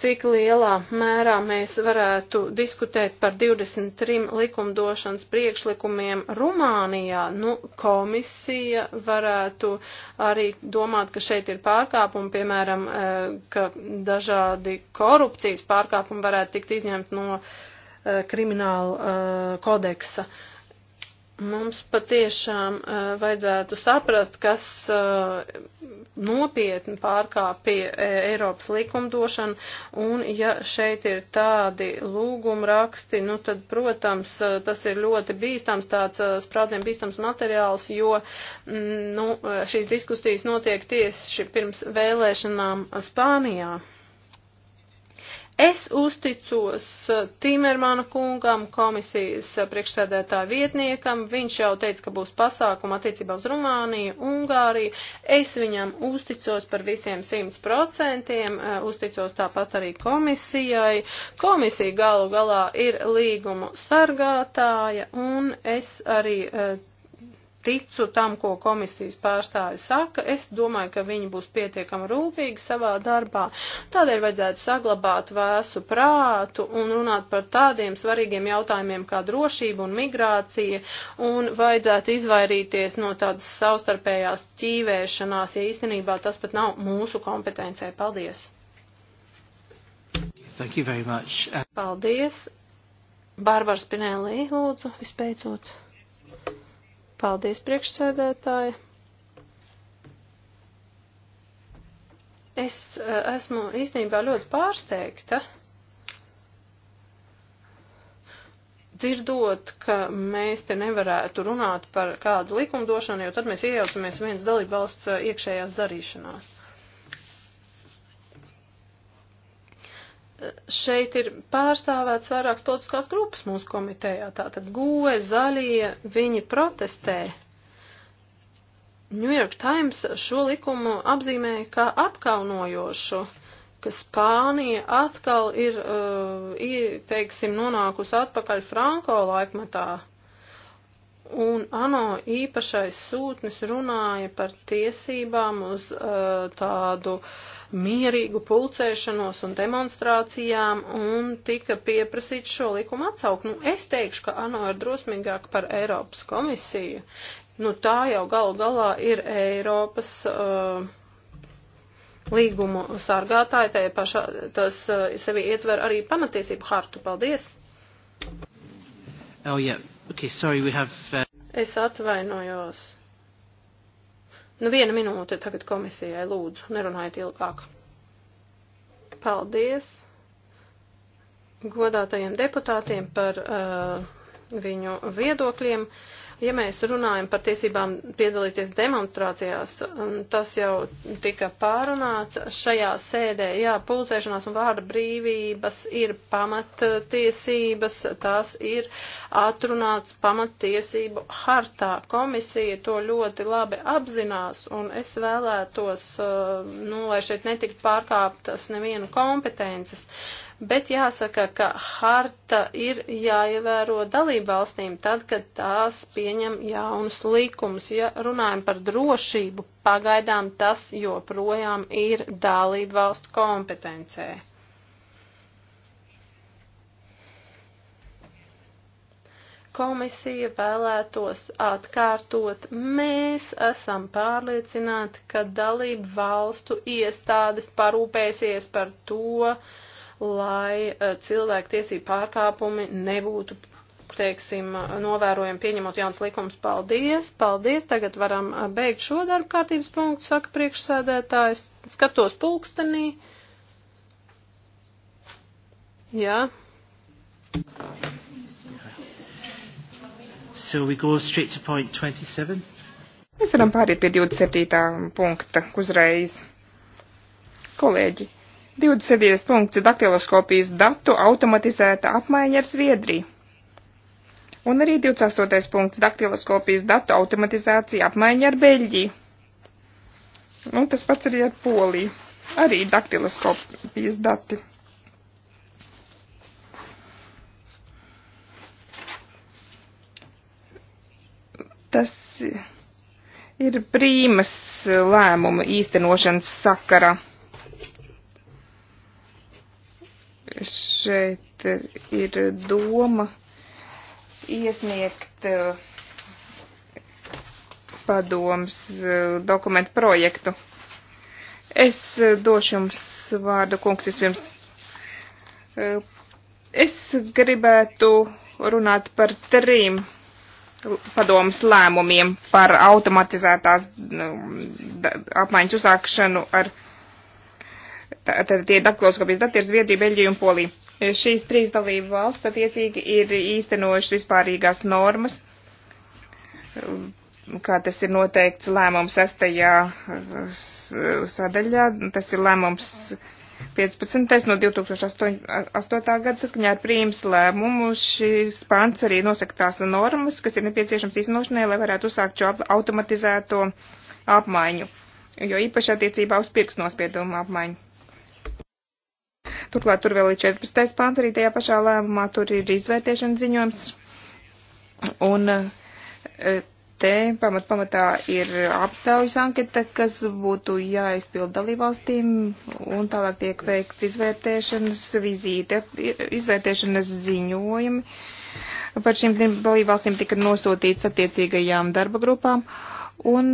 cik lielā mērā mēs varētu diskutēt par 23 likumdošanas priekšlikumiem Rumānijā, nu, komisija varētu arī domāt, ka šeit ir pārkāpumi, piemēram, eh, ka dažādi korupcijas pārkāpumi varētu tikt izņemt no eh, krimināla eh, kodeksa. Uh, Mums patiešām uh, vajadzētu saprast, kas uh, nopietni pārkāpja eh, Eiropas likumdošanu, un ja šeit ir tādi lūguma raksti, nu tad, protams, tas ir ļoti bīstams, tāds uh, sprādzien bīstams materiāls, jo mm, nu, šīs diskusijas notiek tieši pirms vēlēšanām Spānijā. Es uzticos eh, Timermana kungam, komisijas eh, priekšsēdētāja vietniekam. Viņš jau teica, ka būs pasākuma attiecībā uz Rumāniju, Ungāriju. Es viņam uzticos par visiem 100%, eh, uzticos tāpat arī komisijai. Komisija galu galā ir līgumu sargātāja, un es arī ticu tam, ko komisijas pārstāvi saka. Es domāju, ka viņi būs pietiekami rūpīgi savā darbā. Tādēļ vajadzētu saglabāt vēsu prātu un runāt par tādiem svarīgiem jautājumiem kā drošība un migrācija, un vajadzētu izvairīties no tādas savstarpējās ķīvēšanās, ja īstenībā tas pat nav mūsu kompetencē. Paldies! Thank you very much. Paldies. Bārbara Spinelli, lūdzu, vispēcot. Paldies, priekšsēdētāji. Es eh, esmu īstenībā ļoti pārsteigta, dzirdot, ka mēs te nevarētu runāt par kādu likumdošanu, jo tad mēs iejaucamies viens dalību valsts eh, iekšējās darīšanās. šeit ir pārstāvēts vairākas politiskās grupas mūsu komitejā. Tātad goe, zaļie, viņi protestē. New York Times šo likumu apzīmēja kā apkaunojošu, ka Spānija atkal ir, uh, teiksim, nonākusi atpakaļ Franko laikmetā. Un ANO īpašais sūtnis runāja par tiesībām uz uh, tādu uh, mierīgu pulcēšanos un demonstrācijām un tika pieprasīts šo likumu atsaukt. Nu, es teikšu, ka ANO ir drosmīgāk par Eiropas komisiju. Nu, tā jau galu galā ir Eiropas. Uh, Līgumu sargātāji, tajā pašā tas uh, sevi ietver arī pamatiesību hartu. Paldies! Oh, yeah. okay, sorry, we have, uh... Es atvainojos. Nu, viena minūte tagad komisijai, lūdzu, nerunājiet ilgāk. Paldies godātajiem deputātiem par uh, viņu viedokļiem. Uh, Ja mēs runājam par tiesībām piedalīties demonstrācijās, tas jau tika pārunāts šajā sēdē. Jā, pulcēšanās un vārda brīvības ir pamattiesības, tās ir atrunāts pamattiesību hartā. Komisija to ļoti labi apzinās, un es vēlētos, uh, nu, lai šeit netiktu pārkāptas nevienu kompetences. Uh, bet jāsaka, ka harta ir jāievēro dalībvalstīm tad, kad tās pieņem jaunus likumus. Ja runājam par drošību, pagaidām tas joprojām ir dalībvalstu kompetencē. komisija vēlētos atkārtot, mēs esam pārliecināti, ka dalību valstu iestādes parūpēsies par to, lai eh, cilvēku tiesību pārkāpumi nebūtu teiksim, novērojam, pieņemot jaunas likumus. Paldies, paldies, tagad varam eh, beigt šo darbu kārtības punktu, saka priekšsēdētājs. Skatos pulkstenī. Jā. So we go straight to point 27. Mēs varam pāriet pie 27. punkta uzreiz. Kolēģi, 27. punkts - daktiloskopijas datu automatizēta apmaiņa ar Zviedriju. Un arī 28. punkts - daktiloskopijas datu automatizācija apmaiņa ar Beļģiju. Un tas pats arī ar Poliju. Arī daktiloskopijas dati. Tas ir prīmas lēmuma īstenošanas sakara. šeit ir doma iesniegt eh, padoms eh, dokumentu projektu. Es eh, došu jums vārdu, kungs, vispirms. Es gribētu runāt par trim padomas lēmumiem par automatizētās mm, apmaiņas uzsākšanu ar Tātad tie daktiloskopijas dati ir Zviedrija, Beļģija un Polija. Šīs trīs dalību valsts attiecīgi ir īstenojušas vispārīgās normas, kā tas ir noteikts lēmums 6. sadaļā. Tas ir lēmums 15. no 2008. gada saskaņā ar prīmas lēmumu. Šis pants arī nosaka tās normas, kas ir nepieciešams iznošanai, lai varētu uzsākt šo automatizēto apmaiņu, jo īpaši attiecībā uz pirksnospiedumu apmaiņu Turklāt tur vēl ir 14. pāns, arī tajā pašā lēmumā tur ir izvērtēšanas ziņojums. Un e, te pamat, pamatā ir aptaujas anketa, kas būtu jāizpild dalībvalstīm, un tālāk tiek veikts izvērtēšanas vizīte, izvērtēšanas ziņojumi. Par šīm dalībvalstīm tika nosūtīts attiecīgajām darba grupām. Uh, Un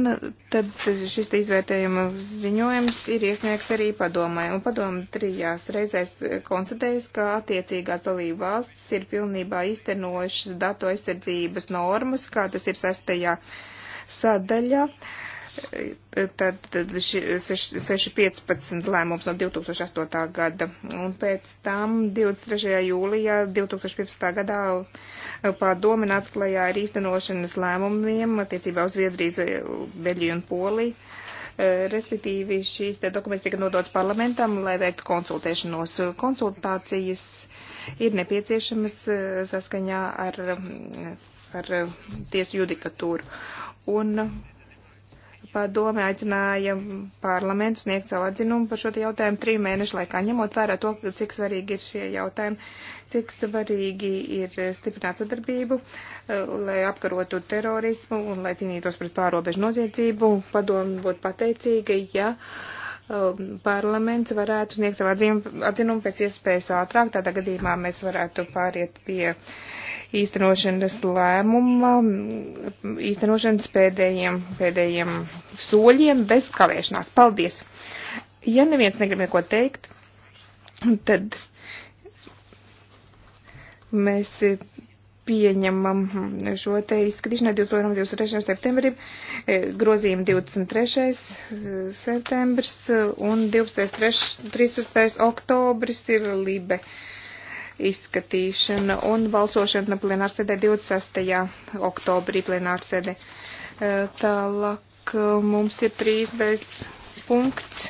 tad šis izvērtējuma ziņojums ir iesniegts arī padomai, un padoma trijās reizēs konstatējas, ka attiecīgās dalība valstis ir pilnībā iztenojušas datu aizsardzības normas, kā tas ir sastajā sadaļā. Uh, tad 6.15 lēmums no 2008. gada, un pēc tam 23. jūlijā 2015. gadā pārdomi nāca klajā ar īstenošanas lēmumiem attiecībā uz Viedrīs, Beļģiju un Poliju. Eh, respektīvi šīs te dokuments tika nodots parlamentam, lai veiktu konsultēšanos. Konsultācijas ir nepieciešamas eh, saskaņā ar, ar tiesu judikatūru. Un padome aicināja parlamentu sniegt savu atzinumu par šo jautājumu trīs mēnešu laikā, ņemot vērā to, cik svarīgi ir šie jautājumi, cik svarīgi ir stiprināt sadarbību, eh, lai apkarotu terorismu un lai cīnītos pret pārobežu noziedzību. Padome būtu pateicīga, ja um, parlaments varētu sniegt savu atzinumu pēc iespējas ātrāk, tādā gadījumā mēs varētu pāriet pie uh, īstenošanas lēmuma, īstenošanas pēdējiem, pēdējiem soļiem bez kavēšanās. Paldies! Ja neviens negrib neko teikt, tad mēs pieņemam šo te izskatīšanai 22. septembrī, grozījuma 23. septembris un 12. 13. oktobris ir Libe izskatīšana un balsošana plenārsēdē 26. oktobrī plenārsēdē. E, tālāk e, mums ir 30. punkts.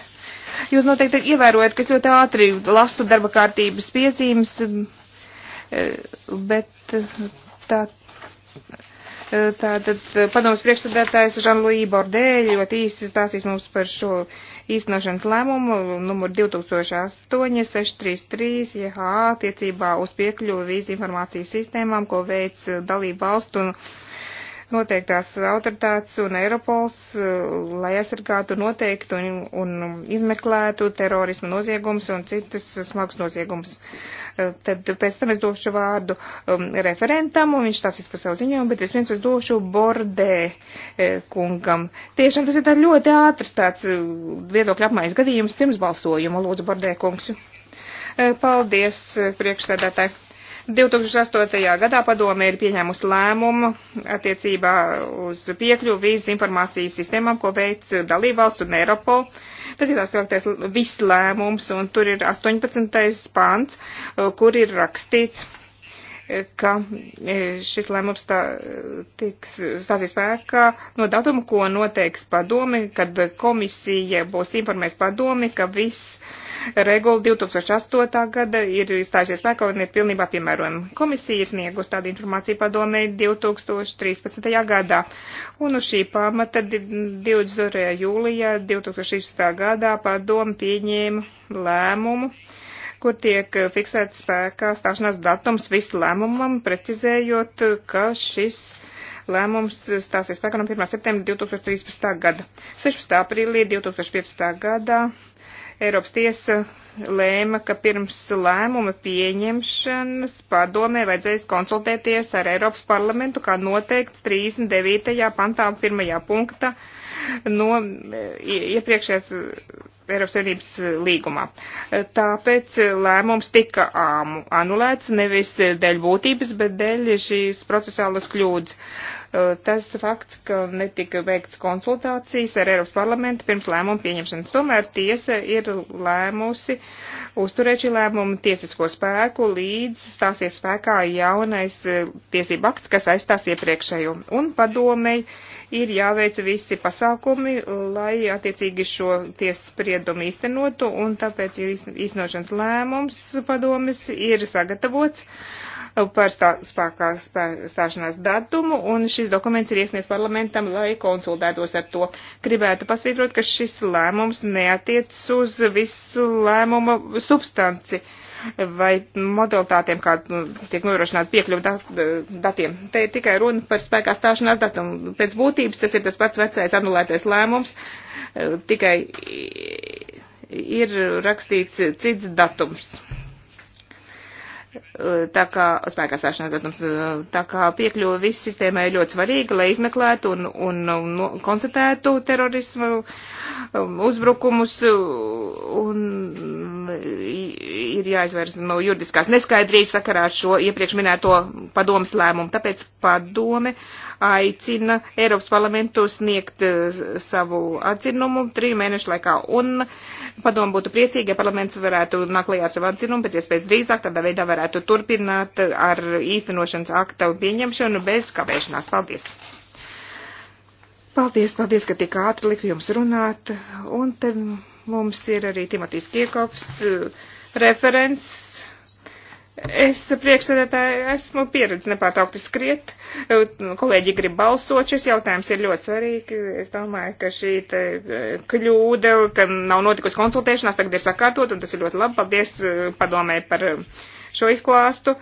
Jūs noteikti ievērojat, ka es ļoti ātri lasu darba kārtības piezīmes, e, bet tā. Tātad padomas priekšstādātājs Žanluī Bordēļ ļoti īsi stāstīs mums par šo uh, īstenošanas lēmumu numur 2008-633 JH attiecībā uz piekļuvu vīzu informācijas sistēmām, ko veids dalību valstu un noteiktās autoritātes un Eiropols, eh, lai aizsargātu noteiktu un, un izmeklētu terorismu noziegumus un citas smagus noziegumus. Eh, tad pēc tam es došu vārdu um, referentam, un viņš stāsīs par savu ziņojumu, bet vispirms es došu Bordē e, kungam. Tiešām tas ir tā ļoti ātrs tāds viedokļa apmaiņas gadījums pirms balsojuma. Lūdzu, Bordē kungs. Paldies, priekšsēdētāji. 2008. gadā padome ir pieņēmusi lēmumu attiecībā uz piekļuvu vīzas informācijas sistēmām, ko veic dalībvalsts un Eiropol. Tas ir tās sauktais viss lēmums, un tur ir 18. pants, kur ir rakstīts, ka e, šis lēmums tā, tiks stāsies spēkā no datuma, ko noteiks padomi, kad komisija būs informēs padomi, ka viss regula 2008. gada ir izstājusies spēkā un ir pilnībā piemērojama. Komisija ir sniegus tādu informāciju padomēji 2013. gadā. Un uz šī pamata 20. jūlijā 2016. gadā padoma pieņēma lēmumu kur tiek fiksēts spēkā stāšanās datums visu lēmumam, precizējot, ka šis lēmums stāsies spēkā no 1. septembra 2013. gada. 16. aprīlī 2015. gadā Eiropas tiesa lēma, ka pirms lēmuma pieņemšanas padomē vajadzēs konsultēties ar Eiropas parlamentu, kā noteikts 39. pantā pirmajā punktā no e, iepriekšējās Eiropas Savienības līgumā. Tāpēc lēmums tika anulēts nevis dēļ būtības, bet dēļ šīs procesālas kļūdas. Uh, Eh, tas fakts, ka netika veikts konsultācijas ar Eiropas parlamentu pirms lēmumu pieņemšanas. Tomēr tiesa ir lēmusi uzturēt šī lēmuma tiesisko spēku līdz stāsies spēkā jaunais eh, tiesība akts, kas aizstās iepriekšējo. Un padomei ir jāveic visi pasākumi, lai attiecīgi šo tiesas spriedumu īstenotu, un tāpēc īstenošanas lēmums padomes ir sagatavots par stā, spākā stāšanās datumu, un šis dokuments ir iesniegts parlamentam, lai konsultētos ar to. Gribētu pasvītrot, ka šis lēmums neatiec uz visu lēmuma substanci vai modalitātiem, kā nu, tiek nodrošināta piekļuva dat datiem. Te ir tikai runa par spēkā stāšanās datumu. Pēc būtības tas ir tas pats vecais anulētais lēmums, tikai ir rakstīts cits datums tā kā spēkā stāšanās datums, e, tā kā piekļuva viss sistēmai ir ļoti svarīga, lai izmeklētu un, un, un konstatētu terorismu e, uzbrukumus e, un ir jāizvairs no juridiskās neskaidrības sakarā ar šo iepriekš minēto padomas lēmumu. Tāpēc padome aicina Eiropas parlamentu sniegt savu atzinumu triju mēnešu laikā un uh, Padomu būtu priecīgi, ja parlaments varētu naklajā savu atzinumu pēc iespējas drīzāk, tādā veidā varētu turpināt ar īstenošanas akta pieņemšanu bez kavēšanās. Paldies! Paldies, paldies, ka tik ātri liku jums runāt. Un te mums ir arī Timotīs Kiekops referents Es priekšsēdētāji esmu pieredzi nepārtraukti skriet. Kolēģi grib balsot. Šis jautājums ir ļoti svarīgi. Es domāju, ka šī e, kļūda, ka nav notikusi konsultēšanās, tagad ir sakārtot, un tas ir ļoti labi. Paldies e, padomē par e, šo izklāstu.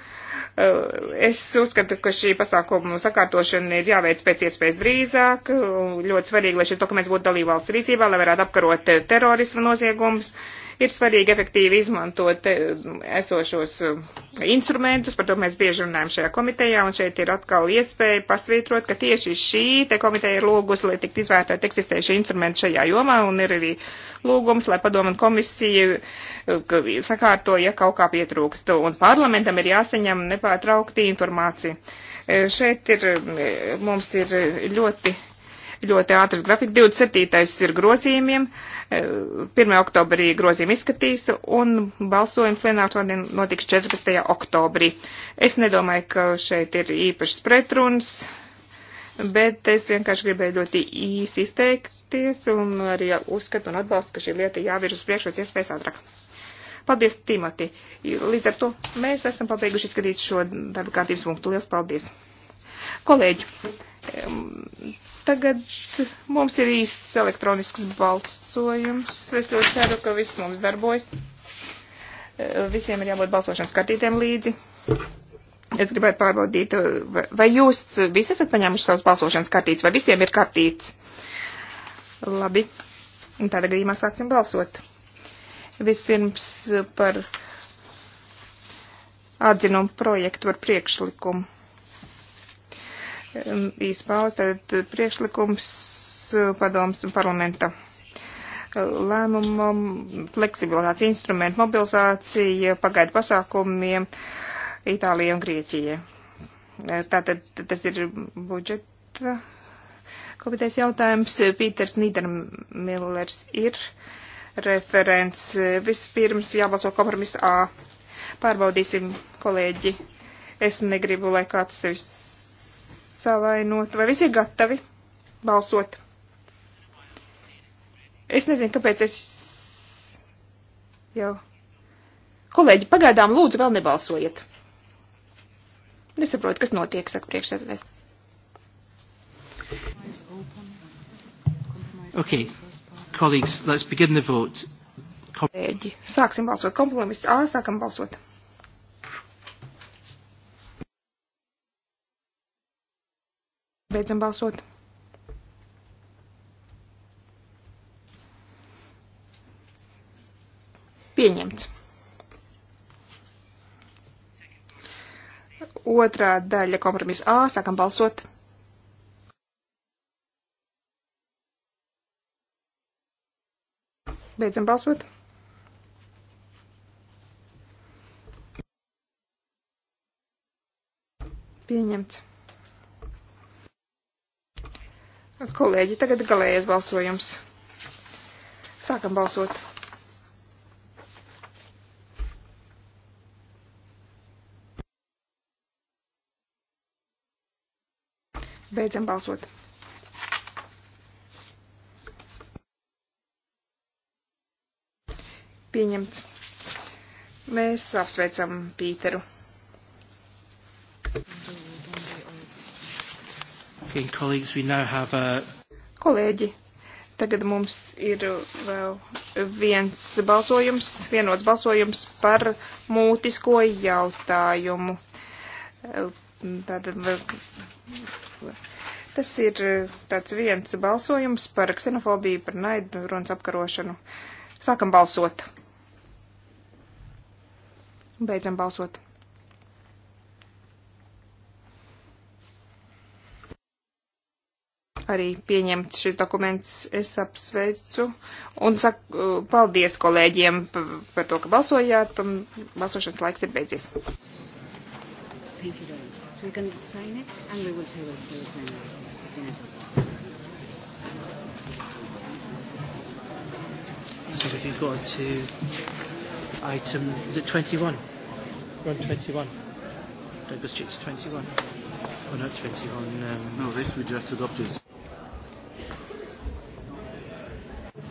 Es uzskatu, ka šī pasākuma sakārtošana ir jāveic pēc iespējas drīzāk. Ļoti svarīgi, lai šis dokuments būtu dalībvalsts rīcībā, lai varētu apkarot terorismu noziegumus. Ir svarīgi efektīvi izmantot eh, esošos eh, instrumentus, par to mēs bieži runājam šajā komitejā, un šeit ir atkal iespēja pasvītrot, ka tieši šī te komiteja ir lūgusi, lai tikt izvērtēt eksistējuši instrumenti šajā jomā, un ir arī lūgums, lai padomu komisija eh, sakārto, ja kaut kā pietrūkst, un parlamentam ir jāsaņem nepārtraukti informācija. Šeit ir, mums ir ļoti ļoti ātrs grafiks. 27. ir grozījumiem, 1. E, oktobrī grozījumi izskatīs, un balsojums plenārs šodien notiks 14. oktobrī. Es nedomāju, ka šeit ir īpašs pretruns, bet es vienkārši gribēju ļoti īsi izteikties, un arī uzskatu un atbalstu, ka šī lieta jāvirz uz priekšu pēc iespējas ātrāk. Paldies, Timoti. Līdz ar to mēs esam pabeiguši izskatīt šo darba kārtības punktu. Lielas paldies! Kolēģi, Tagad mums ir īsts elektronisks balsojums. Es ļoti ceru, ka viss mums darbojas. E, visiem ir jābūt balsošanas kartītēm līdzi. Es gribētu pārbaudīt, vai jūs visi esat paņēmuši savus balsošanas kartītes, vai visiem ir kartītes. Labi. Un tādā gadījumā sāksim balsot. Vispirms par atzinumu projektu ar priekšlikumu. Um, izpaust priekšlikums uh, padoms un parlamenta lēmumam, fleksibilitātes instrumentu mobilizācija pagaidu pasākumiem Itālijai un Grieķijai. Tātad tas ir budžeta komitejas jautājums. Pīters Nīdermillers ir referents. Vispirms jābalso kompromiss A. Pārbaudīsim, kolēģi. Es negribu, lai kāds sevis savainot. Vai visi ir gatavi balsot? Es nezinu, kāpēc es jau. Kolēģi, pagaidām lūdzu vēl nebalsojiet. Nesaprotu, kas notiek, saka priekšsēdētājs. Okay, colleagues, let's begin the vote. Kolēģi, sāksim balsot. Kompromiss A, sākam balsot. Beidzam balsot. Pieņemts. Otrā daļa kompromisa A. Sākam balsot. Beidzam balsot. Pieņemts. Kolēģi, tagad galējais balsojums. Sākam balsot. Beidzam balsot. Pieņemts. Mēs apsveicam Pīteru. Okay, colleagues, we now have a... Kolēģi, tagad mums ir vēl viens balsojums, vienots balsojums par mūtisko jautājumu. Tātad, tas ir tāds viens balsojums par ksenofobiju, par naidu runas apkarošanu. Sākam balsot. Beidzam balsot. arī pieņemts šis dokuments. Es apsveicu un saku uh, paldies kolēģiem par to, ka balsojāt un balsošanas laiks ir beidzies. Thank you very much. So you can sign it and we will table it for the plenary. So if you've got to item, is it 21? Run 21. Don't go straight to 21. Oh, not 21. Um, no, this we just adopted.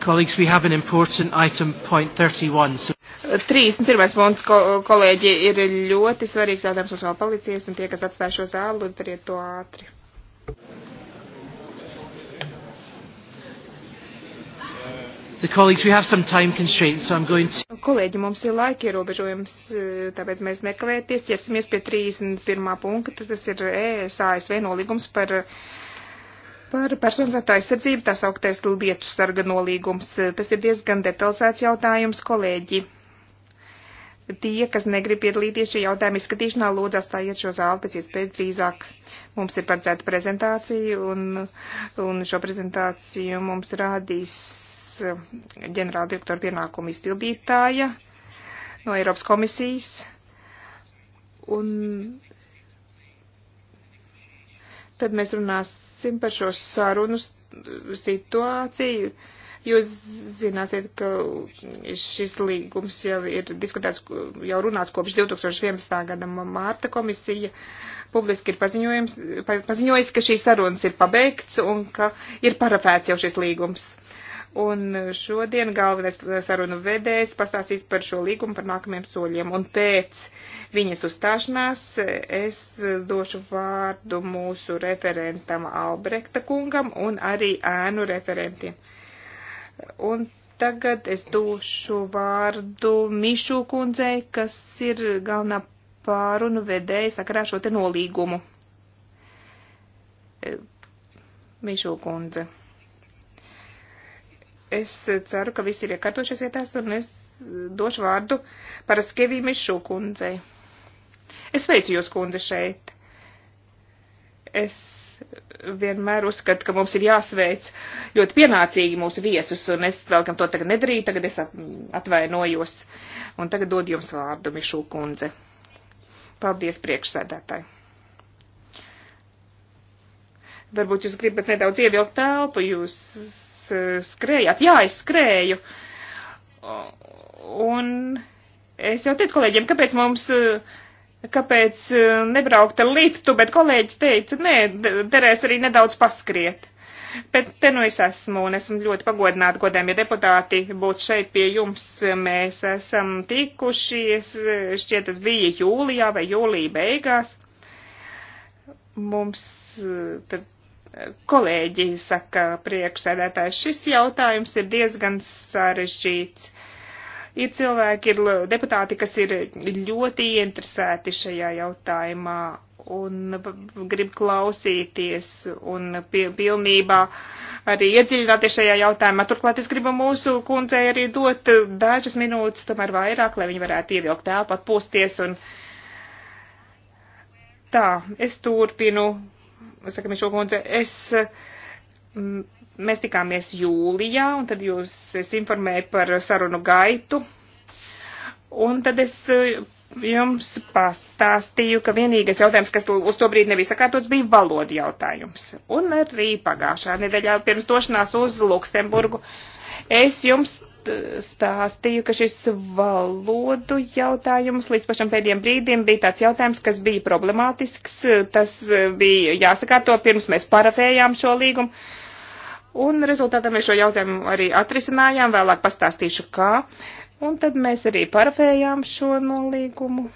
Colleagues, we have an important item, point 31. So... 31. punkts, ko, kolēģi, ir ļoti svarīgs jautājums, kas vēl palicies, un tie, kas atstāja šo zāli, dariet to ātri. So, colleagues, we have some time constraints, so I'm going to... Kolēģi, mums ir laika ierobežojums, tāpēc mēs nekavēties. Ķersimies pie 31. punkta, tas ir ES ASV nolīgums par uh, Par personalizētā aizsardzību tā sauktais lietu sarga nolīgums. Tas ir diezgan detalizēts jautājums, kolēģi. Tie, kas negrib piedalīties šī jautājuma izskatīšanā, lūdzu atstājiet šo zāli pēc iespējas drīzāk. Mums ir paredzēta prezentācija, un, un šo prezentāciju mums rādīs eh, ģenerāldirektora pienākuma izpildītāja no Eiropas komisijas. Un Tad mēs runāsim par šo sarunu situāciju. Jūs zināsiet, ka šis līgums jau ir diskutēts, jau runāts kopš 2011. gada mārta komisija publiski ir paziņojis, ka šīs sarunas ir pabeigts un ka ir parafēts jau šis līgums. Uh, Un šodien galvenais sarunu vedējs pastāstīs par šo līgumu, par nākamajiem soļiem. Un pēc viņas uzstāšanās es došu vārdu mūsu referentam Albrekta kungam un arī ēnu referentiem. Un tagad es došu vārdu Mišu kundzei, kas ir galvenā pārunu vedēja sakarā šo te nolīgumu. Mišu kundze. Es ceru, ka visi ir iekārtojušies vietās, un es došu vārdu Paraskevī Mišu kundzei. Es sveicu jūs, kundze, šeit. Es vienmēr uzskatu, ka mums ir jāsveic ļoti pienācīgi mūsu viesus, un es velkam to tagad nedarīju, tagad es atvainojos, un tagad dod jums vārdu, Mišu kundze. Paldies priekšsēdētāji. Varbūt jūs gribat nedaudz ievilkt telpu, jūs Eh, skrējāt? Jā, es skrēju. Un es jau teicu kolēģiem, kāpēc mums, eh, kāpēc eh, nebraukt ar liftu, bet kolēģis teica, nē, derēs arī nedaudz paskriet. Bet te nu es esmu un esmu ļoti pagodināta, godējumie ja deputāti, būt šeit pie jums. Mēs esam tikušies, šķiet tas bija jūlijā vai jūlija beigās. Mums tad Kolēģi, saka priekšsēdētājs, šis jautājums ir diezgan sarežģīts. Ir cilvēki, ir deputāti, kas ir ļoti interesēti šajā jautājumā un grib klausīties un pilnībā arī iedziļināties šajā jautājumā. Turklāt es gribu mūsu kundzei arī dot dažas minūtes, tomēr vairāk, lai viņi varētu ievilkt telpu, atpūsties un tā, es turpinu saka, Mišo kundze, es, mēs tikāmies jūlijā, un tad jūs, es informēju par sarunu gaitu, un tad es e, jums pastāstīju, ka vienīgais jautājums, kas uz to brīdi nebija sakārtots, bija valoda jautājums. Un arī pagājušā nedēļā pirms došanās uz Luksemburgu es jums stāstīju, ka šis valodu jautājums līdz pašam pēdējiem brīdiem bija tāds jautājums, kas bija problemātisks. Tas bija jāsakārto pirms mēs parafējām šo līgumu. Un rezultātā mēs šo jautājumu arī atrisinājām, vēlāk pastāstīšu kā. Un tad mēs arī parafējām šo nolīgumu.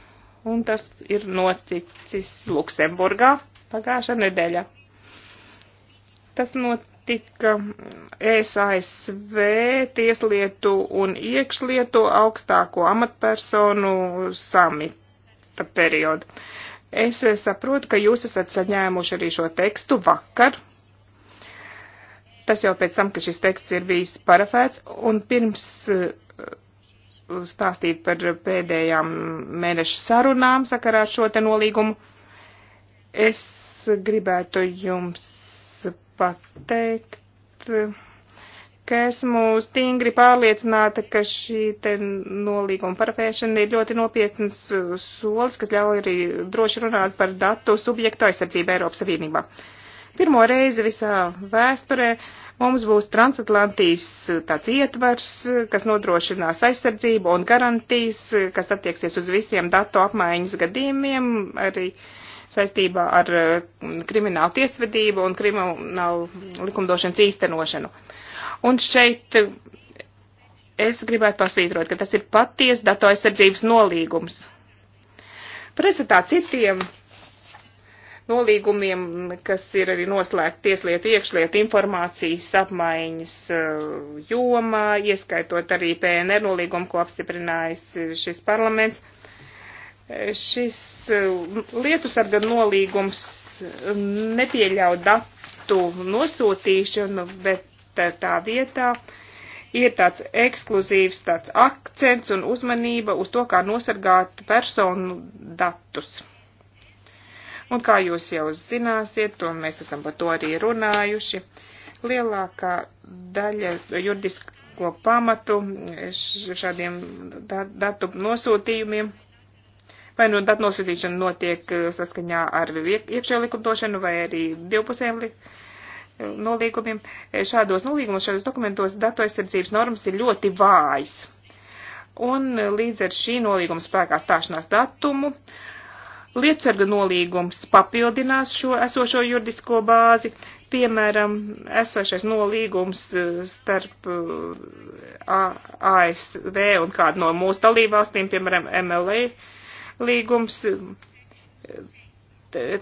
Un tas ir noticis Luksemburgā pagājušā nedēļa. Tas noticis politika ESASV tieslietu un iekšlietu augstāko amatpersonu samita periodu. Es saprotu, ka jūs esat saņēmuši arī šo tekstu vakar. Tas jau pēc tam, ka šis teksts ir bijis parafēts, un pirms uh, stāstīt par pēdējām mēnešu sarunām sakarā ar šo te nolīgumu, es gribētu jums pateikt, ka esmu stingri pārliecināta, ka šī te nolīguma parafēšana ir ļoti nopietns solis, kas ļauj arī droši runāt par datu subjektu aizsardzību Eiropas Savienībā. Pirmo reizi visā vēsturē mums būs transatlantijas tāds ietvars, kas nodrošinās aizsardzību un garantijas, kas attieksies uz visiem datu apmaiņas gadījumiem, arī uh, saistībā ar eh, kriminālu tiesvedību un kriminālu likumdošanas īstenošanu. Un šeit eh, es gribētu pasvītrot, ka tas ir paties datu aizsardzības nolīgums. Prezentā citiem nolīgumiem, kas ir arī noslēgti tieslietu iekšlietu informācijas apmaiņas eh, jomā, ieskaitot arī PNR nolīgumu, ko apstiprinājis šis parlaments. Šis eh, lietusarga nolīgums eh, nepieļauj datu nosūtīšanu, bet eh, tā vietā ir tāds ekskluzīvs tāds akcents un uzmanība uz to, kā nosargāt personu datus. Un kā jūs jau zināsiet, un mēs esam par to arī runājuši, lielākā daļa juridisko pamatu šādiem datu nosūtījumiem Vai nu datu nosūtīšana notiek eh, saskaņā ar iekšējo likumdošanu vai arī divpusējiem likumdošanu? nolīgumiem. Eh, šādos nolīgumos, šādos dokumentos datu aizsardzības normas ir ļoti vājas. Un eh, līdz ar šī nolīguma spēkā stāšanās datumu Lietucerga nolīgums papildinās šo esošo juridisko bāzi, piemēram, esošais nolīgums starp ASV un kādu no mūsu dalībvalstīm, piemēram, MLA līgums.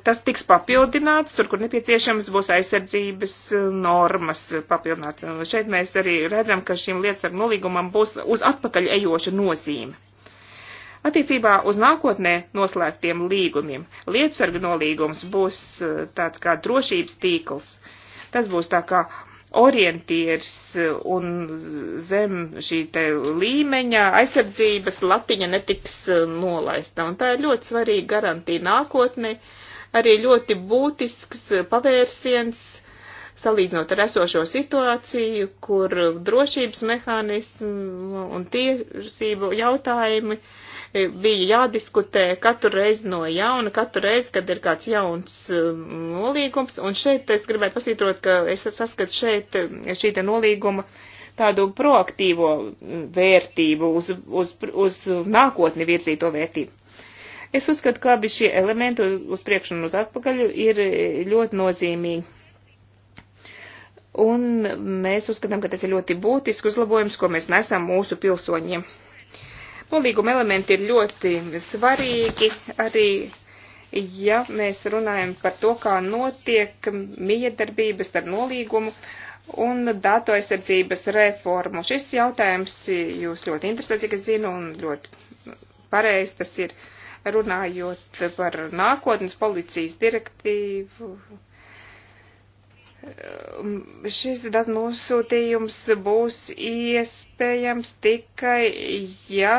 Tas tiks papildināts, tur, kur nepieciešams, būs aizsardzības normas papildināts. Šeit mēs arī redzam, ka šīm lietas ar nolīgumam būs uz atpakaļ ejoša nozīme. Attiecībā uz nākotnē noslēgtiem līgumiem lietu sargu nolīgums būs eh, tāds kā drošības tīkls. Tas būs tā kā uh, orientieris un zem šī te līmeņa aizsardzības latiņa netiks eh, nolaista. Un tā ir ļoti svarīga garantija nākotnē, arī ļoti būtisks pavērsiens salīdzinot ar esošo situāciju, kur drošības mehānismu un tiesību jautājumi uh, bija jādiskutē katru reizi no jauna, katru reizi, kad ir kāds jauns um, nolīgums, un šeit es gribētu pasvītrot, ka es saskatu šeit eh, šī te nolīguma tādu proaktīvo mm, vērtību, uz, uz, uz nākotni virzīto vērtību. Es uzskatu, ka abi šie elementi uz priekšu un uz atpakaļ ir ļoti nozīmīgi. Un mēs uzskatām, ka tas ir ļoti būtisks uzlabojums, ko mēs nesam mūsu pilsoņiem. Nolīguma elementi ir ļoti svarīgi arī, ja mēs runājam par to, kā notiek miedarbības ar nolīgumu un datu aizsardzības reformu. Šis jautājums jūs ļoti interesē, cik es zinu, un ļoti pareizi tas ir runājot par nākotnes policijas direktīvu Ehm, šis datu nosūtījums būs iespējams tikai, ja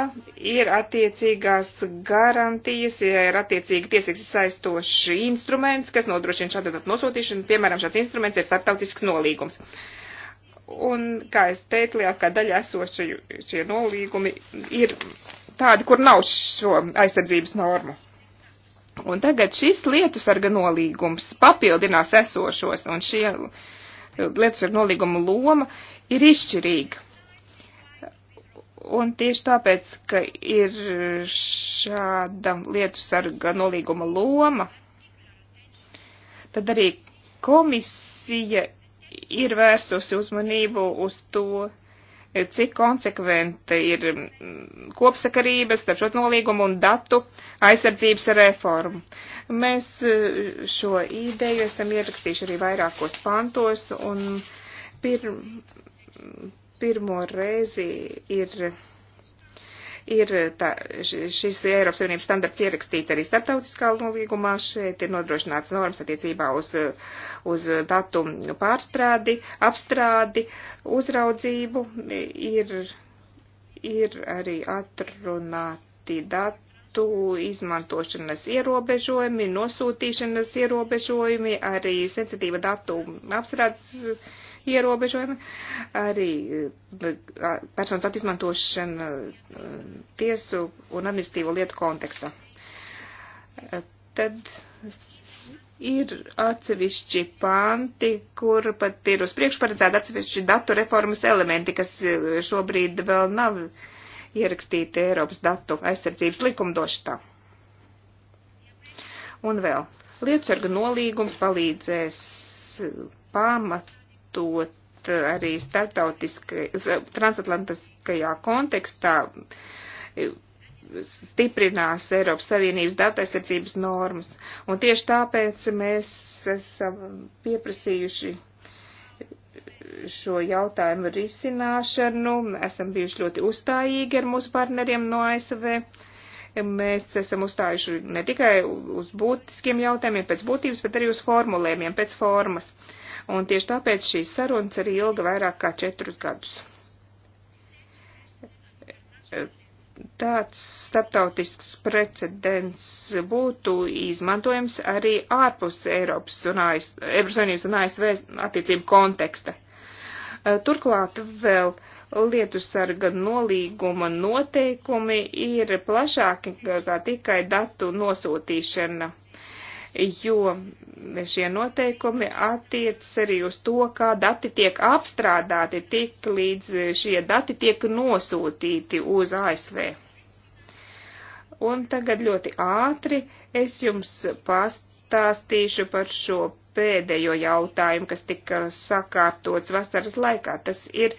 ir attiecīgās garantijas, ja ir attiecīgi tiesīgs saistoši instruments, kas nodrošina šādu datu nosūtīšanu. Piemēram, šāds instruments ir starptautisks nolīgums. Un, kā es teicu, lielākā daļa esošie šie nolīgumi ir tādi, kur nav šo aizsardzības normu. Un tagad šis lietu sarga nolīgums papildinās esošos, un šie lietu sarga nolīguma loma ir izšķirīga. Un tieši tāpēc, ka ir šāda lietu sarga nolīguma loma, tad arī komisija ir vērsusi uzmanību uz to, cik konsekventa ir mm, kopsakarības starp šo nolīgumu un datu aizsardzības reformu. Mēs eh, šo ideju esam ierakstījuši arī vairākos pantos, un pir, pirmo reizi ir ir tā, šis Eiropas Savienības standarts ierakstīts arī starptautiskā nolīgumā. Šeit ir nodrošināts normas attiecībā uz, uz datu pārstrādi, apstrādi, uzraudzību. Ir, ir arī atrunāti dati datu izmantošanas ierobežojumi, nosūtīšanas ierobežojumi, arī sensitīva datu apsardzes ierobežojumi, arī eh, personas apizmantošana eh, tiesu un administīvo lietu kontekstā. Eh, tad ir atsevišķi panti, kur pat ir uz priekšu paredzēti atsevišķi datu reformas elementi, kas šobrīd vēl nav ierakstīti Eiropas datu aizsardzības likumdošanā. Un vēl, lietasarga nolīgums palīdzēs pamat izmantot eh, arī transatlantiskajā kontekstā eh, stiprinās Eiropas Savienības dataizsardzības normas. Un tieši tāpēc mēs esam pieprasījuši šo jautājumu risināšanu. Esam bijuši ļoti uzstājīgi ar mūsu partneriem no ASV. Mēs esam uzstājuši ne tikai uz būtiskiem jautājumiem pēc būtības, bet arī uz formulējumiem pēc formas. Uh, un tieši tāpēc šīs sarunas arī ilga vairāk kā četrus gadus. Tāds starptautisks precedents būtu izmantojams arī ārpus Eiropas un ASV, Eiropas Savienības un ASV attiecību konteksta. Turklāt vēl lietu sarga nolīguma noteikumi ir plašāki kā tikai datu nosūtīšana jo šie noteikumi attiec arī uz to, kā dati tiek apstrādāti, tik līdz šie dati tiek nosūtīti uz ASV. Un tagad ļoti ātri es jums pastāstīšu par šo pēdējo jautājumu, kas tika sakārtots vasaras laikā. Tas ir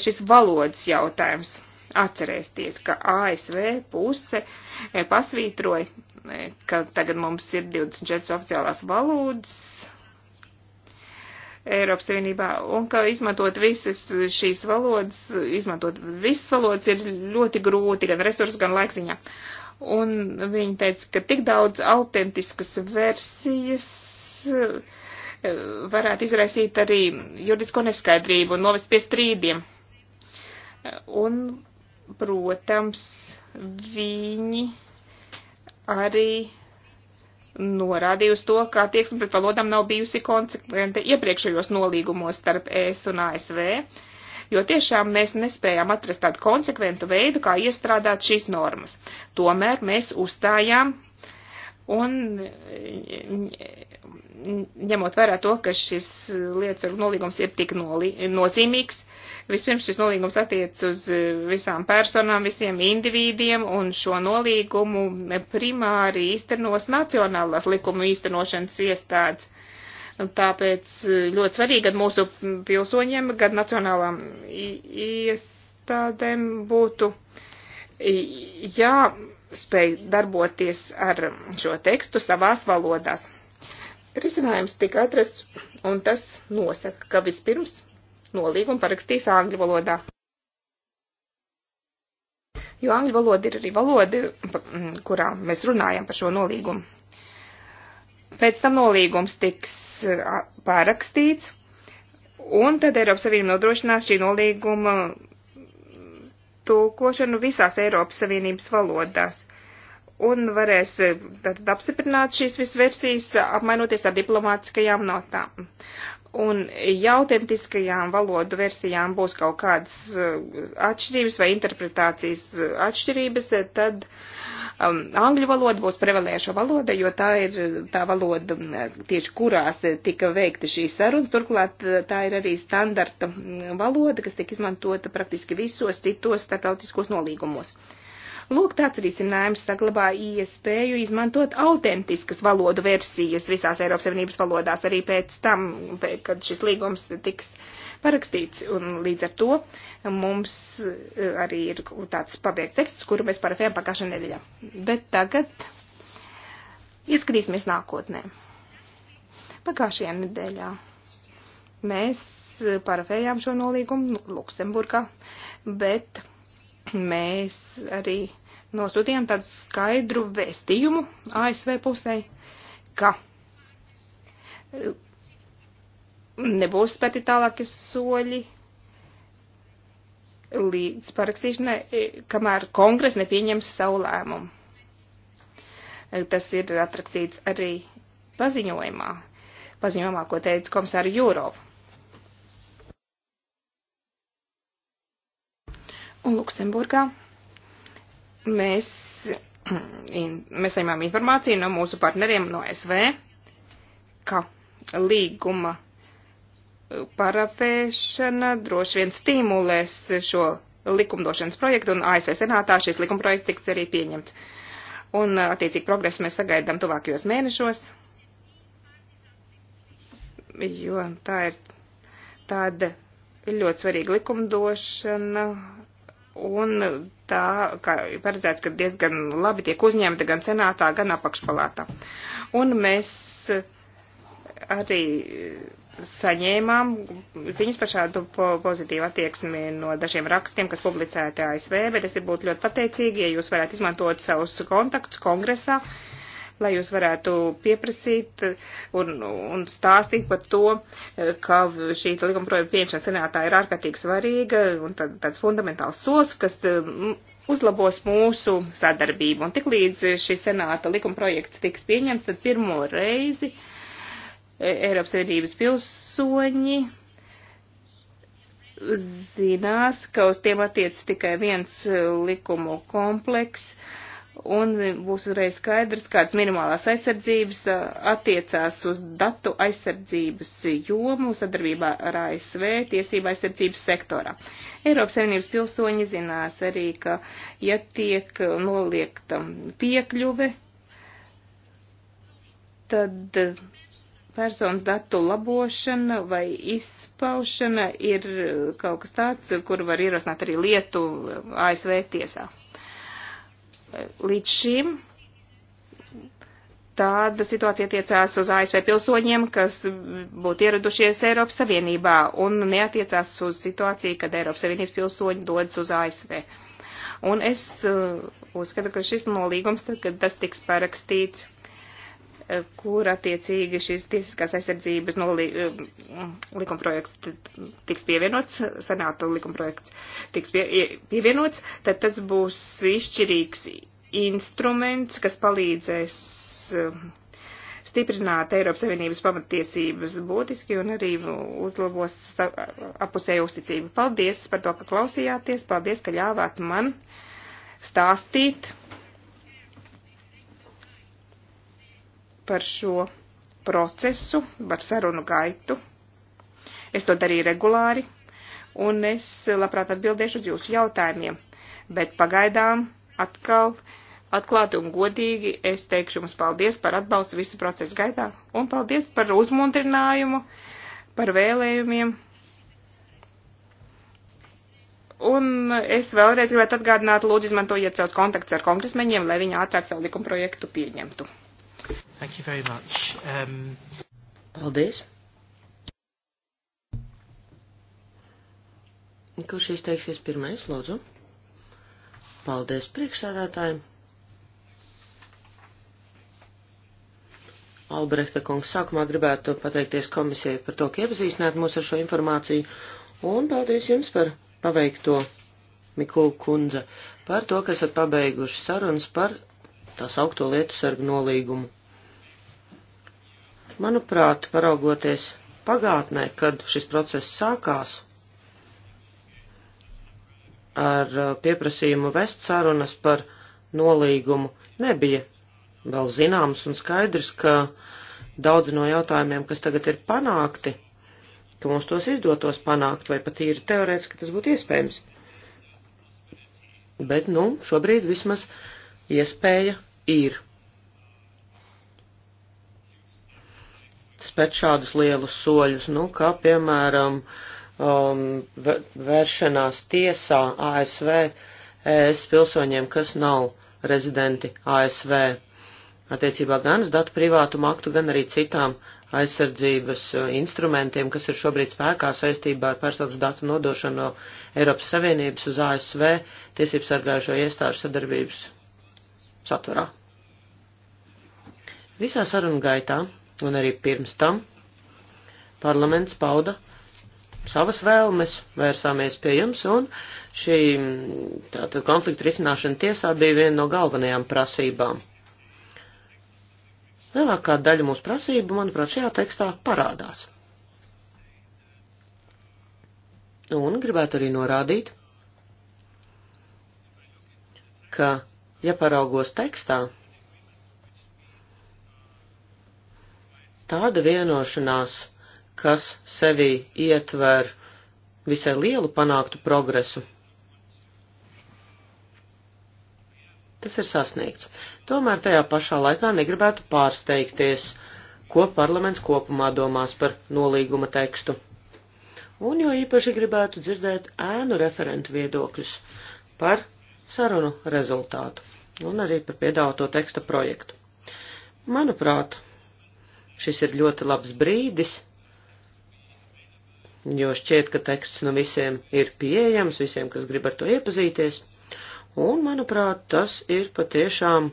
šis valodas jautājums atcerēsties, ka ASV puse eh, pasvītroja, eh, ka tagad mums ir 24 oficiālās valodas Eiropas Savienībā, un ka izmantot visas šīs valodas, izmantot visas valodas ir ļoti grūti, gan resursu, gan laikziņā. Un viņi teica, ka tik daudz autentiskas versijas eh, varētu izraisīt arī juridisko neskaidrību un novest pie strīdiem. Un protams, viņi arī norādīja uz to, ka attieksme pret valodām nav bijusi konsekventa iepriekšējos nolīgumos starp ES un ASV, jo tiešām mēs nespējām atrast tādu konsekventu veidu, kā iestrādāt šīs normas. Tomēr mēs uzstājām un ņemot vērā to, ka šis lietas nolīgums ir tik noli, nozīmīgs, Vispirms šis nolīgums attiec uz e, visām personām, visiem individiem, un šo nolīgumu primāri īstenos nacionālās likumu īstenošanas iestādes. Tāpēc e, ļoti svarīgi gan mūsu pilsoņiem, gan nacionālām iestādēm būtu jāspēj darboties ar šo tekstu savās valodās. Risinājums tika atrasts, un tas nosaka, ka vispirms nolīgumu parakstīs angļu valodā. Jo angļu valoda ir arī valoda, kurā mēs runājam par šo nolīgumu. Pēc tam nolīgums tiks pārakstīts, un tad Eiropas Savienība nodrošinās šī nolīguma tulkošanu visās Eiropas Savienības valodās un varēs e, tad apstiprināt šīs visas versijas, apmainoties ar diplomātiskajām notām. Un ja autentiskajām valodu versijām būs kaut kādas eh, atšķirības vai interpretācijas eh, atšķirības, eh, tad um, angļu valoda būs prevalējoša valoda, jo tā ir tā valoda, mm, tieši kurās tika veikta šī saruna. Turklāt tā ir arī standarta mm, valoda, kas tika izmantota praktiski visos citos starptautiskos nolīgumos. Uh, Lūk, tāds risinājums saglabā iespēju izmantot autentiskas valodu versijas visās Eiropas Savienības valodās arī pēc tam, kad šis līgums tiks parakstīts. Un līdz ar to mums e, arī ir tāds pabeigts teksts, kuru mēs parafējām pagājušajā nedēļā. Bet tagad ieskatīsimies nākotnē. Pagājušajā nedēļā mēs parafējām šo nolīgumu Luksemburgā, bet mēs arī nosūtījām tādu skaidru vēstījumu ASV pusē, ka uh, nebūs spēti tālākie soļi līdz parakstīšanai, uh, kamēr kongres nepieņems savu lēmumu. Uh, tas ir atrakstīts arī paziņojumā, paziņojumā, ko teica komisāra Jūrova. un Luksemburgā mēs, mēs saņemām informāciju no mūsu partneriem no SV, ka līguma parafēšana droši vien stimulēs šo likumdošanas projektu, un ASV senātā šis likumprojekts tiks arī pieņemts. Un, uh, attiecīgi, progresu mēs sagaidām tuvākajos mēnešos, jo tā ir tāda ļoti svarīga likumdošana, un tā, kā paredzēts, ka diezgan labi tiek uzņemta gan senātā, gan apakšpalātā. Un mēs arī saņēmām ziņas par šādu pozitīvu attieksmi no dažiem rakstiem, kas publicēti ASV, bet es būtu ļoti pateicīgi, ja jūs varētu izmantot savus kontaktus kongresā, uh, lai jūs varētu pieprasīt un, un stāstīt par to, ka šī likumprojekta pieņemšana senātā ir ārkārtīgi svarīga un tad, tāds fundamentāls solis, kas uzlabos mūsu sadarbību. Un tik līdz šis senāta likumprojekts tiks pieņemts, tad pirmo reizi e, Eiropas Savienības pilsoņi zinās, ka uz tiem attiec tikai viens e, likumu komplekss un būs uzreiz skaidrs, kādas minimālās aizsardzības uh, attiecās uz datu aizsardzības jomu sadarbībā ar ASV tiesība aizsardzības sektorā. Eiropas Savienības pilsoņi zinās arī, ka ja tiek noliekta piekļuve, tad personas datu labošana vai izpaušana ir uh, kaut kas tāds, kur var ierosināt arī lietu ASV tiesā. Līdz šim tāda situācija attiecās uz ASV pilsoņiem, kas būtu ieradušies Eiropas Savienībā un neatiecās uz situāciju, kad Eiropas Savienības pilsoņi dodas uz ASV. Un es uh, uzskatu, ka šis nolīgums, tad, kad tas tiks parakstīts, kur attiecīgi šis tiesiskās aizsardzības nolī, eh, likumprojekts tiks pievienots, senāta likumprojekts tiks pie, pievienots, tad tas būs izšķirīgs instruments, kas palīdzēs eh, stiprināt Eiropas Savienības pamatiesības būtiski un arī uzlabos apusēju uzticību. Paldies par to, ka klausījāties, paldies, ka ļāvāt man stāstīt par šo procesu, par sarunu gaitu. Es to darīju regulāri, un es labprāt atbildēšu uz jūsu jautājumiem. Bet pagaidām atkal atklāti un godīgi es teikšu jums paldies par atbalstu visu procesu gaitā, un paldies par uzmundrinājumu, par vēlējumiem. Un es vēlreiz gribētu atgādināt, lūdzu izmantojiet savus kontaktus ar kongresmeņiem, lai viņi ātrāk savu likumprojektu pieņemtu. Thank you very much. Um... Paldies. Kurš izteiksies pirmais, lūdzu? Paldies priekšsādātājiem. Albrehta kungs sākumā gribētu pateikties komisijai par to, ka iepazīstināt mūs ar šo informāciju, un paldies jums par paveikto, Mikula kundze, par to, ka esat pabeiguši sarunas par tā saukto lietu sargu nolīgumu. Manuprāt, paraugoties pagātnē, kad šis process sākās ar uh, pieprasījumu vest sarunas par nolīgumu, nebija vēl zināms un skaidrs, ka daudzi no jautājumiem, kas tagad ir panākti, ka mums tos izdotos panākt, vai pat īri teorētiski tas būtu iespējams. Bet, nu, šobrīd vismaz iespēja ir. spēt šādus lielus soļus, nu, kā piemēram um, vēršanās tiesā ASV ES pilsoņiem, kas nav rezidenti ASV, attiecībā gan uz datu privātumu aktu, gan arī citām aizsardzības uh, instrumentiem, kas ir šobrīd spēkā saistībā ar personas datu nodošanu no Eiropas Savienības uz ASV tiesības sargājušo iestāžu sadarbības satvarā. Visā sarunu gaitā un arī pirms tam parlaments pauda savas vēlmes, vērsāmies pie jums, un šī tātad, konflikta risināšana tiesā bija viena no galvenajām prasībām. Lielākā daļa mūsu prasību, manuprāt, šajā tekstā parādās. Un gribētu arī norādīt, ka, ja paraugos tekstā, Tāda vienošanās, kas sevī ietver visai lielu panāktu progresu, tas ir sasniegts. Tomēr tajā pašā laikā negribētu pārsteigties, ko parlaments kopumā domās par nolīguma tekstu. Un jo īpaši gribētu dzirdēt ēnu referentu viedokļus par sarunu rezultātu un arī par piedāvāto teksta projektu. Manuprāt, Šis ir ļoti labs brīdis, jo šķiet, ka teksts nu visiem ir pieejams, visiem, kas grib ar to iepazīties. Un, manuprāt, tas ir patiešām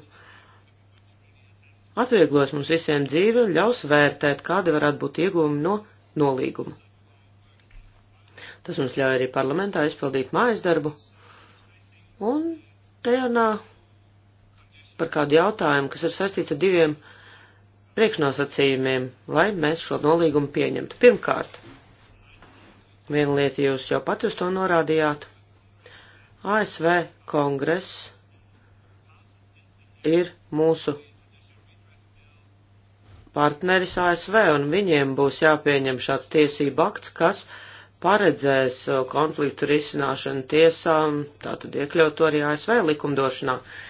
atvieglos mums visiem dzīvi un ļaus vērtēt, kāda varētu būt iegūma no nolīguma. Tas mums ļauj arī parlamentā izpildīt mājas darbu. Un tajā par kādu jautājumu, kas ir saistīts ar diviem priekšnosacījumiem, lai mēs šo nolīgumu pieņemtu. Pirmkārt, viena lieta jūs jau pat uz to norādījāt. ASV kongress ir mūsu partneris ASV, un viņiem būs jāpieņem šāds tiesība akts, kas paredzēs konfliktu risināšanu tiesām, tātad iekļaut to arī ASV likumdošanā. Uh,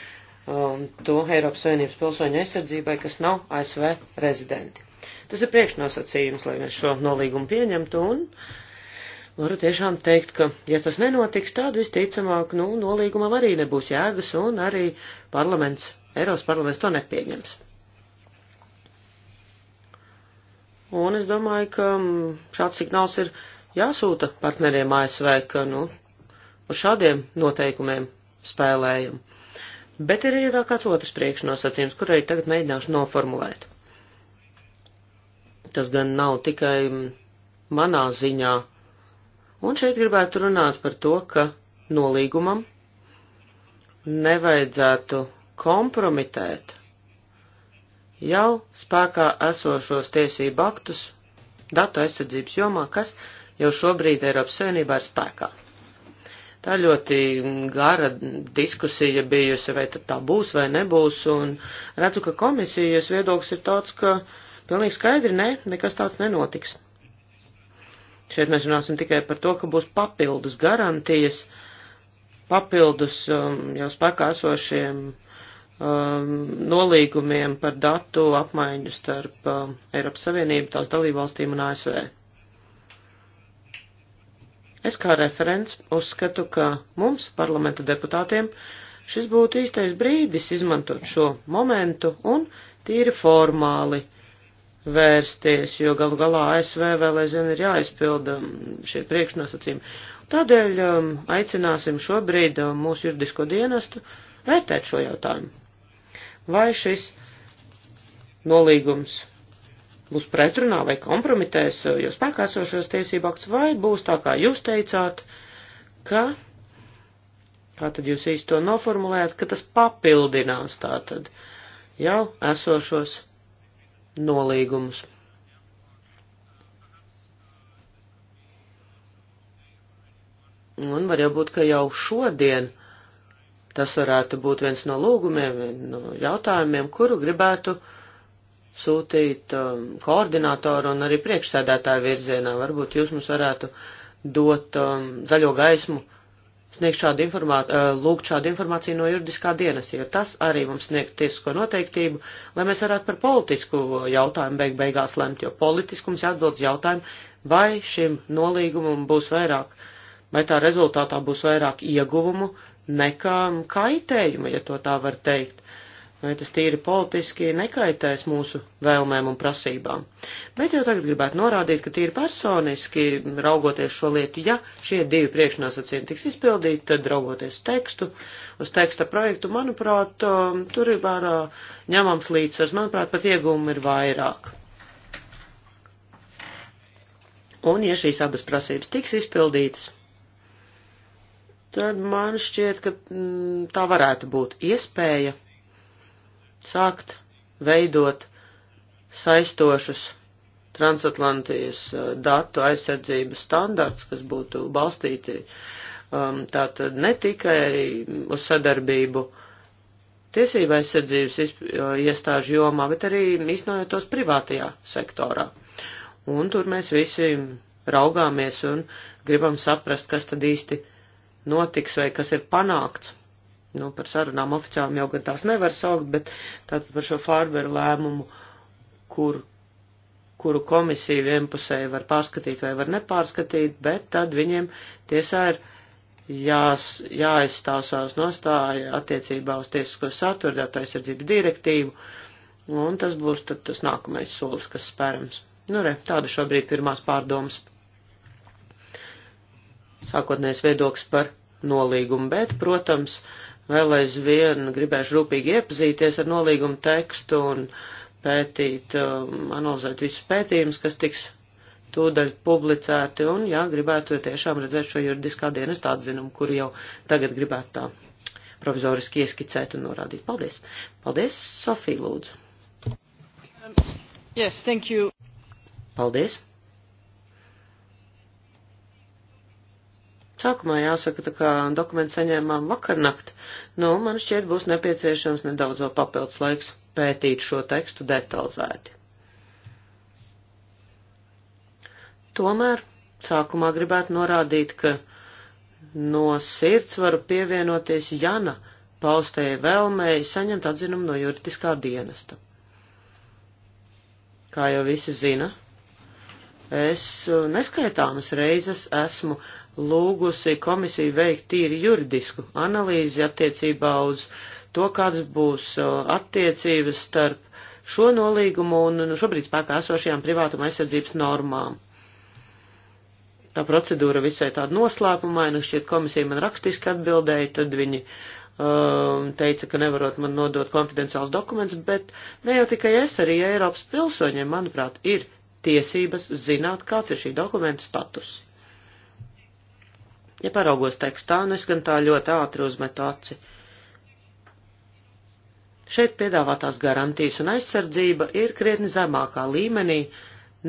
um, to Eiropas Savienības pilsoņu aizsardzībai, kas nav ASV rezidenti. Tas ir priekšnosacījums, lai mēs šo nolīgumu pieņemtu un varu tiešām teikt, ka, ja tas nenotiks, tad visticamāk, nu, nolīgumam arī nebūs jēgas un arī parlaments, Eiropas parlaments to nepieņems. Un es domāju, ka mm, šāds signāls ir jāsūta partneriem ASV, ka, nu, uz šādiem noteikumiem spēlējam. Bet ir arī vēl kāds otrs priekšnosacījums, kur arī tagad mēģināšu noformulēt. Tas gan nav tikai manā ziņā. Un šeit gribētu runāt par to, ka nolīgumam nevajadzētu kompromitēt jau spēkā esošos tiesību aktus datu aizsardzības jomā, kas jau šobrīd Eiropas Savienībā ir spēkā. Tā ļoti gara diskusija bijusi, vai tad tā būs vai nebūs, un redzu, ka komisijas viedoklis ir tāds, ka pilnīgi skaidri ne, nekas tāds nenotiks. Šeit mēs runāsim tikai par to, ka būs papildus garantijas, papildus um, jau spēkā esošiem um, nolīgumiem par datu apmaiņu starp um, Eiropas Savienību, tās dalībvalstīm un ASV. Es kā referents uzskatu, ka mums, parlamenta deputātiem, šis būtu īstais brīdis izmantot šo momentu un tīri formāli vērsties, jo galu galā ASV vēl aizvien ir jāizpilda mm, šie priekšnosacījumi. Tādēļ um, aicināsim šobrīd um, mūsu juridisko dienestu vērtēt šo jautājumu. Vai šis nolīgums būs pretrunā vai kompromitēs eh, jau spēkā esošos tiesību akts, vai būs tā, kā jūs teicāt, ka, kā tad jūs īsti to noformulējat, ka tas papildinās tātad jau esošos nolīgumus. Un var jau būt, ka jau šodien tas varētu būt viens no lūgumiem, no jautājumiem, kuru gribētu uh, sūtīt um, koordinātoru un arī priekšsēdētāju virzienā. Varbūt jūs mums varētu dot um, zaļo gaismu, sniegt šādu informāciju, uh, lūgt šādu informāciju no juridiskā dienas, jo tas arī mums sniegt tiesisko noteiktību, lai mēs varētu par politisku jautājumu beig beigās lemt, jo politiskums jāatbilds jautājumu, vai šim nolīgumam būs vairāk, vai tā rezultātā būs vairāk ieguvumu nekā kaitējuma, ja to tā var teikt. Uh, vai tas tīri politiski nekaitēs mūsu vēlmēm un prasībām. Bet jau tagad gribētu norādīt, ka tīri personiski, raugoties šo lietu, ja šie divi priekšnosacījumi tiks izpildīti, tad raugoties tekstu, uz teksta projektu, manuprāt, um, tur ir vērā ņemams līdzsvars, manuprāt, pat iegūmi ir vairāk. Un ja šīs abas prasības tiks izpildītas, tad man šķiet, ka m, mm, tā varētu būt iespēja sākt veidot saistošus transatlantijas eh, datu aizsardzības standarts, kas būtu balstīti um, tātad ne tikai uz sadarbību tiesība aizsardzības eh, iestāžu jomā, bet arī īstenojot tos privātajā sektorā. Un tur mēs visi raugāmies un gribam saprast, kas tad īsti notiks vai kas ir panākts nu, par sarunām oficiāli jau gan tās nevar saukt, bet tātad par šo Fārberu lēmumu, kur, kuru komisija vienpusēji var pārskatīt vai var nepārskatīt, bet tad viņiem tiesā ir jās, jāizstāv savas nostāja attiecībā uz tiesisko saturu, datu aizsardzību direktīvu, un tas būs tad tas nākamais solis, kas spērams. Nu, re, tāda šobrīd pirmās pārdomas. Sākotnējais viedoklis par nolīgumu, bet, protams, uh, vēl aizvien gribēšu rūpīgi iepazīties ar nolīgumu tekstu un pētīt, um, analizēt visus pētījumus, kas tiks tūdaļ publicēti, un, jā, gribētu tiešām redzēt šo juridiskā dienesta atzinumu, kur jau tagad gribētu tā provizoriski ieskicēt un norādīt. Paldies! Paldies, Sofija, lūdzu! Um, yes, thank you! Paldies! Sākumā jāsaka, tā kā dokumentu saņēmām vakarnakt, nu, man šķiet būs nepieciešams nedaudz vēl papildus laiks pētīt šo tekstu detalizēti. Tomēr sākumā gribētu norādīt, ka no sirds varu pievienoties Jana paustēja vēlmēji saņemt atzinumu no juridiskā dienesta. Kā jau visi zina, Es uh, neskaitāmas reizes esmu lūgusi komisiju veikt tīri juridisku analīzi attiecībā uz to, kādas būs uh, attiecības starp šo nolīgumu un nu, šobrīd spēkā esošajām privātuma aizsardzības normām. Tā procedūra visai tāda noslēpumaina, nu, šķiet komisija man rakstiski atbildēja, tad viņi um, teica, ka nevarot man nodot konfidenciāls dokuments, bet ne jau tikai es, arī Eiropas pilsoņiem, manuprāt, ir tiesības zināt, kāds ir šī dokumenta status. Ja paraugos tekstā, nu es gan tā ļoti ātri uzmetu aci. Šeit piedāvātās garantijas un aizsardzība ir krietni zemākā līmenī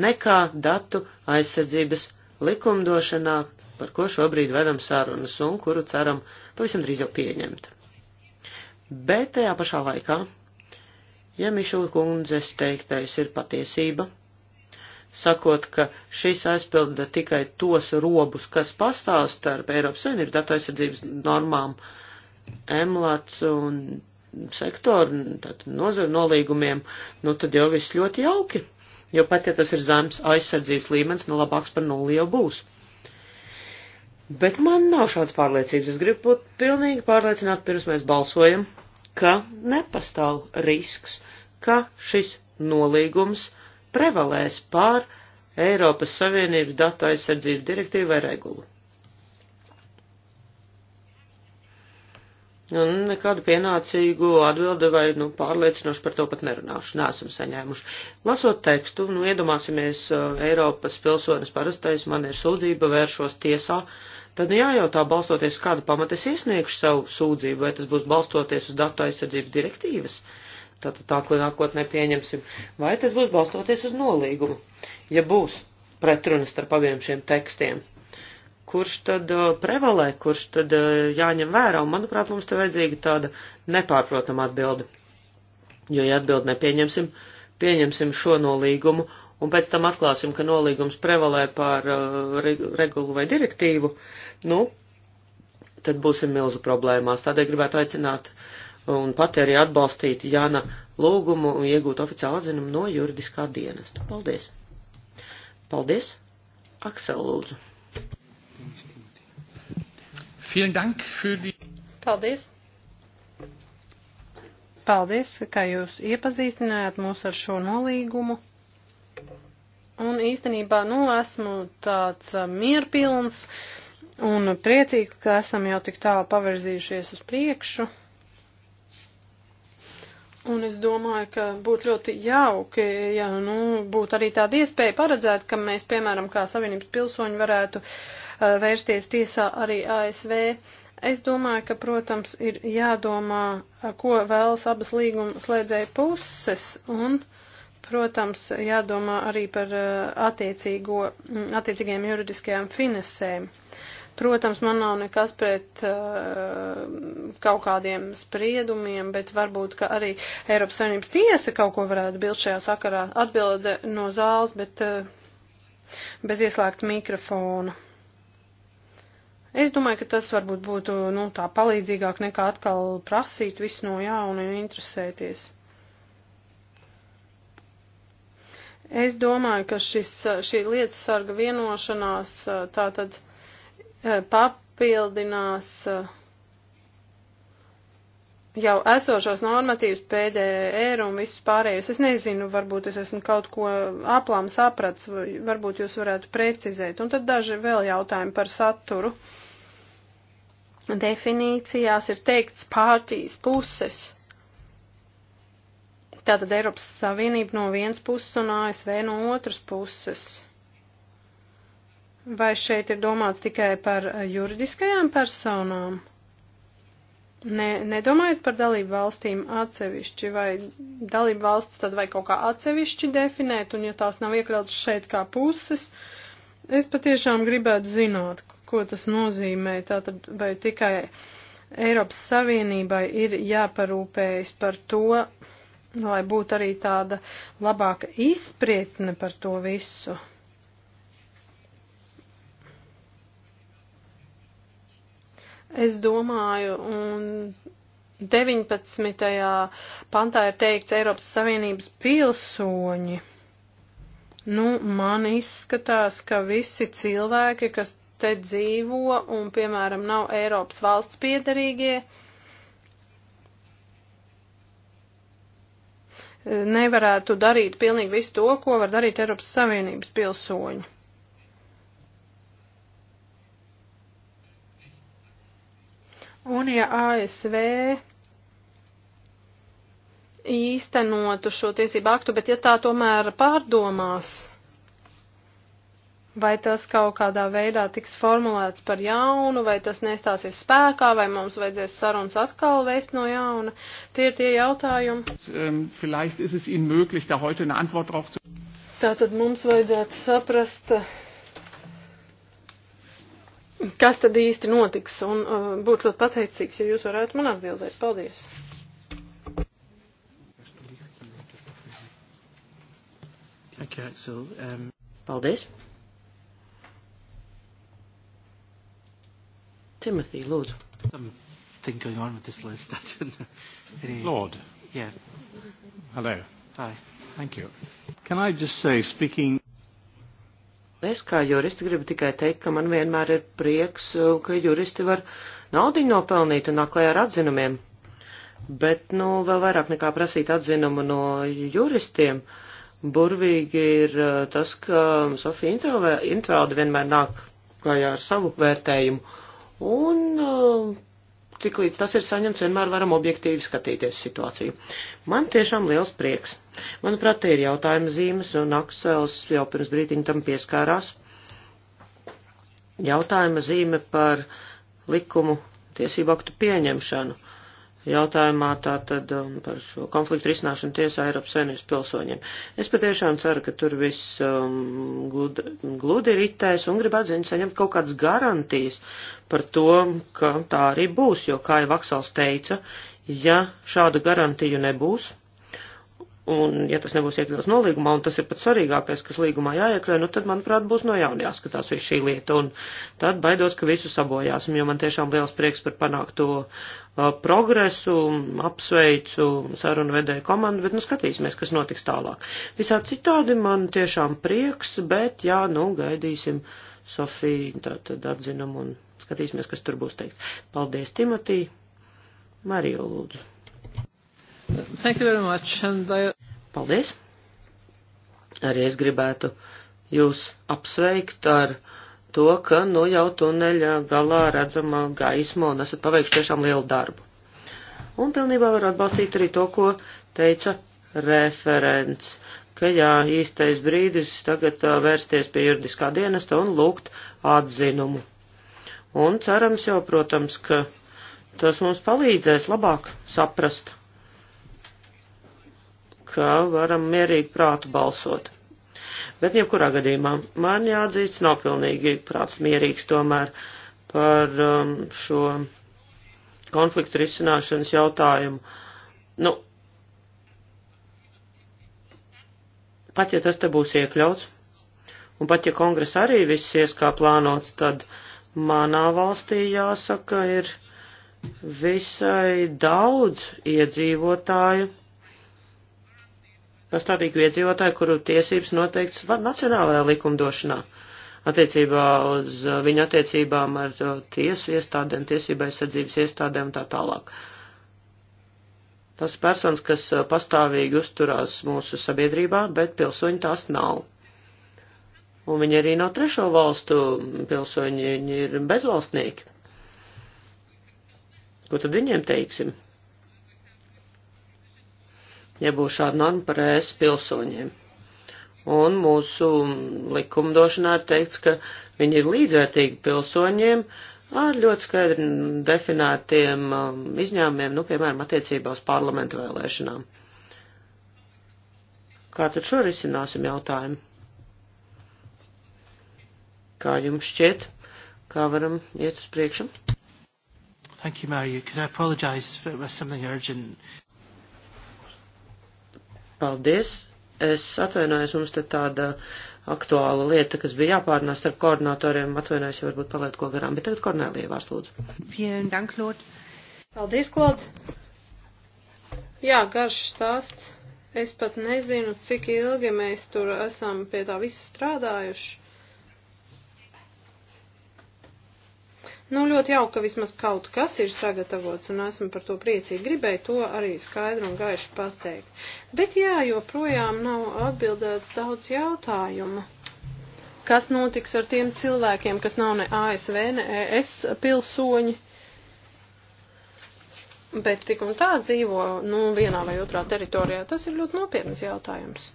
nekā datu aizsardzības likumdošanā, par ko šobrīd vedam sarunas un kuru ceram pavisam drīz jau pieņemt. Bet tajā pašā laikā, ja Mišu kundzes teiktais ir patiesība, sakot, ka šis aizpilda tikai tos robus, kas pastāv starp Eiropas Savienību datu aizsardzības normām, emlats un sektoru, tad nozaru nolīgumiem, nu tad jau viss ļoti jauki, jo pat ja tas ir zems aizsardzības līmenis, nu labāks par nulli jau būs. Bet man nav šāds pārliecības. Es gribu būt pilnīgi pārliecināta, pirms mēs balsojam, ka nepastāv risks, ka šis nolīgums prevalēs pār Eiropas Savienības datu aizsardzību direktīvu vai regulu. Un nekādu pienācīgu atbildi vai nu, pārliecinošu par to pat nerunāšu. Nesam saņēmuši. Lasot tekstu, nu, iedomāsimies, uh, Eiropas pilsonis parastais man ir sūdzība, vēršos tiesā. Tad nu, jājautā, balstoties kādu pamatu es iesniegšu savu sūdzību, vai tas būs balstoties uz datu aizsardzības direktīvas uh, tātad tā, ko nākotnē pieņemsim, vai tas būs balstoties uz nolīgumu, ja būs pretrunas starp abiem šiem tekstiem. Kurš tad uh, prevalē, kurš tad uh, jāņem vērā, un manuprāt, mums te vajadzīga tāda nepārprotama atbilde. Jo, ja atbildi nepieņemsim, pieņemsim šo nolīgumu, un pēc tam atklāsim, ka nolīgums prevalē pār uh, regulu vai direktīvu, nu, tad būsim milzu problēmās. Tādēļ gribētu aicināt uh, un pati arī atbalstīt Jāna lūgumu un iegūt oficiālu atzinumu no juridiskā dienesta. Paldies! Paldies! Aksel lūdzu! Paldies! Paldies, ka jūs iepazīstinājāt mūs ar šo nolīgumu. Un īstenībā, nu, esmu tāds uh, mierpilns un priecīgs, ka esam jau tik tālu pavirzījušies uz priekšu. Un es domāju, ka būtu ļoti jauki, ja nu, būtu arī tāda iespēja paredzēt, ka mēs, piemēram, kā Savienības pilsoņi varētu uh, vērsties tiesā arī ASV. Es domāju, ka, protams, ir jādomā, uh, ko vēlas abas līguma slēdzēja puses, un, protams, jādomā arī par uh, attiecīgo, mm, attiecīgajām juridiskajām finesēm. Protams, man nav nekas pret uh, kaut kādiem spriedumiem, bet varbūt, ka arī Eiropas Savienības tiesa kaut ko varētu bilst šajā sakarā. Atbilde no zāles, bet uh, bez ieslēgta mikrofona. Es domāju, ka tas varbūt būtu nu, tā palīdzīgāk nekā atkal prasīt visu no jauna un interesēties. Es domāju, ka šis, šī lietu sarga vienošanās uh, tātad Eh, papildinās eh, jau esošos normatīvus PDR un visus pārējos. Es nezinu, varbūt es esmu kaut ko aplām saprats, varbūt jūs varētu precizēt. Un tad daži vēl jautājumi par saturu. Definīcijās ir teikts pārtīs puses. Tātad Eiropas Savienība no vienas puses un ASV no otras puses. Vai šeit ir domāts tikai par eh, juridiskajām personām? Ne, nedomājot par dalību valstīm atsevišķi, vai dalību valsts tad vai kaut kā atsevišķi definēt, un ja tās nav iekļautas šeit kā puses, es patiešām gribētu zināt, ko tas nozīmē, tātad vai tikai Eiropas Savienībai ir jāparūpējas par to, lai būtu arī tāda labāka izpratne par to visu. Es domāju, un 19. pantā ir teikts Eiropas Savienības pilsoņi. Nu, man izskatās, ka visi cilvēki, kas te dzīvo un, piemēram, nav Eiropas valsts piedarīgie, nevarētu darīt pilnīgi visu to, ko var darīt Eiropas Savienības pilsoņi. Un ja ASV īstenotu šo tiesību aktu, bet ja tā tomēr pārdomās, vai tas kaut kādā veidā tiks formulēts par jaunu, vai tas nestāsies spēkā, vai mums vajadzēs sarunas atkal veist no jauna. Tie ir tie jautājumi. Ähm, Tātad mums vajadzētu saprast, kas tad īsti notiks. Un uh, būtu ļoti pateicīgs, ja jūs varētu man atbildēt. Paldies! Thank you, Axel. Um... Paldies! Timothy, lūdzu. Um thing going on with this list. [LAUGHS] I don't know. Any... Lord. Yeah. Hello. Hi. Thank you. Can I just say, speaking Es kā juristi gribu tikai teikt, ka man vienmēr ir prieks, uh, ka juristi var naudu nopelnīt un nāk ar atzinumiem. Bet, nu, vēl vairāk nekā prasīt atzinumu no juristiem, burvīgi ir uh, tas, ka Sofija Intvelda vienmēr nāk klajā ar savu vērtējumu. Un uh, cik līdz tas ir saņemts, vienmēr varam objektīvi skatīties situāciju. Man tiešām liels prieks. Manuprāt, te ir jautājuma zīmes, un Aksels jau pirms brītiņa tam pieskārās. Jautājuma zīme par likumu tiesību aktu pieņemšanu jautājumā tātad um, par šo konfliktu risināšanu tiesā Eiropas saimnības pilsoņiem. Es patiešām ceru, ka tur viss um, gludi, gludi ritēs un gribētu zinu saņemt kaut kādas garantijas par to, ka tā arī būs, jo, kā jau Vaksals teica, ja šādu garantiju nebūs, Un, ja tas nebūs iekļauts nolīgumā, un tas ir pats svarīgākais, kas līgumā jāiekļauj, nu tad, manuprāt, būs no jauna jāskatās uz šī lieta. Un tad baidos, ka visu sabojāsim, jo man tiešām liels prieks par panākto uh, progresu, apsveicu sarunu vedēju komandu, bet, nu, skatīsimies, kas notiks tālāk. Visā citādi man tiešām prieks, bet, jā, nu, gaidīsim Sofiju, tātad atzinam un skatīsimies, kas tur būs teikt. Paldies, Timotī. Marija, lūdzu. Thank you very much. And I... Paldies! Arī es gribētu jūs apsveikt ar to, ka nu jau tuneļa galā redzama gaisma un esat paveikši tiešām lielu darbu. Un pilnībā var atbalstīt arī to, ko teica referents, ka jā, īstais brīdis tagad uh, vērsties pie juridiskā dienesta un lūgt atzinumu. Un cerams jau, protams, ka tas mums palīdzēs labāk saprast ka varam mierīgi prātu balsot. Bet, jebkurā gadījumā, man jāatzīst, nav pilnīgi prāts mierīgs tomēr par um, šo konfliktu risināšanas jautājumu. Nu, pat ja tas te būs iekļauts, un pat ja kongres arī viss ies kā plānots, tad manā valstī jāsaka ir visai daudz iedzīvotāju pastāvīgu iedzīvotāju, kuru tiesības noteikts nacionālajā likumdošanā attiecībā uz uh, viņu attiecībām ar uh, tiesu iestādēm, tiesībai sardzības iestādēm un tā tālāk. Tas personas, kas uh, pastāvīgi uzturās mūsu sabiedrībā, bet pilsoņi tās nav. Un viņi arī nav trešo valstu pilsoņi, viņi ir bezvalstnieki. Ko tad viņiem teiksim? ja būs šāda norma par ES pilsoņiem. Un mūsu likumdošanā ir teikts, ka viņi ir līdzvērtīgi pilsoņiem ar ļoti skaidri definētiem um, izņēmumiem, nu, piemēram, attiecībā uz parlamentu vēlēšanām. Kā tad šo risināsim jautājumu? Kā jums šķiet, kā varam iet uz priekšu? Thank you, Mario. Could I apologise if it was something urgent? Paldies! Es atvainojos, mums te tāda aktuāla lieta, kas bija jāpārnā starp koordinatoriem. Atvainojos, ja varbūt palēt ko garām, bet tagad Kornēlija vārds lūdzu. Vielen dank, Klod. Paldies, Klod. Jā, garš stāsts. Es pat nezinu, cik ilgi mēs tur esam pie tā visa strādājuši. Nu, ļoti jauki, ka vismaz kaut kas ir sagatavots, un esmu par to priecīgi. Gribēju to arī skaidru un gaišu pateikt. Bet jā, joprojām nav atbildēts daudz jautājumu. Kas notiks ar tiem cilvēkiem, kas nav ne ASV, ne ES pilsoņi, bet tik un tā dzīvo, nu, vienā vai otrā teritorijā? Tas ir ļoti nopietnas jautājums.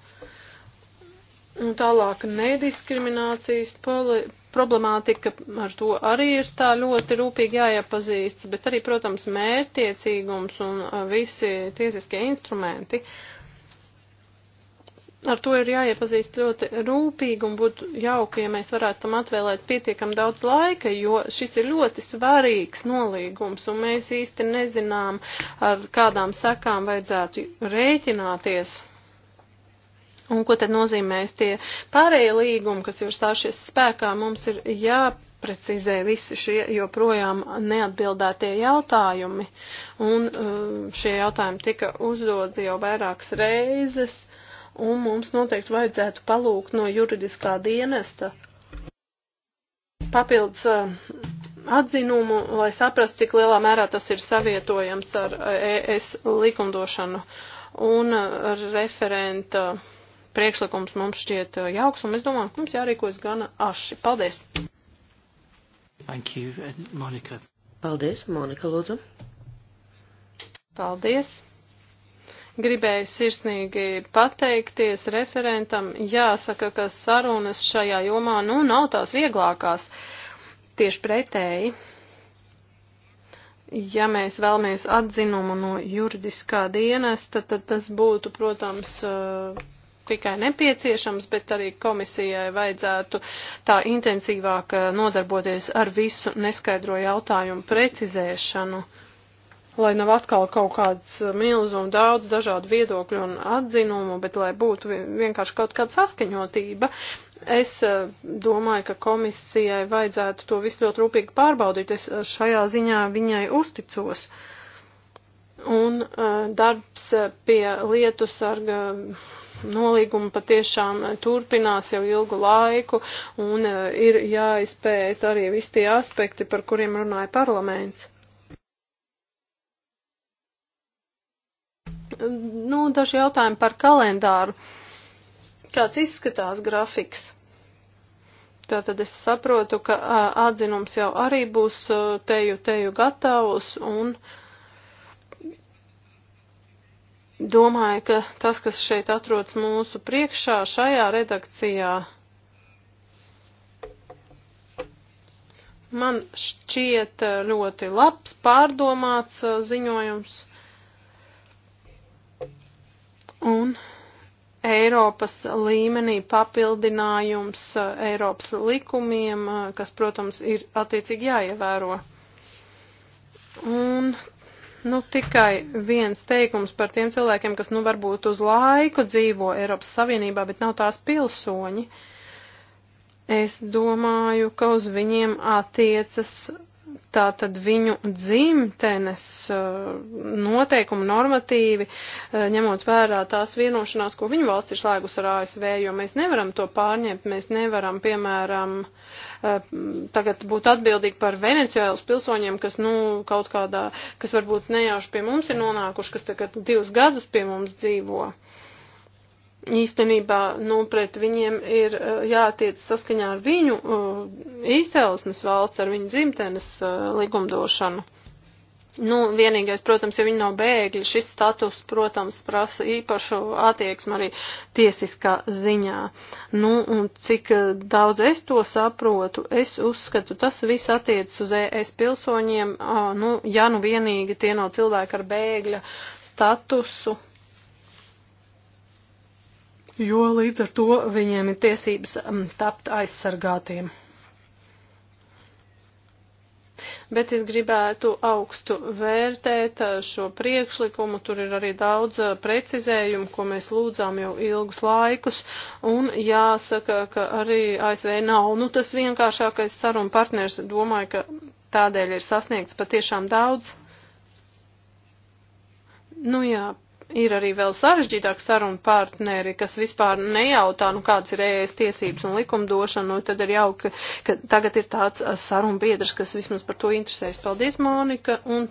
Un tālāk nediskriminācijas poli problemātika ar to arī ir tā ļoti rūpīgi jāiepazīstas, bet arī, protams, mērtiecīgums un visi tiesiskie instrumenti. Ar to ir jāiepazīst ļoti rūpīgi un būtu jauki, ja mēs varētu tam atvēlēt pietiekam daudz laika, jo šis ir ļoti svarīgs nolīgums un mēs īsti nezinām, ar kādām sekām vajadzētu rēķināties. Un ko tad nozīmēs tie pārējie līgumi, kas jau ir stājušies spēkā, mums ir jāprecizē visi šie joprojām neatbildētie jautājumi. Un um, šie jautājumi tika uzdod jau vairākas reizes, un mums noteikti vajadzētu palūgt no juridiskā dienesta papildus um, atzinumu, lai saprastu, cik lielā mērā tas ir savietojams ar uh, ES likumdošanu un uh, referenta priekšlikums mums šķiet uh, jauks, un mēs domājam, ka mums jārīkojas gana aši. Paldies! Thank you, uh, Monika. Paldies, Monika Lūdzu. Paldies! Gribēju sirsnīgi pateikties referentam. Jāsaka, ka sarunas šajā jomā, nu, nav tās vieglākās. Tieši pretēji ja mēs vēlamies atzinumu no juridiskā dienesta, tad tas būtu, protams, uh, tikai nepieciešams, bet arī komisijai vajadzētu tā intensīvāk eh, nodarboties ar visu neskaidro jautājumu precizēšanu, lai nav atkal kaut kāds eh, milz un daudz dažādu viedokļu un atzinumu, bet lai būtu vienkārši kaut kāda saskaņotība. Es eh, domāju, ka komisijai vajadzētu to visu ļoti rūpīgi pārbaudīt. Es šajā ziņā viņai uzticos. Un uh, darbs pie lietu sarga uh, nolīgumi patiešām turpinās jau ilgu laiku un e, ir jāizpēt arī visi tie aspekti, par kuriem runāja parlaments. Nu, daži jautājumi par kalendāru. Kāds izskatās grafiks? Tātad es saprotu, ka atzinums jau arī būs e, teju, teju gatavs un uh, Domāju, ka tas, kas šeit atrodas mūsu priekšā, šajā redakcijā, man šķiet eh, ļoti labs, pārdomāts eh, ziņojums. Un Eiropas līmenī papildinājums eh, Eiropas likumiem, kas, protams, ir attiecīgi jāievēro. Un Nu, tikai viens teikums par tiem cilvēkiem, kas, nu, varbūt uz laiku dzīvo Eiropas Savienībā, bet nav tās pilsoņi. Es domāju, ka uz viņiem attiecas tātad viņu dzimtenes uh, noteikumi, normatīvi, uh, ņemot vērā tās vienošanās, ko viņu valsts ir slēgus ar ASV, jo mēs nevaram to pārņemt, mēs nevaram, piemēram, uh, tagad būt atbildīgi par Venecijālas pilsoņiem, kas, nu, kaut kādā, kas varbūt nejauši pie mums ir nonākuši, kas tagad divus gadus pie mums dzīvo. Uh, īstenībā nu, pret viņiem ir uh, jātiec saskaņā ar viņu uh, izcelsmes valsts, ar viņu dzimtenes uh, likumdošanu. Nu, vienīgais, protams, ja viņi nav bēgļi, šis status, protams, prasa īpašu attieksmi arī tiesiskā ziņā. Nu, un cik daudz es to saprotu, es uzskatu, tas viss attiec uz ES pilsoņiem, nu, ja nu vienīgi tie nav cilvēki ar bēgļa statusu, jo līdz ar to viņiem ir tiesības mm, tapt aizsargātiem. Bet es gribētu augstu vērtēt eh, šo priekšlikumu, tur ir arī daudz eh, precizējumu, ko mēs lūdzām jau ilgus laikus, un jāsaka, ka arī ASV nav, nu tas vienkāršākais saruna partners, domāju, ka tādēļ ir sasniegts patiešām daudz. Nu jā, ir arī vēl sarežģītāk saruna partneri, kas vispār nejautā, nu kāds ir ēst e tiesības un likumdošana, nu tad ir jauki, ka tagad ir tāds saruna biedrs, kas vismaz par to interesēs. Paldies, Monika, un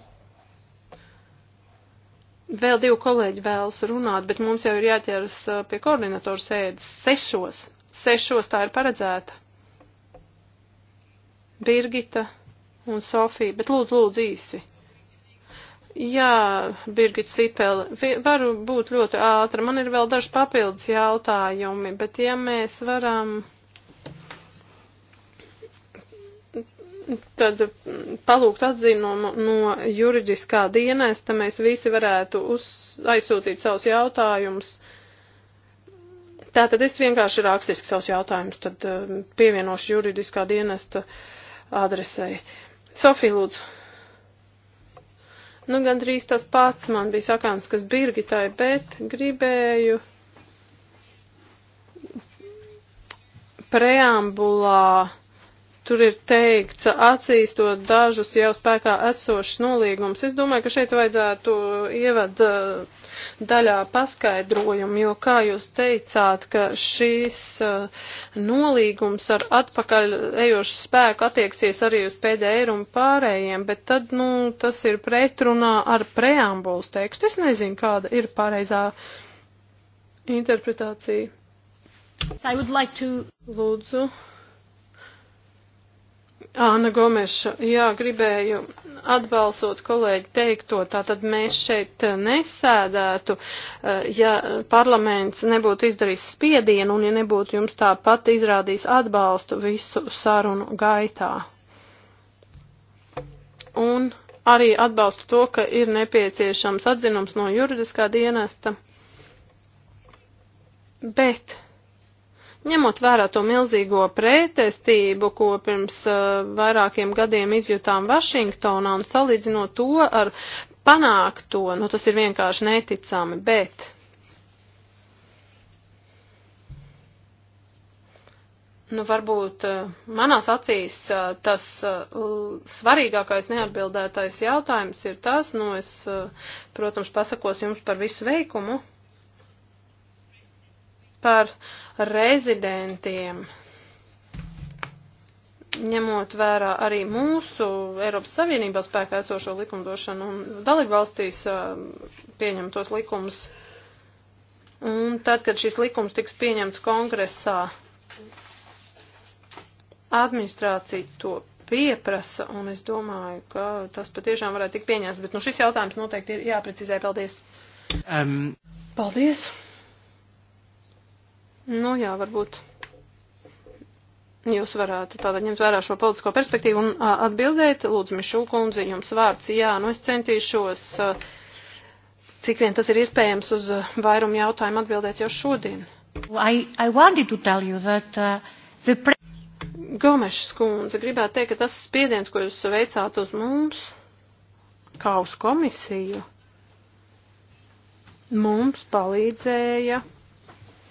vēl divi kolēģi vēlas runāt, bet mums jau ir jāķeras pie koordinatoru sēdes sešos. Sešos tā ir paredzēta. Birgita un Sofija, bet lūdzu, lūdzu īsi. Jā, Birgit Sipele, varu būt ļoti ātra. Man ir vēl daži papildus jautājumi, bet ja mēs varam. Tad palūgt atzinumu no juridiskā dienesta, mēs visi varētu uz, aizsūtīt savus jautājumus. Tātad es vienkārši rakstiski savus jautājumus, tad eh, pievienošu juridiskā dienesta adresei. Sofija, lūdzu. Nu, gandrīz tas pats man bija sakāms, kas Birgitai, bet gribēju preambulā tur ir teikts, atzīstot dažus jau spēkā esošus nolīgumus. Es domāju, ka šeit vajadzētu ievad uh, daļā paskaidrojumu, jo, kā jūs teicāt, ka šīs uh, nolīgums ar atpakaļ ejošu spēku attieksies arī uz PDR un pārējiem, bet tad, nu, tas ir pretrunā ar preambulas tekstu. Es nezinu, kāda ir pareizā interpretācija. So I would like to... Lūdzu. Āna Gomeša, jā, gribēju atbalsot kolēģi teikto, tātad mēs šeit nesēdētu, eh, ja parlaments nebūtu izdarījis spiedienu un ja nebūtu jums tāpat izrādījis atbalstu visu sarunu gaitā. Un arī atbalstu to, ka ir nepieciešams atzinums no juridiskā dienesta. Bet Ņemot vērā to milzīgo pretestību, ko pirms uh, vairākiem gadiem izjutām Vašingtonā un salīdzinot to ar panākto, nu tas ir vienkārši neticami, bet Nu, varbūt uh, manās acīs uh, tas uh, svarīgākais neatbildētais jautājums ir tas, nu, es, protams, pasakos jums par visu veikumu, par rezidentiem, ņemot vērā arī mūsu Eiropas Savienībā spēkā esošo likumdošanu un dalībvalstīs pieņemtos likumus. Un tad, kad šis likums tiks pieņemts kongresā, administrācija to pieprasa, un es domāju, ka tas patiešām varētu tikt pieņemts, bet nu šis jautājums noteikti ir jāprecizē. Paldies! Um. Paldies! Nu jā, varbūt jūs varētu tātad ņemt vērā šo politisko perspektīvu un atbildēt. Lūdzu, Mišu kundze, jums vārds. Jā, nu es centīšos, cik vien tas ir iespējams, uz vairumu jautājumu atbildēt jau šodien. I, I that, uh, the... Gomešs kundze, gribētu teikt, ka tas spiediens, ko jūs veicāt uz mums, kā uz komisiju, mums palīdzēja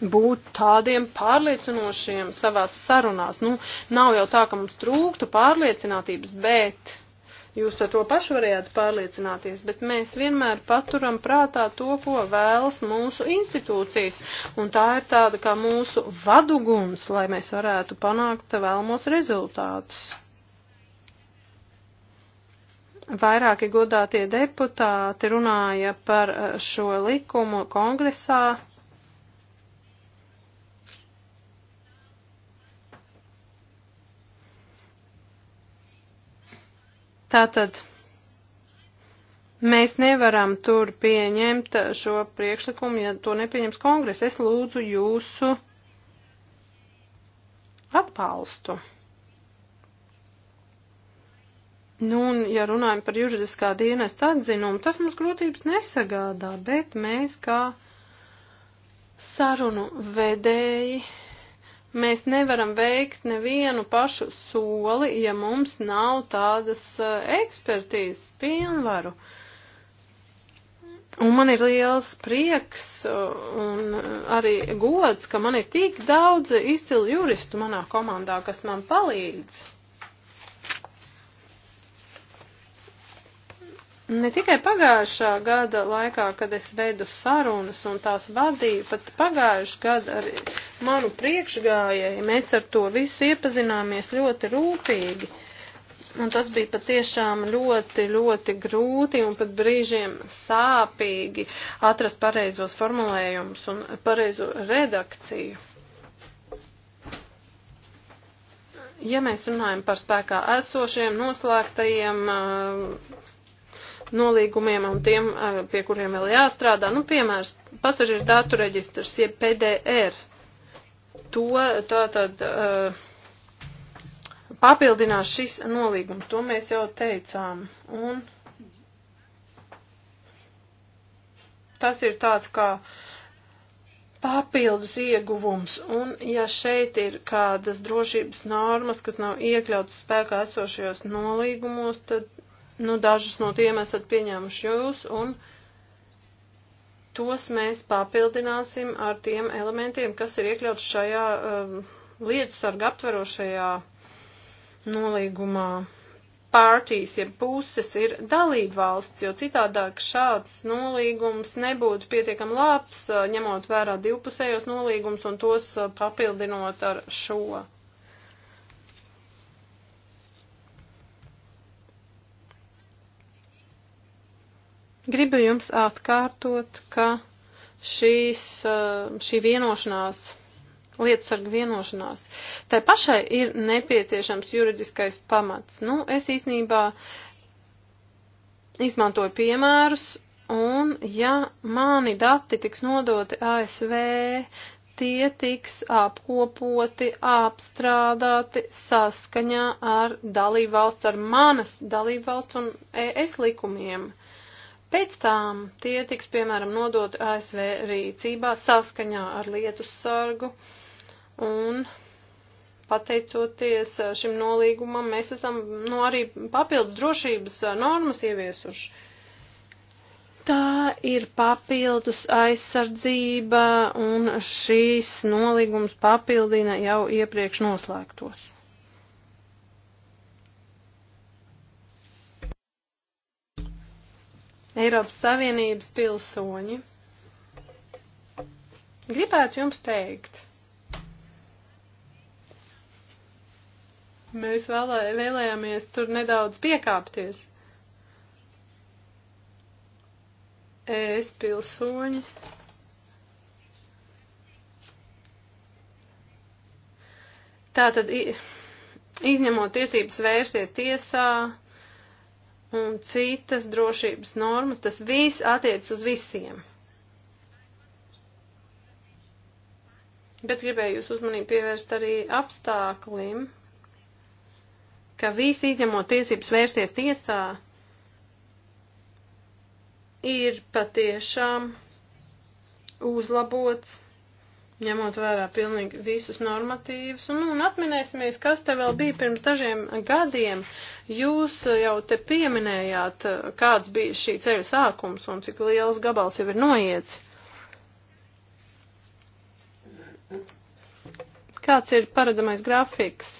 būt tādiem pārliecinošiem savās sarunās. Nu, nav jau tā, ka mums trūktu pārliecinātības, bet jūs par to pašu varējāt pārliecināties, bet mēs vienmēr paturam prātā to, ko vēlas mūsu institūcijas, un tā ir tāda kā mūsu vaduguns, lai mēs varētu panākt vēlamos rezultātus. Vairāki godātie deputāti runāja par eh, šo likumu kongresā Tātad mēs nevaram tur pieņemt šo priekšlikumu, ja to nepieņems kongress. Es lūdzu jūsu atbalstu. Nu, un, ja runājam par juridiskā dienesta atzinumu, tas mums grūtības nesagādā, bet mēs kā sarunu vedēji Mēs nevaram veikt nevienu pašu soli, ja mums nav tādas eh, ekspertīzes pilnvaru. Un man ir liels prieks eh, un arī gods, ka man ir tik daudz izcilu juristu manā komandā, kas man palīdz. Ne tikai pagājušā gada laikā, kad es veidu sarunas un tās vadīju, pat pagājušā gada ar manu priekšgājēju mēs ar to visu iepazināmies ļoti rūpīgi. Un tas bija patiešām ļoti, ļoti grūti un pat brīžiem sāpīgi atrast pareizos formulējumus un pareizo redakciju. ja mēs runājam par spēkā esošiem noslēgtajiem uh, nolīgumiem un tiem, eh, pie kuriem vēl jāstrādā. Nu, piemērs, pasažieru datu reģistrs, jeb PDR. To tā tad uh, papildinās šis nolīgums, to mēs jau teicām. Un tas ir tāds kā papildus ieguvums, un ja šeit ir kādas drošības normas, kas nav iekļautas spēkā esošajos nolīgumos, tad Nu, dažus no tiem esat pieņēmuši jūs, un tos mēs papildināsim ar tiem elementiem, kas ir iekļauts šajā um, lietu sarga aptverošajā nolīgumā. Partijas, ja puses ir dalība valsts, jo citādāk šāds nolīgums nebūtu pietiekam labs, uh, ņemot vērā divpusējos nolīgums un tos uh, papildinot ar šo Gribu jums atkārtot, ka šīs, eh, šī vienošanās lietasargu vienošanās. Tai pašai ir nepieciešams juridiskais pamats. Nu, es īsnībā izmantoju piemērus, un ja mani dati tiks nodoti ASV, tie tiks apkopoti, apstrādāti saskaņā ar dalībvalsts, ar manas dalībvalsts un ES likumiem. Uh, Pēc tām tie tiks, piemēram, nodot ASV rīcībā saskaņā ar lietus sargu un pateicoties šim nolīgumam, mēs esam nu, arī papildus drošības normas ieviesuši. Tā ir papildus aizsardzība, un šīs nolīgums papildina jau iepriekš noslēgtos. Eiropas Savienības pilsoņi. Gribētu jums teikt, mēs vēlē, vēlējāmies tur nedaudz piekāpties. Es pilsoņi. Tātad, izņemot tiesības vērsties tiesā, un citas drošības normas, tas viss attiec uz visiem. Bet gribēju jūs uzmanību pievērst arī apstāklim, ka visi izņemot tiesības vērsties tiesā ir patiešām uzlabots ņemot vērā pilnīgi visus normatīvus. Un, nu, un atminēsimies, kas te vēl bija pirms dažiem gadiem. Jūs jau te pieminējāt, kāds bija šī ceļa sākums un cik liels gabals jau ir noiets. Kāds ir paredzamais grafiks?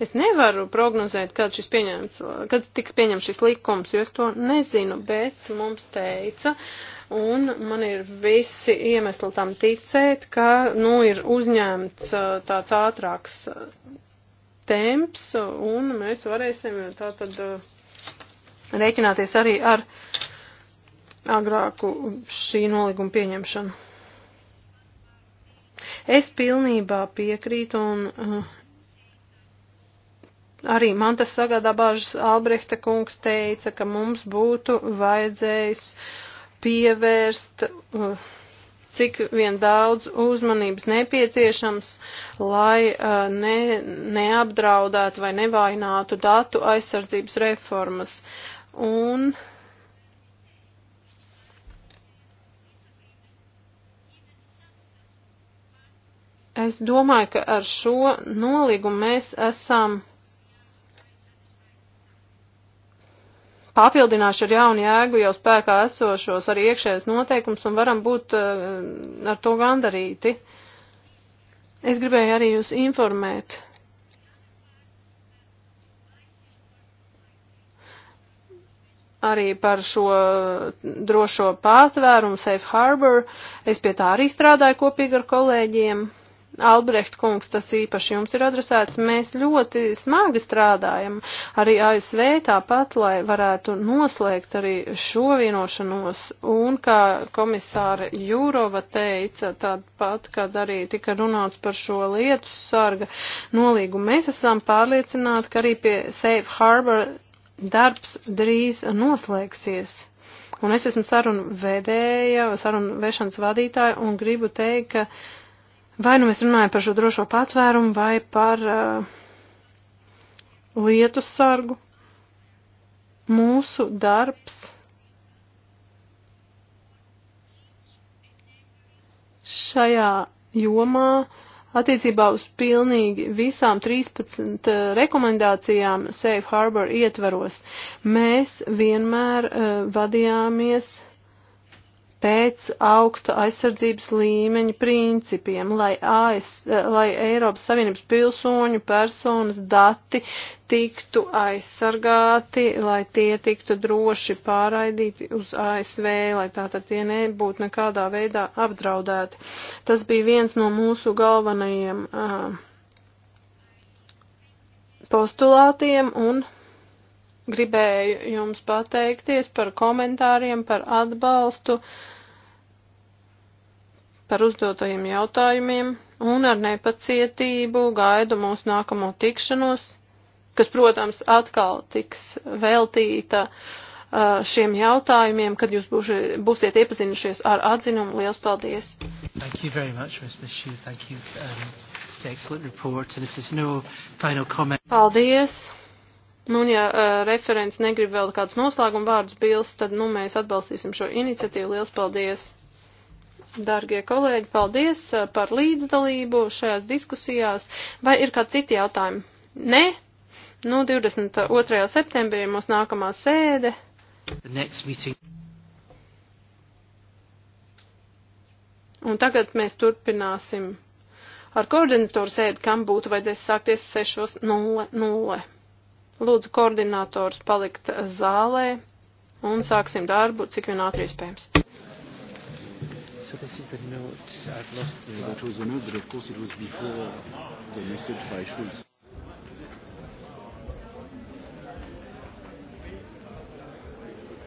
Es nevaru prognozēt, kad, šis pieņemts, kad tiks pieņemts šis likums, jo es to nezinu, bet mums teica, uh, un man ir visi iemesli tam ticēt, ka, nu, ir uzņemts tāds ātrāks temps, un mēs varēsim tā tad rēķināties arī ar agrāku šī nolīguma pieņemšanu. Es pilnībā piekrītu un uh, arī man tas sagādā bāžas Albrehta kungs teica, ka mums būtu vajadzējis uh, pievērst uh, cik vien daudz uzmanības nepieciešams, lai uh, ne, neapdraudētu vai nevainātu datu aizsardzības reformas. Un es domāju, ka ar šo nolīgumu mēs esam papildināšu ar jaunu jēgu jau spēkā esošos arī iekšējos noteikums un varam būt uh, ar to gandarīti. Es gribēju arī jūs informēt. Arī par šo drošo pātvērumu, safe harbor. Es pie tā arī strādāju kopīgi ar kolēģiem. Albrecht kungs, tas īpaši jums ir adresēts, mēs ļoti smagi strādājam arī ASV tāpat, lai varētu noslēgt arī šo vienošanos. Un kā komisāra Jūrova teica, tāpat, kad arī tika runāts par šo lietu sarga nolīgumu, mēs esam pārliecināti, ka arī pie Safe Harbor darbs drīz noslēgsies. Un es esmu sarunu vedēja, sarunu vešanas vadītāja un gribu teikt, ka Vai nu mēs runājam par šo drošo patvērumu vai par uh, lietu sargu. Mūsu darbs šajā jomā attiecībā uz pilnīgi visām 13 uh, rekomendācijām Safe Harbor ietveros, mēs vienmēr uh, vadījāmies pēc augsta aizsardzības līmeņa principiem, lai, AS, lai Eiropas Savienības pilsoņu personas dati tiktu aizsargāti, lai tie tiktu droši pārraidīti uz ASV, lai tātad tie nebūtu nekādā veidā apdraudēti. Tas bija viens no mūsu galvenajiem uh, postulātiem un Gribēju jums pateikties par komentāriem, par atbalstu, par uzdotajiem jautājumiem un ar nepacietību gaidu mūsu nākamo tikšanos, kas, protams, atkal tiks veltīta šiem jautājumiem, kad jūs būsiet iepazinušies ar atzinumu. Lielas paldies! Thank you very much, Ms. Mishu. Thank you. Um... Excellent report, and if there's no final comment. Paldies! Nu, un ja uh, referents negrib vēl kādus noslēguma vārdus bilst, tad, nu, mēs atbalstīsim šo iniciatīvu. Liels paldies! Dargie kolēģi, paldies eh, par līdzdalību šajās diskusijās. Vai ir kādi citi jautājumi? Nē? Nu, 22. septembrī ir mūsu nākamā sēde. Un tagad mēs turpināsim ar koordinatoru sēdi, kam būtu vajadzēs sākties 6.00. Lūdzu, koordinators palikt zālē un sāksim darbu, cik vien ātri iespējams. So this is the note I've lost. That was the note, but of course it was before the message by Schulz.